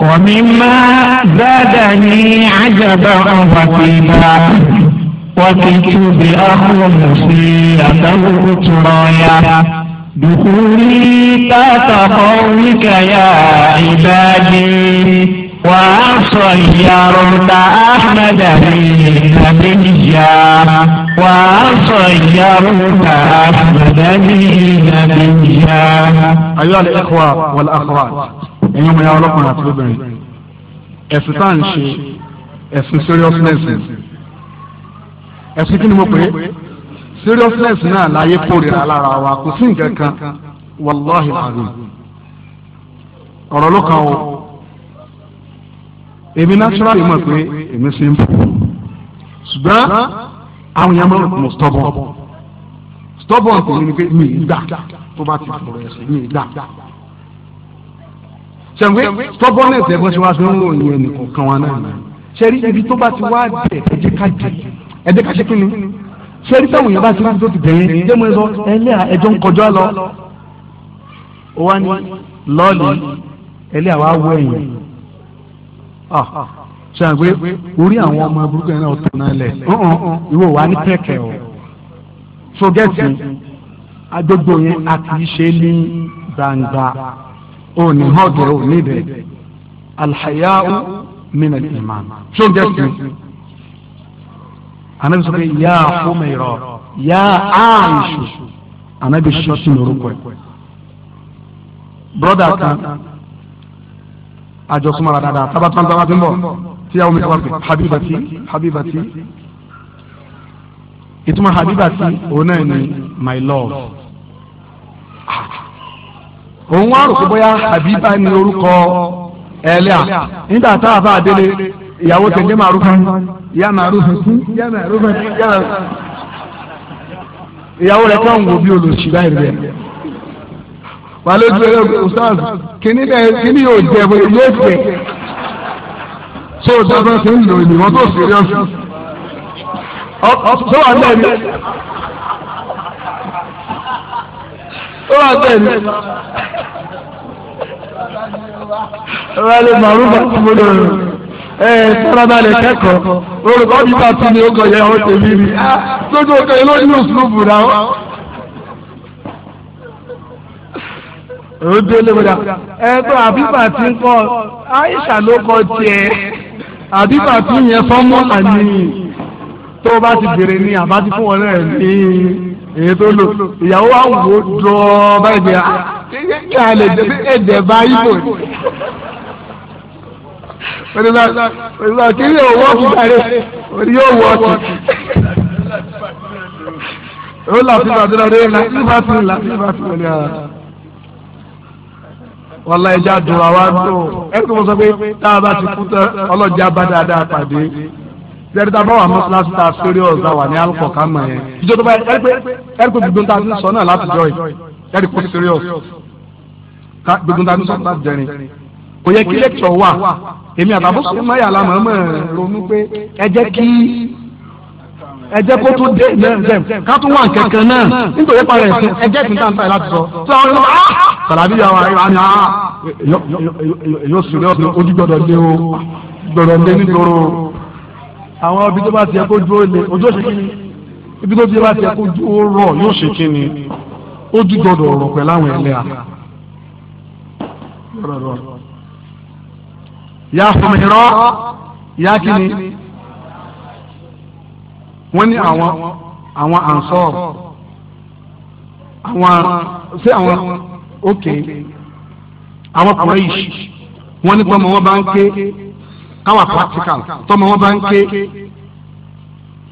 ومما زادني عجبا وطيبا وكتب أخلصي أتوه ترايا دخولي تحت قولك يا عبادي وصيرت أحمد نبيا وصيرت أحمد نبيا أيها الإخوة والأخوات إنهم يا ربنا تبرئ ẹ̀sìn tá à ń ṣe ẹ̀sìn kí ni mo pè é seriousness náà láyé kórìíra lára wa kò sí nǹkan kan wàláhì àdùn ọ̀rọ̀ ló kàn ó èmi natural mọ̀ pé èmi simple ṣùgbọ́n àwọn yẹn máa mọ̀ stubborn stubborn kò ní pé mi ìgbà tó bá ti fọ̀rọ̀ ẹ̀sìn mi ìgbà ṣẹ̀wé stubbornness ẹ̀gbọ́n ṣe wá sí ń ròyìn ẹnì kọ̀ọ̀kan wa náà ṣe ibi tó bá ti wá dẹ̀ ẹ̀jẹ̀ ká jẹ̀ jù ẹ̀dẹ́ kàṣẹ́ kí ni ṣé ẹni táwọn èèyàn bá ti rí tó ti bẹ̀rẹ̀ ṣé mo sọ ẹlẹ́à ẹjọ́ ń kọjá lọ. ó wá ní lọ́ọ̀lì ẹlẹ́à wá wọ ẹ̀yìn ṣe àgbẹ̀ orí àwọn ọmọ burúkú yẹn náà tó náà lẹ̀ ìwọ wà ní pẹ́kẹ̀ o so gẹ́sì agbègbè yẹn a kì í ṣe ní gbangba ò ní hàn dùrọ̀ níbẹ̀ alhayau min al-iman so gẹ́sì anabi sọ pé yá àfọmẹrọ yá àìṣù anabi sọ sí lórúkọ ẹ broda kan àjọsùnmọ́ra dáadáa tábàtàn tábàtàn bọ̀ tíyàwó mi kọ́ pé habibati habibati ìtumọ̀ habibati òun náà ni my love òun wá rò pé bóyá habiba ni orúkọ ẹlẹ́à nígbà tá a bá délé ìyàwó tẹ̀lé màrúfà ìyá màrúfà kú ìyá màrúfà kú ìyá màrúfà ìyàwó rẹ̀ kàn wò bí olùsí báyìí rẹ̀ wà lójú ẹ̀rọ ustaz kìíní bẹ́ẹ̀ kìíní yóò jẹ bó yóò jẹ so dábàá fi ń lò ìwọ tó sèríọ́sì tó wà bẹ́ẹ̀ ni tó wà bẹ́ẹ̀ ni wọ́n á lè màrúfà kú mọ́ lọ́rùn ẹ sọ́rabalẹ̀ kẹ́kọ̀ọ́ olùkọ́ bí bàtú ni ó kọ yẹ ọ́ tèmi ni ah, lójú ọkọ yẹn lójú òṣùlùmù náà. òun dé lé wọlé ẹ tó àbíbà tí ń kọ Aisha ló kọ tiẹ̀ àbíbà tí yẹn fọ́mọ́là ni tó bá ti bèrè ni àbá ti fún wọn náà ní èyí tó lò ìyàwó wa wò ó dùn báyìí bí i ẹ ẹ dẹ̀ bá ibo òdìbò kí ni òwò kíkàrẹ òdì yóò wọ ọtí ó láti bàtí lọ rẹ láti bàtí láti bàtí wọlé ara wọlá ẹja dùnrà wa tó ẹni tó mọ sọ pé tá a bá ti kú tán ọlọ́jà bá dáadáa pàdé tẹ́lẹ̀ tá a bá wà mọ́sálásí tá a sórí ọ̀sá wà ní alukọ̀ ká mọ̀ yẹn ìjọ tó bá yẹ ẹ̀rí pé ẹ̀rí pé gbogbo ta ti sọ náà láti jọ yìí ẹ̀rí kó serious gbogbo ta ti sọ náà láti jẹrin kò yẹ kí lẹ́kítọ̀ wà èmi àtàbọ̀ sọ́mọ́yà la mọ̀ mọ̀ ronú pé ẹ jẹ́ kí ẹ jẹ́ kó tún dé dem ká tún wà kankan náà nítorí parẹ́ ẹ̀sìn ẹ jẹ́ ẹ̀sìn táǹtà láti sọ tí wọ́n lọ sàlàbí ah! yà wà ní à yóò sùn lọ́sùn ojú gbọ́dọ̀ dé o gbọ́dọ̀ dé nítorò àwọn ibi tó bá ti yẹ kó dúró lé ojú òṣè kí ni ibi tó ti yẹ bá ti yẹ kó dúró rọ̀ yóò ṣe kí ni ojú gbọ́dọ̀ rọ̀ pẹ̀lú àwọn ẹlẹ́à ya humhirọ́ ya kíni wọ́n ní àwọn àwọn ansọ́ àwọn ṣé àwọn òkè àwọn kùrẹ́yì wọ́n ní pọ́nmọ́ wọn bá ń ké káwa practical tọ́mọ wọn bá ń ké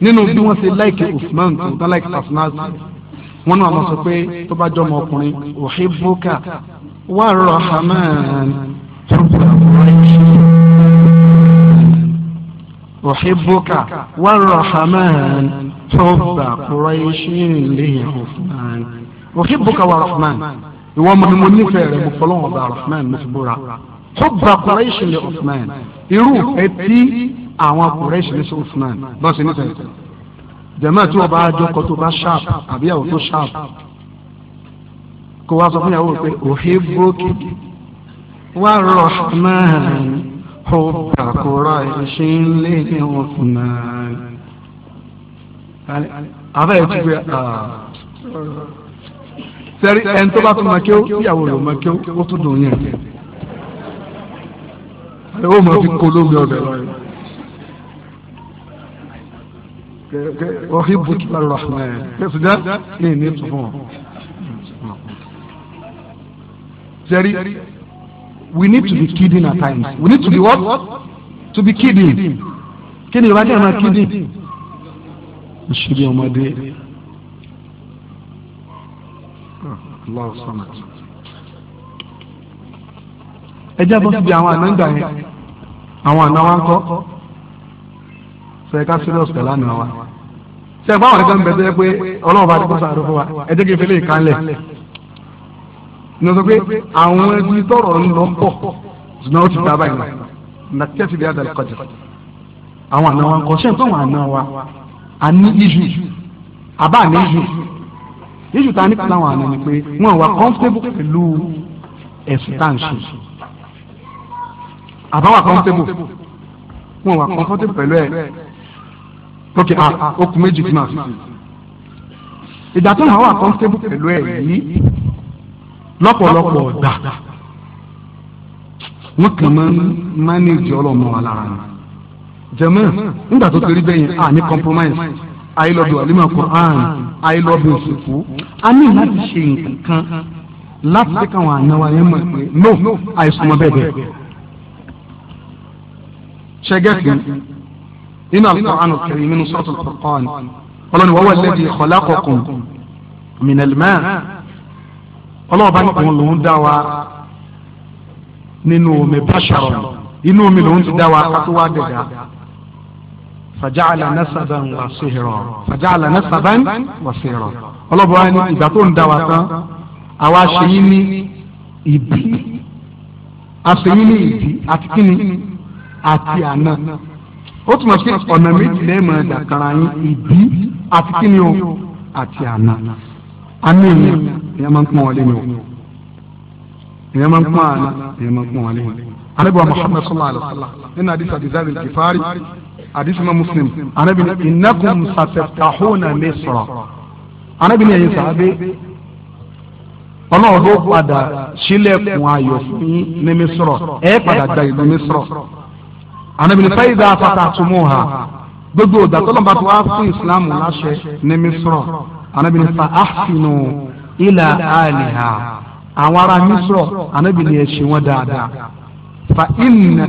nínú bí wọ́n ṣe láìkè Usman tó dá láìkè personality wọ́n náà wọ́n sọ pé tó bá jọmọ ọkùnrin òhìbùkà wà rọ̀hámán tó bá wọ́n أحبك والرحمن حب قريش لي عثمان أحبك والرحمن هو مهم النفر مفلون بالرحمن مسبورا حب قريش لعثمان irú ẹtí àwọn kùrẹ́ṣì ní sọ́ọ̀sán bá ṣe níta ẹ̀tọ́ jẹ̀mọ́ tí wọ́n bá jókòó tó bá ṣáàp àbí àwọn tó ṣáàp kó wá sọ fún ìyàwó pé òhìn bókì wà rọ̀ máa ń حب قريش لعثمان àbá ẹ̀ ti gbé sẹ́rí ẹni tó bá tún máa kéwó ìyàwó rẹ̀ máa kéwó ó tún dùn yẹn ó máa fi kó lómi ọbẹ̀ ọ̀hìn bùkún lọ́rọ̀ ẹ̀ ẹ̀sùn dá ní ìní tó fún ọ. sẹ́rí we need to be kidding at times we need to be what to be kidding kí ni yorùbá jẹ́ kidding ìṣubí ọmọdé Allahu samad ẹ jẹ́ bọ́ síbi àwọn ànágbà yẹn àwọn àná wa ń kọ́ sọ ẹ ká serious pẹ̀lú àná wa ṣe ẹ bá wọn kan bẹ̀ pé ọlọ́run bá ti kó sàárò fún wa ẹ jẹ́ kí n fi lè kánlẹ̀ ní sọ pé àwọn ẹbí tọrọ ń lọ pọ̀ ṣùgbọ́n ó ti ta báyìí náà nàkẹ́sì bí adàlẹ́ kọjá àwọn àna wa kọ ṣé n fọwọ́n àna wa a ní iṣu àbá ní iṣu iṣu ta ní pẹ̀lú àwọn àna ni pé wọ́n wà comfortable pẹ̀lú ẹ̀sùn tá à ń ṣe àbá wà comfortable wọ́n wà comfortable pẹ̀lú ẹ̀ ok okùn méjì tí màá fi ìgbà tó náà wà comfortable pẹ̀lú ẹ̀ yìí lọ́pọ̀lọpọ̀ ọ̀dà wọ́n kàn máa ń mánéjì ọlọ́mọ wa lára ni jẹ̀mọ́ nígbà tó ti rí bẹ́ẹ̀ yẹn à ní compromise àìlọ́dọ̀ àlímọ̀ Quran àìlọ́dọ̀ òṣèlú a ní láti ṣe nǹkan kan láti ṣe káwọn àyànwó ayé mọ̀ pé no àìsàn ọmọ bẹ́ẹ̀ bẹ́ẹ̀ ṣẹgẹ́tì nínú Al-Qur'an Al-Karim nínú Suratul Furqan ọlọ́ni wọ́wọ́ lẹ́bi khalaqakum min al ọlọ́wọ́ bá ní kò ń lòún dá wa nínú omi báṣọrọ inú omi lòún ti dá wa kátó wá dẹ̀dá fàjáàlà nasaban wà sihra fàjáàlà nasaban wà sihra ọlọ́wọ́ bá ní ìgbà tó ń dá wa tán àwa ṣe yín ní ìdí àṣeyín ní ìdí àti kíni àti àná ó túmọ̀ sí ọ̀nà méjì lẹ́ẹ̀mọ̀ ẹ̀dà kan ra ìdí àti kíni o àti àná àmì ìyẹn èèyàn máa ń pọ́n wọn lé ní o èèyàn máa ń pọ́n àná èèyàn máa ń pọ́n wọn lé ní. anabiwa muhammad sallallahu alaihi wa sallam nínú hadith abizar al-kifari hadith ma muslim anabi ni innakum satafahuna misra anabi ni ẹ̀yin sàbẹ̀ ọlọ́run ló padà sílẹ̀kùn ayọ̀ fún yín ní misra ẹ̀ padà gba ìlú misra anabi ni fẹ́ẹ́ dáa fatahumuha gbogbo ìgbà tó lọ́nba tó wá fún ìsìlámù láṣẹ ní misra anabi ni fa ahsinu ilà àlìhà àwọn ará misrọ anabi ni ẹ ṣe wọn dáadáa fa inna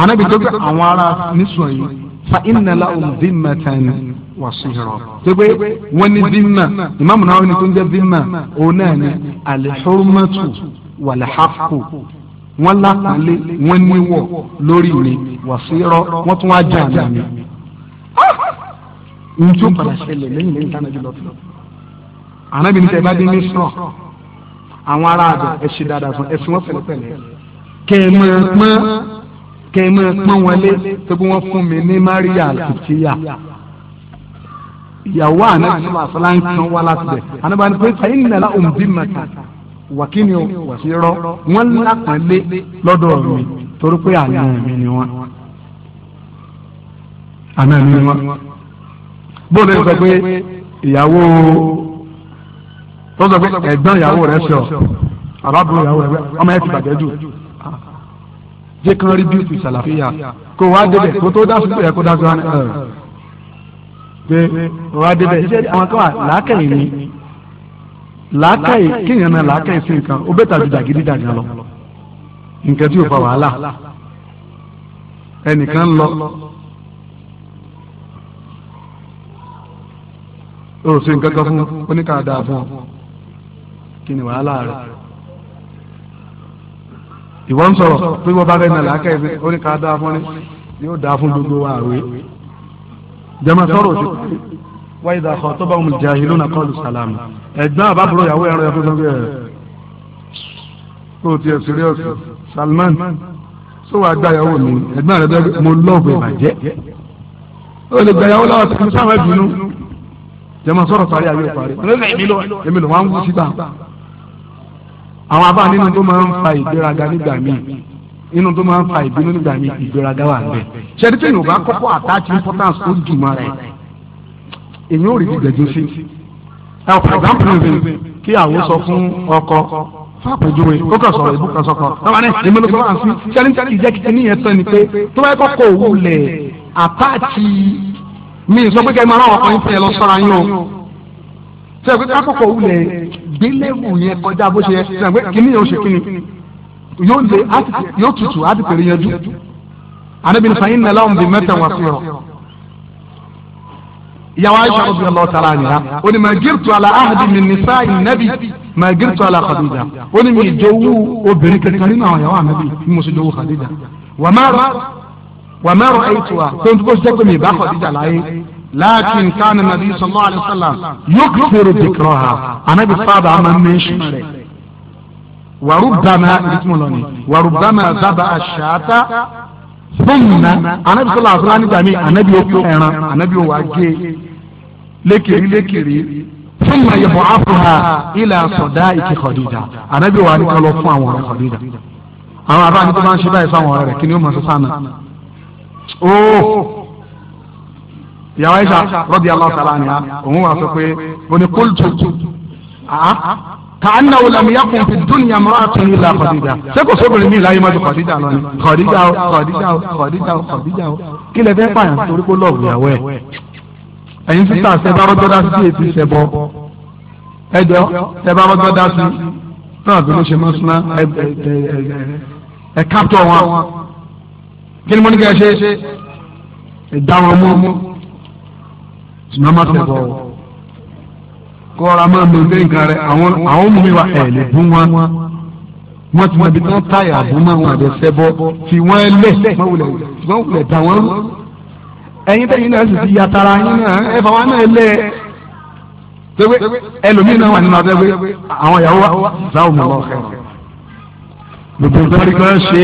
anabi tó gbé àwọn ará misrọ yìí fa inna lahum dhimmatan wa sihra tó gbé wọn ní dhimma ìmáàmù náà ní tó ń jẹ dhimma òun náà ní alihurmatu wàlẹ́hàkù wọn lápàlẹ wọn níwọ lórí mi wàsírọ wọn tún wá jà àná mi. njó padà ṣẹlẹ̀ lẹ́yìn lẹ́yìn tánà jùlọ anabi ní sẹ́yìn bá dé mísírọ̀ àwọn ará àgbà ẹ ṣe dáadáa fún ẹsìn wọn pẹ̀lẹ́pẹ̀lẹ́ kẹ́ ẹ máa pọ́n kẹ́ ẹ máa pọ́n wọlé tó bí wọ́n fún mi ní maria kìtìyà ìyàwó anabi sọlá sọlá ń kàn wá láti bẹ̀ anabi wọn pé sẹ́yìn nàlá òǹbí màkà wàkíni o wàsí rọ wọn lápẹ́lẹ́ lọ́dọ̀ mi torí pé àná mi ni wọn àná mi ni wọn bóun lè sọ pé ìyàwó tó sọ pé ẹ̀gbọ́n ìyàwó rẹ̀ ṣe ọ àbábọ̀ ìyàwó rẹ̀ ọmọ ẹ̀ ti bàjẹ́ jù jẹ́ kán rí bíútù sàlàfíà kó wá débẹ̀ kó tó dásùkú yẹ kó dásù wá ẹ̀ pé wá débẹ̀ ṣé àwọn kan wà làákàyè ni làákàyè kéèyàn náà làákàyè sí nǹkan ó bẹ́ẹ̀ tàbí dàgídí dàgán lọ nǹkan tí ò fa wàhálà ẹnìkan lọ ó sì nǹkan kan fún oníkàdá fún ọ kí ni wàhálà rẹ̀ ìwọ ń sọ̀rọ̀ pé wọ́n bá fẹ́ nà láàkà ìfẹ́ orí ká dáa fún ni yóò dáa fún gbogbo wa àwẹ̀ jẹ́mọ̀ sọ̀rọ̀ òsì wáyé dàkọ̀ tó bá wọn jahiluna qalu sàlámù ẹ̀gbọ́n àbábúrò ìyàwó ẹ̀rọ ẹ̀fọ́ sọ́kè ẹ̀ kó o tiẹ̀ sírẹ́ọ̀sì Salman sọ wàá gbá ìyàwó mi ẹ̀gbọ́n rẹ̀ bẹ́ẹ̀ mo lọ́ọ̀bù ìbàjẹ́ ó lè gbá ìyàwó lọ́wọ́ sàmì sáwọn ẹ̀dùnú jẹ́mọ̀ sọ̀rọ̀ parí àwẹ̀ parí èmi ló wà wú síta àwọn afá nínú tó máa ń fa ìgbéraga nígbà míì nínú tó máa ń fa ìbínú nígbà míì ìgbéraga wà bẹ́ẹ̀ ṣẹ́ni pé yorùbá kọ́kọ́ attach importance ó jù mọ́ rẹ̀ èyí ò rí ìgbẹ́jú sí. for example kí àwọn sọ fún ọkọ fàpèjúwe ó kàn sọ̀rọ̀ ìbú kan sọ̀kọ̀ tọ́wọ́n ní èmi ló sọ wá sí ṣẹ́ni tí ìjẹ́ kìkì ní ẹ̀tọ́ ni pé tó bá kọ́kọ́ òwú lẹ̀ attach mi sọ pé kẹ́ ẹ máa rán ọkọ yín fún ẹ ṣe pé kákọ̀kọ̀ wulẹ̀ gbélébù yẹn kọjá bó ṣe yẹ ṣe pé kíní yẹn ó ṣe kíní yóò lé yóò tutù á ti pèrè yẹn dùn anabi nfa yín nàlá òǹdè mẹ́ta wà fún yọrọ ìyàwó aisha rabi allah taala nira ó ní magirtu ala ahadi min nisa nabi magirtu ala khadija ó ní mi ìjowú obìnrin kankan nínú àwọn ìyàwó anabi ní mo sì jowú khadija wàmẹ́rọ wàmẹ́rọ ẹ̀yìn tiwa tó ń tó لكن كان النبي صلى الله عليه وسلم يكثر ذكرها أنا بالطبع من منشن وربما اسمه وربما ذبح الشاة ثم أنا بالصلى الله عليه وسلم جميع أنا بيوكو أنا أنا بيوكي لكري لكري ثم يبعثها إلى صدائك خديجة أنا بيوكي لكري أنا خديجة أنا أبغى أن تبان شباب يسمعوا هذا كنيوم مسوسانا أوه ìyàwó Aisha radiyallahu ta'ala anha òun wà sọ pé òní qultu kàánà wùlàmù yakùn fi dúnìyà mùràtún ilà Khadija ṣé kò sóbìrì mi láyé mọ́jú Khadija lọ ni Khadija o Khadija o Khadija o Khadija o kí lè fẹ́ pààyàn torí kó lọ́ọ̀bù ìyàwó ẹ̀ ẹ̀yin sísá ṣẹba rọ́jọ́dá sí ètò ìṣẹ̀bọ ẹjọ́ ṣẹba rọ́jọ́dá sí náà bí wọ́n ṣe máa súná ẹ̀ káptọ̀ wọn kí ni mo ní kí ẹ ṣe ẹ̀ dá wọn mú mú ṣùgbọ́n má tẹ̀ bọ̀ ọ́ kọ́ra máa ń lo ilé nǹkan rẹ̀ àwọn ọmọ mi wà ẹ̀ lè bú wọn wọ́n ti mọ ibi tí wọ́n táyà bú mọ́ àwọn àbẹ̀fẹ́ bọ́ fi wọ́n lẹ̀ wọ́n wulẹ̀ dà wọ́n rú ẹ̀yin tẹ̀yin náà sì ti yàtara yín náà ẹ fà wá náà lẹ̀ pépé ẹlòmíín náà wà nínú abẹ́ pé àwọn ìyàwó wa záwò mọ́ ọ̀kẹ́ gbogbo ìtọ́rí kan ṣe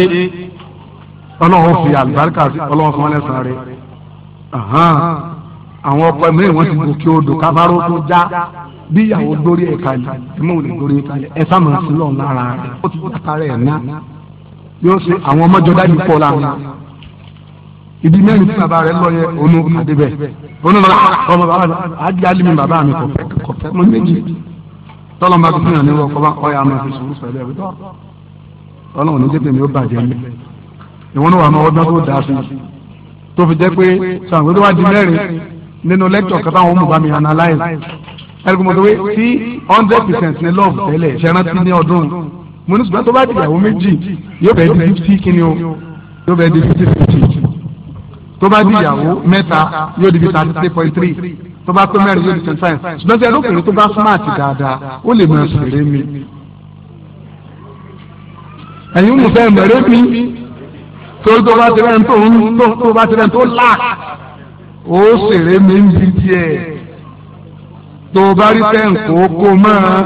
ọlọ́run fi àlùbáríkà ọlọ́run fún ọlẹ́sàn rẹ̀ àwọn ọkọ mi wọ́n ti gòkè odò kábàárọ̀ tó já bí ìyàwó dórí ẹ̀ka lẹ̀ ẹ̀mọ́ òde dórí ẹ̀ka lẹ̀ ẹ̀sà máa sí lọ́n lára rẹ̀ ó ti dàka rẹ̀ ná yóò ṣe àwọn ọmọ jọdá yìí pọ̀ lára ibi mẹ́rin tí bàbá rẹ̀ lọ yẹ onú adébẹ̀ onú lọ́la ọmọ bàbá rẹ̀ àdí alimi bàbá mi kọ̀ kọ̀ fẹ́ mọ́ méjì tọ́lọ́ máa fi hàn ní wọ́n kọ́ba ọ̀yà máa fi sùúrù pẹ̀lú ẹ̀ ọlọ́run ní tètè mi ó bàjẹ́ mi ìwọ́n náà wà máa ọdún tó dáa sí tó fi jẹ́ pé sàǹgbẹ́ di mẹ́rin nínú lẹ́kítọ̀ kan táwọn ọmọ bá mi analyze ẹ̀rọ̀gbọ̀n tó wé sí hundred percent ní love tẹ́lẹ̀ ṣẹ́rántí ní ọdún mo ní ṣùgbọ́n tó bá di ìyàwó méjì yóò bẹ̀ẹ́ di fifty kíni o yóò bẹ̀ẹ́ di fifty fifty tó bá di ìyàwó mẹ́ta yóò di thirty three point three tó bá pé mẹ́rin yóò di twenty five ṣùgbọ́n tí ẹlòpèrè tó bá smart dáadáa ó lè máa sèré mi ẹ̀yin mo fẹ́ mẹ̀rẹ́ mi torí tó bá ti rẹ̀ tó ń tó bá ti rẹ̀ tó láà ó ṣèré mi ń bi tiẹ̀ tó o bá rí fẹ́ǹkó kó o mọ́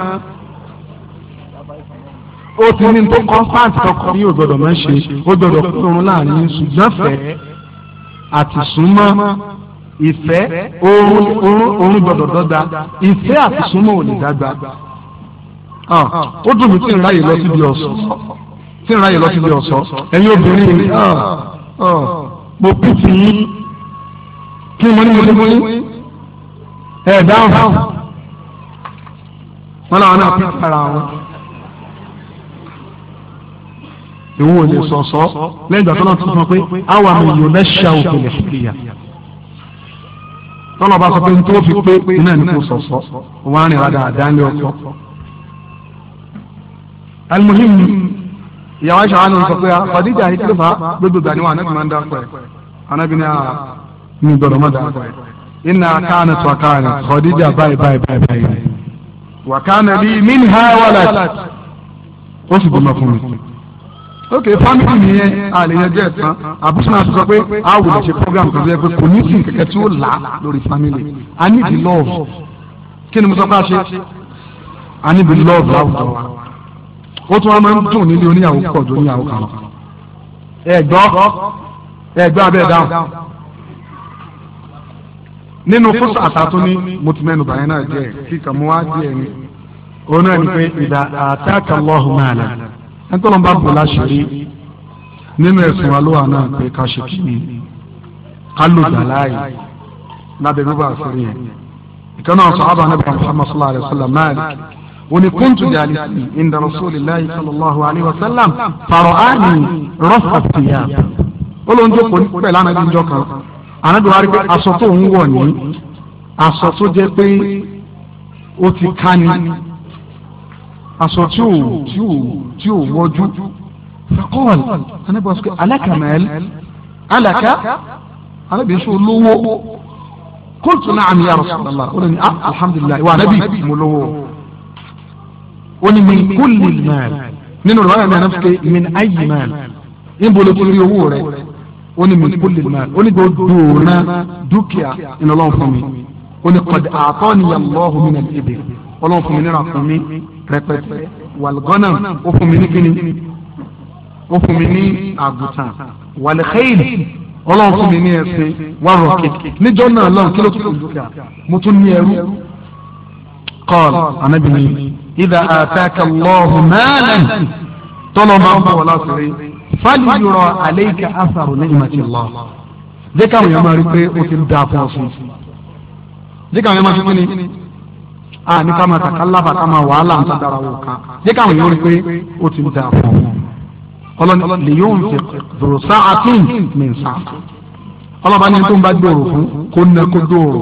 ó ti ní tó kọ́ńpáǹtì tọkọ ní ògbọ́dọ̀ máa ń ṣe ó gbọ́dọ̀ kúrun láàrin ṣùgbọ́n fẹ́ àti súnmọ́ ìfẹ́ oorun gbọ́dọ̀ dọ́gba ìfẹ́ àti súnmọ́ ò lè dọ́gba ah, ó dùn mí tí ń ráyè lọ síbi ọ̀sọ́ tí ń ráyè lọ síbi ọ̀sọ́ ẹ̀yin obìnrin ah, ah, mo pìtì yín kí ni mo ní mo ti fún yín ẹ dáhùn wọn làwọn náà pín para wọn ìwọ ò lè sọ̀sọ́ lẹ́yìn ìgbà tó náà tún sọ pé àwọn àmì yòó lẹ́ṣà òkèlè fìlìyà tọ́lọ̀ bá sọ pé n tó fi pé iná ní kò sọ̀sọ́ wọn á rìn rádà àdáńlé ọkọ. alimuhim ìyàwó aṣọ àánú sọ pé Khadija yìí kí ló fà á gbogbo ìgbà ni wọn àná ti máa ń dá pẹ̀ àná bí ní àná. Ah, mi gbọ́dọ̀ má dáa iná kánà tó kánà Khadija báyìí báyìí báyìí báyìí wà kánà bí min ha wàlàt ó sì bọ́ ma fún mi ok family mi yẹn àlèyànjẹ ẹ̀sán àbúṣe náà sọ pé a wò lè ṣe program kan tó yẹ pé kò ní sìn kẹ̀kẹ́ tí ó family i need the love kí ni mo i need the love láwùjọ wa ó tún wá máa ń dùn nílé oníyàwó pọ̀ ju nínú fúsù àtàtún ní mùtúmẹ́nu bàyẹn náà jẹ́ kíkà mú wá díẹ̀ ni òun náà ní pé ìdá àtàkà lọ́hùn máa lẹ̀ ẹ̀ńtọ́lọ́n bá bò láṣìírí nínú ẹ̀sùn alówà náà pé ká ṣe kí ni ká lò gbogbo àṣírí yẹn ìkànnà ọ̀sán àbá nàbà Muhammad sallallahu alayhi wa sallam Malik وني كنت جالسي عند رسول الله صلى الله عليه وسلم فرآني رفع الثياب ولو نجوكم بلا نجوكم ànábì wa rí pé aṣọ tó ń wọ̀ ní aṣọ tó jẹ́ pé ó ti ká ni aṣọ tí ò tí ò tí ò wọ́jú faqal ànábì wa sọ pé alaka mal alaka ànábì sọ lówó qultu na'am ya rasulullah ó lè ní ah, alhamdulilayi wa ànábì mo lówó ó ní min kulli mal nínú rẹ̀ wáyà mi ànábì sọ pé min ayyi mal níbo ló ti owó rẹ̀ ó ní mi kú lè máa ó ní gbogbo òòrùn dúkìá ní ọlọ́run fún mi ó ní kọ́dà àtọ́ ni yàlọ́hùn mi nàìjíríà bẹ̀ ọlọ́run fún mi ní ràkùn mi rẹpẹtẹ wàlgọ́nà ó fún mi ní kíni ó fún mi ní àgùntàn wàlẹ́kẹ́yìn ọlọ́run fún mi ní ẹsẹ̀ wárọ̀kì níjọ́ náà lọ́run kí ló tún dúkìá mo tún ní ẹrú قال أنا بني إذا آتاك الله مالا طلب أبو ولا سري fali yọrọ aleika asaru ní ìmọ̀tí lọ. jẹ́ káwọn yẹn máa rí pé o ti da fún ọ̀sùn. jẹ́ káwọn yẹn máa sọ́kún ni a ní ká máa kàkà lábàá ká máa wàhálà ń sàdára wò ká. jẹ́ káwọn yẹn rí pé o ti da fún ọ̀sùn. ọlọ́ni yóò ń fi dòrò sáàtún mi ń sá. ọlọ́ba ní tó ń bá gbòòrò fún kó ná kó gbòòrò.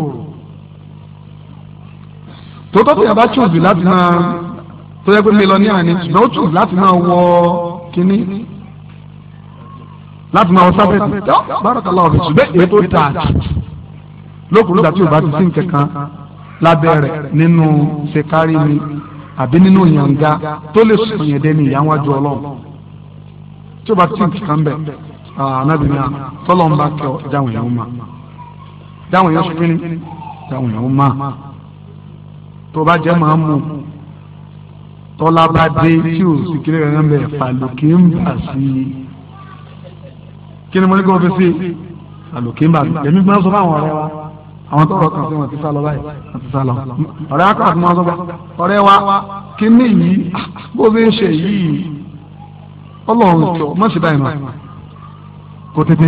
tòótọ́ tí a bá tún jù láti máa tó yẹ pé mi lọ ní àná ṣùgbọ́n ó tún láti máa wọ kínní láti máa wọ sáfẹ́tì bárakàlá ọ̀fẹ́ ṣùgbẹ́ ìgbẹ́ tó ta lókùnrin ìgbà tí ò bá ti sí nǹkankan lábẹ́ rẹ̀ nínú ṣèkárí mi àbí nínú yànga tó lè sùn yẹn dẹ́ni ìyáwájú ọlọ́run tí ò bá ti sí nǹkankan bẹ̀ anábìnrin tọ́lọ́ ń bá kẹ́ ọ jáwọn èèyàn máa jáwọn èèyàn sùn kíni jáwọn èèyàn máa tó bá jẹ́ máa mú tọ́lá bá dé tí ò sì kéré rẹ̀ ń bẹ̀ fàlùkì ń bà sí i kí ni mo ní kí wọ́n fi sí àlòkínbà èmi máa ń sọ fáwọn ọ̀rẹ́ wa àwọn tọrọ kan sí wọn ti sá lọ báyìí wọn ti sá lọ ọ̀rẹ́ akọ àti máa sọ fún ọ̀rẹ́ wa kí ni yìí bó ṣe ń ṣe yìí Ọlọ́run sọ má ṣe báyìí mọ kò tètè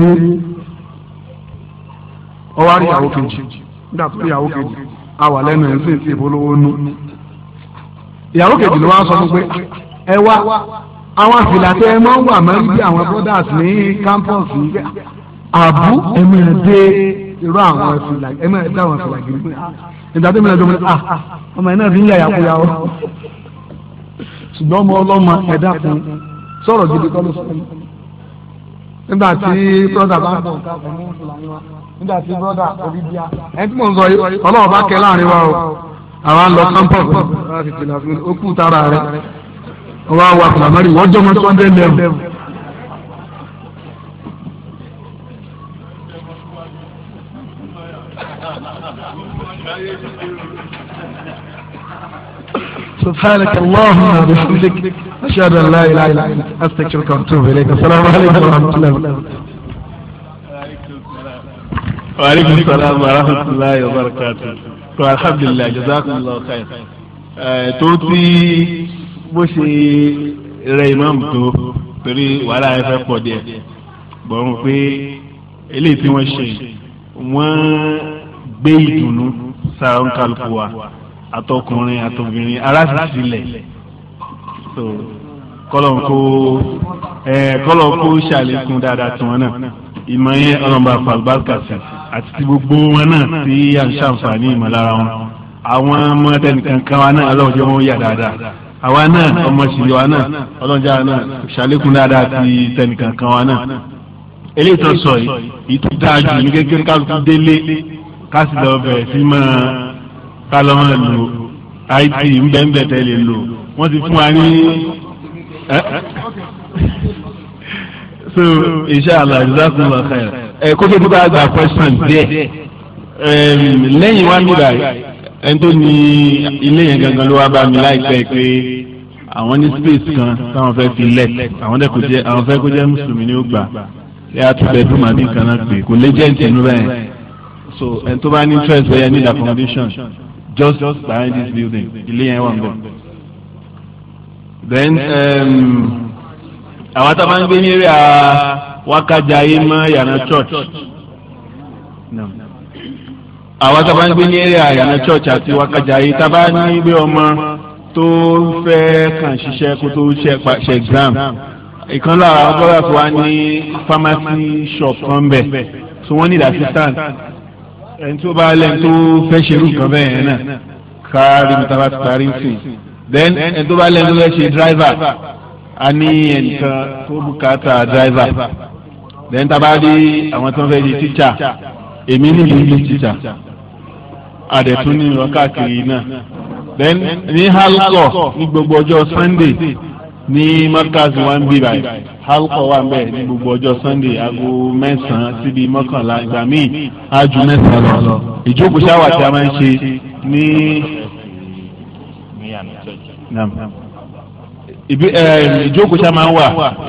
ọwọ́ àrí ìyàwó kejì nígbà tó ìyàwó kejì a wà lẹ́nu ẹ̀ ń sìn ìbolówó nú ìyàwó kejì ló wá sọ fún pé ah, ẹ wá àwọn àfìlà tẹ ẹ máa ń wà máa ń bí àwọn brothers ní campus yìí àbú ẹ máa dé irú àwọn àfìlà ẹ máa dá àwọn àfìlà gidi pé ìgbà tó mìíràn tó mìíràn ah ọmọ yẹn náà fi ń yàyà kúyà ó ṣùgbọ́n ọmọ ọlọ́mọ ẹ dákun sọ̀rọ̀ gidi kọ́ ló sọ yìí nígbà tí brother bá ń bọ̀ nígbà tí brother orí bíá ẹni tí mò ń sọ yìí ọlọ́wọ́ bá kẹ láàrin wa o àwa ń lọ campus ó kú tara rẹ. ọwọ́ àwọn àpàlámárì wọ́n jọmọ tó ń dé سبحانك اللهم وبحمدك أشهد أن لا إله إلا أنت أستغفرك وأتوب إليك السلام عليكم ورحمة الله وبركاته وعليكم السلام ورحمة الله وبركاته والحمد لله جزاكم الله خير توتي bó ṣe rẹ ìmáàmù tó torí wàhálà ẹ fẹ́ pọ̀ díẹ̀ gbọ́n pé eléyìí tí wọ́n ṣe wọ́n gbé ìdùnnú sára ń kálukú wa àtọkùnrin àtọbìnrin aráàlúsílẹ̀ so kọlọ̀n kó ẹ kọlọ̀n kó ṣàlékún dáadáa tiwọn náà ìmọ̀ yẹn ọlọ́mọba falbarka sí àti ti gbogbo wọn náà tí à ń ṣàǹfààní ìmọ̀lára wọn àwọn ọmọ tẹnìkan kan wa náà ọlọ́run jẹ́ wọn yà dáadáa àwa náà ọmọ ṣìlẹ̀ wa náà ọlọ́jà náà ṣàlékún dáadáa ti tẹnìkan kan wa náà eléyìí tó sọ yìí ìtú dáa jù ní kékeré kálukú délé kásì lọ bẹ̀rẹ̀ sí máa kálọ́ máa lò it ńbẹ́ńbẹ́ tẹ́lẹ̀ lò wọ́n ti fún wa ní so inshallah jazakumullah khair ẹ kó tó dúpẹ́ àgbà question díẹ̀ lẹ́yìn wá mi báyìí ẹni tó ní ilé yẹn gangan ló wá bá mi láìpẹ́ pé àwọn ní space kan táwọn fẹ́ fi lẹ̀ àwọn dẹ̀ kò jẹ́ àwọn fẹ́ kó jẹ́ mùsùlùmí ní ó gbà ẹ á tún bẹ dùn màbí kan náà pé kò lè jẹ́ ìtẹ̀nu bẹ́ẹ̀ so ẹni tó bá ní interest bẹ́ẹ̀ need accommodation just just behind this building ilé yẹn wà ń bọ̀ then um, àwọn tá a máa ń gbé ní eré àwákájà yìí mọ́ yàrá church. No àwa tá a bá ń gbé ní eré àyànà church àti wákàjà yìí tá a bá ní gbé ọmọ tó fẹ́ kàn ṣiṣẹ́ kó tó ṣe exam ìkan lára àwọn bọ́lá tó wá ní pharmacy shop kan bẹ̀ tí wọ́n ní assistant ẹni tó bá lẹ́nu tó fẹ́ ṣerú nǹkan bẹ́ẹ̀ yẹn náà kárí mi tábà ti parí sí then ẹni tó bá lẹ́nu tó fẹ́ ṣe driver a ní ẹnìkan tó bùkátà driver then tábà dé àwọn tó ń fẹ́ di teacher èmi níbi ní teacher àdẹ̀tún ní wákàtí náà then ní halkọ ní gbogbo ọjọ́ sunday ní markaz wa ń bí báyìí halkọ wà bẹ́ẹ̀ ní gbogbo ọjọ́ sunday aago mẹ́sàn-án síbi mọ́kànlá ìgbà míì ájú mẹ́sàn-án lọ ìjókòó ṣáwà tí a máa ń ṣe ní. ìjókòó ṣáà máa ń wà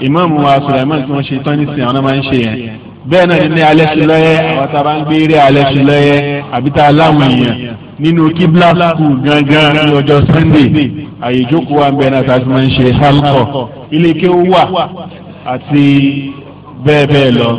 ìmáàmù wa sùlẹ̀mán tí wọ́n ṣe tán nísìnyí àwọn náà máa ń ṣe yẹn bẹ́ẹ̀ náà ní alẹ́ sí lọ́yẹ́ àwọn tá a bá ń gbé eré alẹ́ sí lọ́yẹ́ àbí tá a láwọn èèyàn nínú kíblà skul gangan ní ọjọ́ sunday àyè ìjókòó wa ń bẹ náà tá máa ń ṣe halkọ ilé kéwú àti bẹ́ẹ̀ bẹ́ẹ̀ lọ.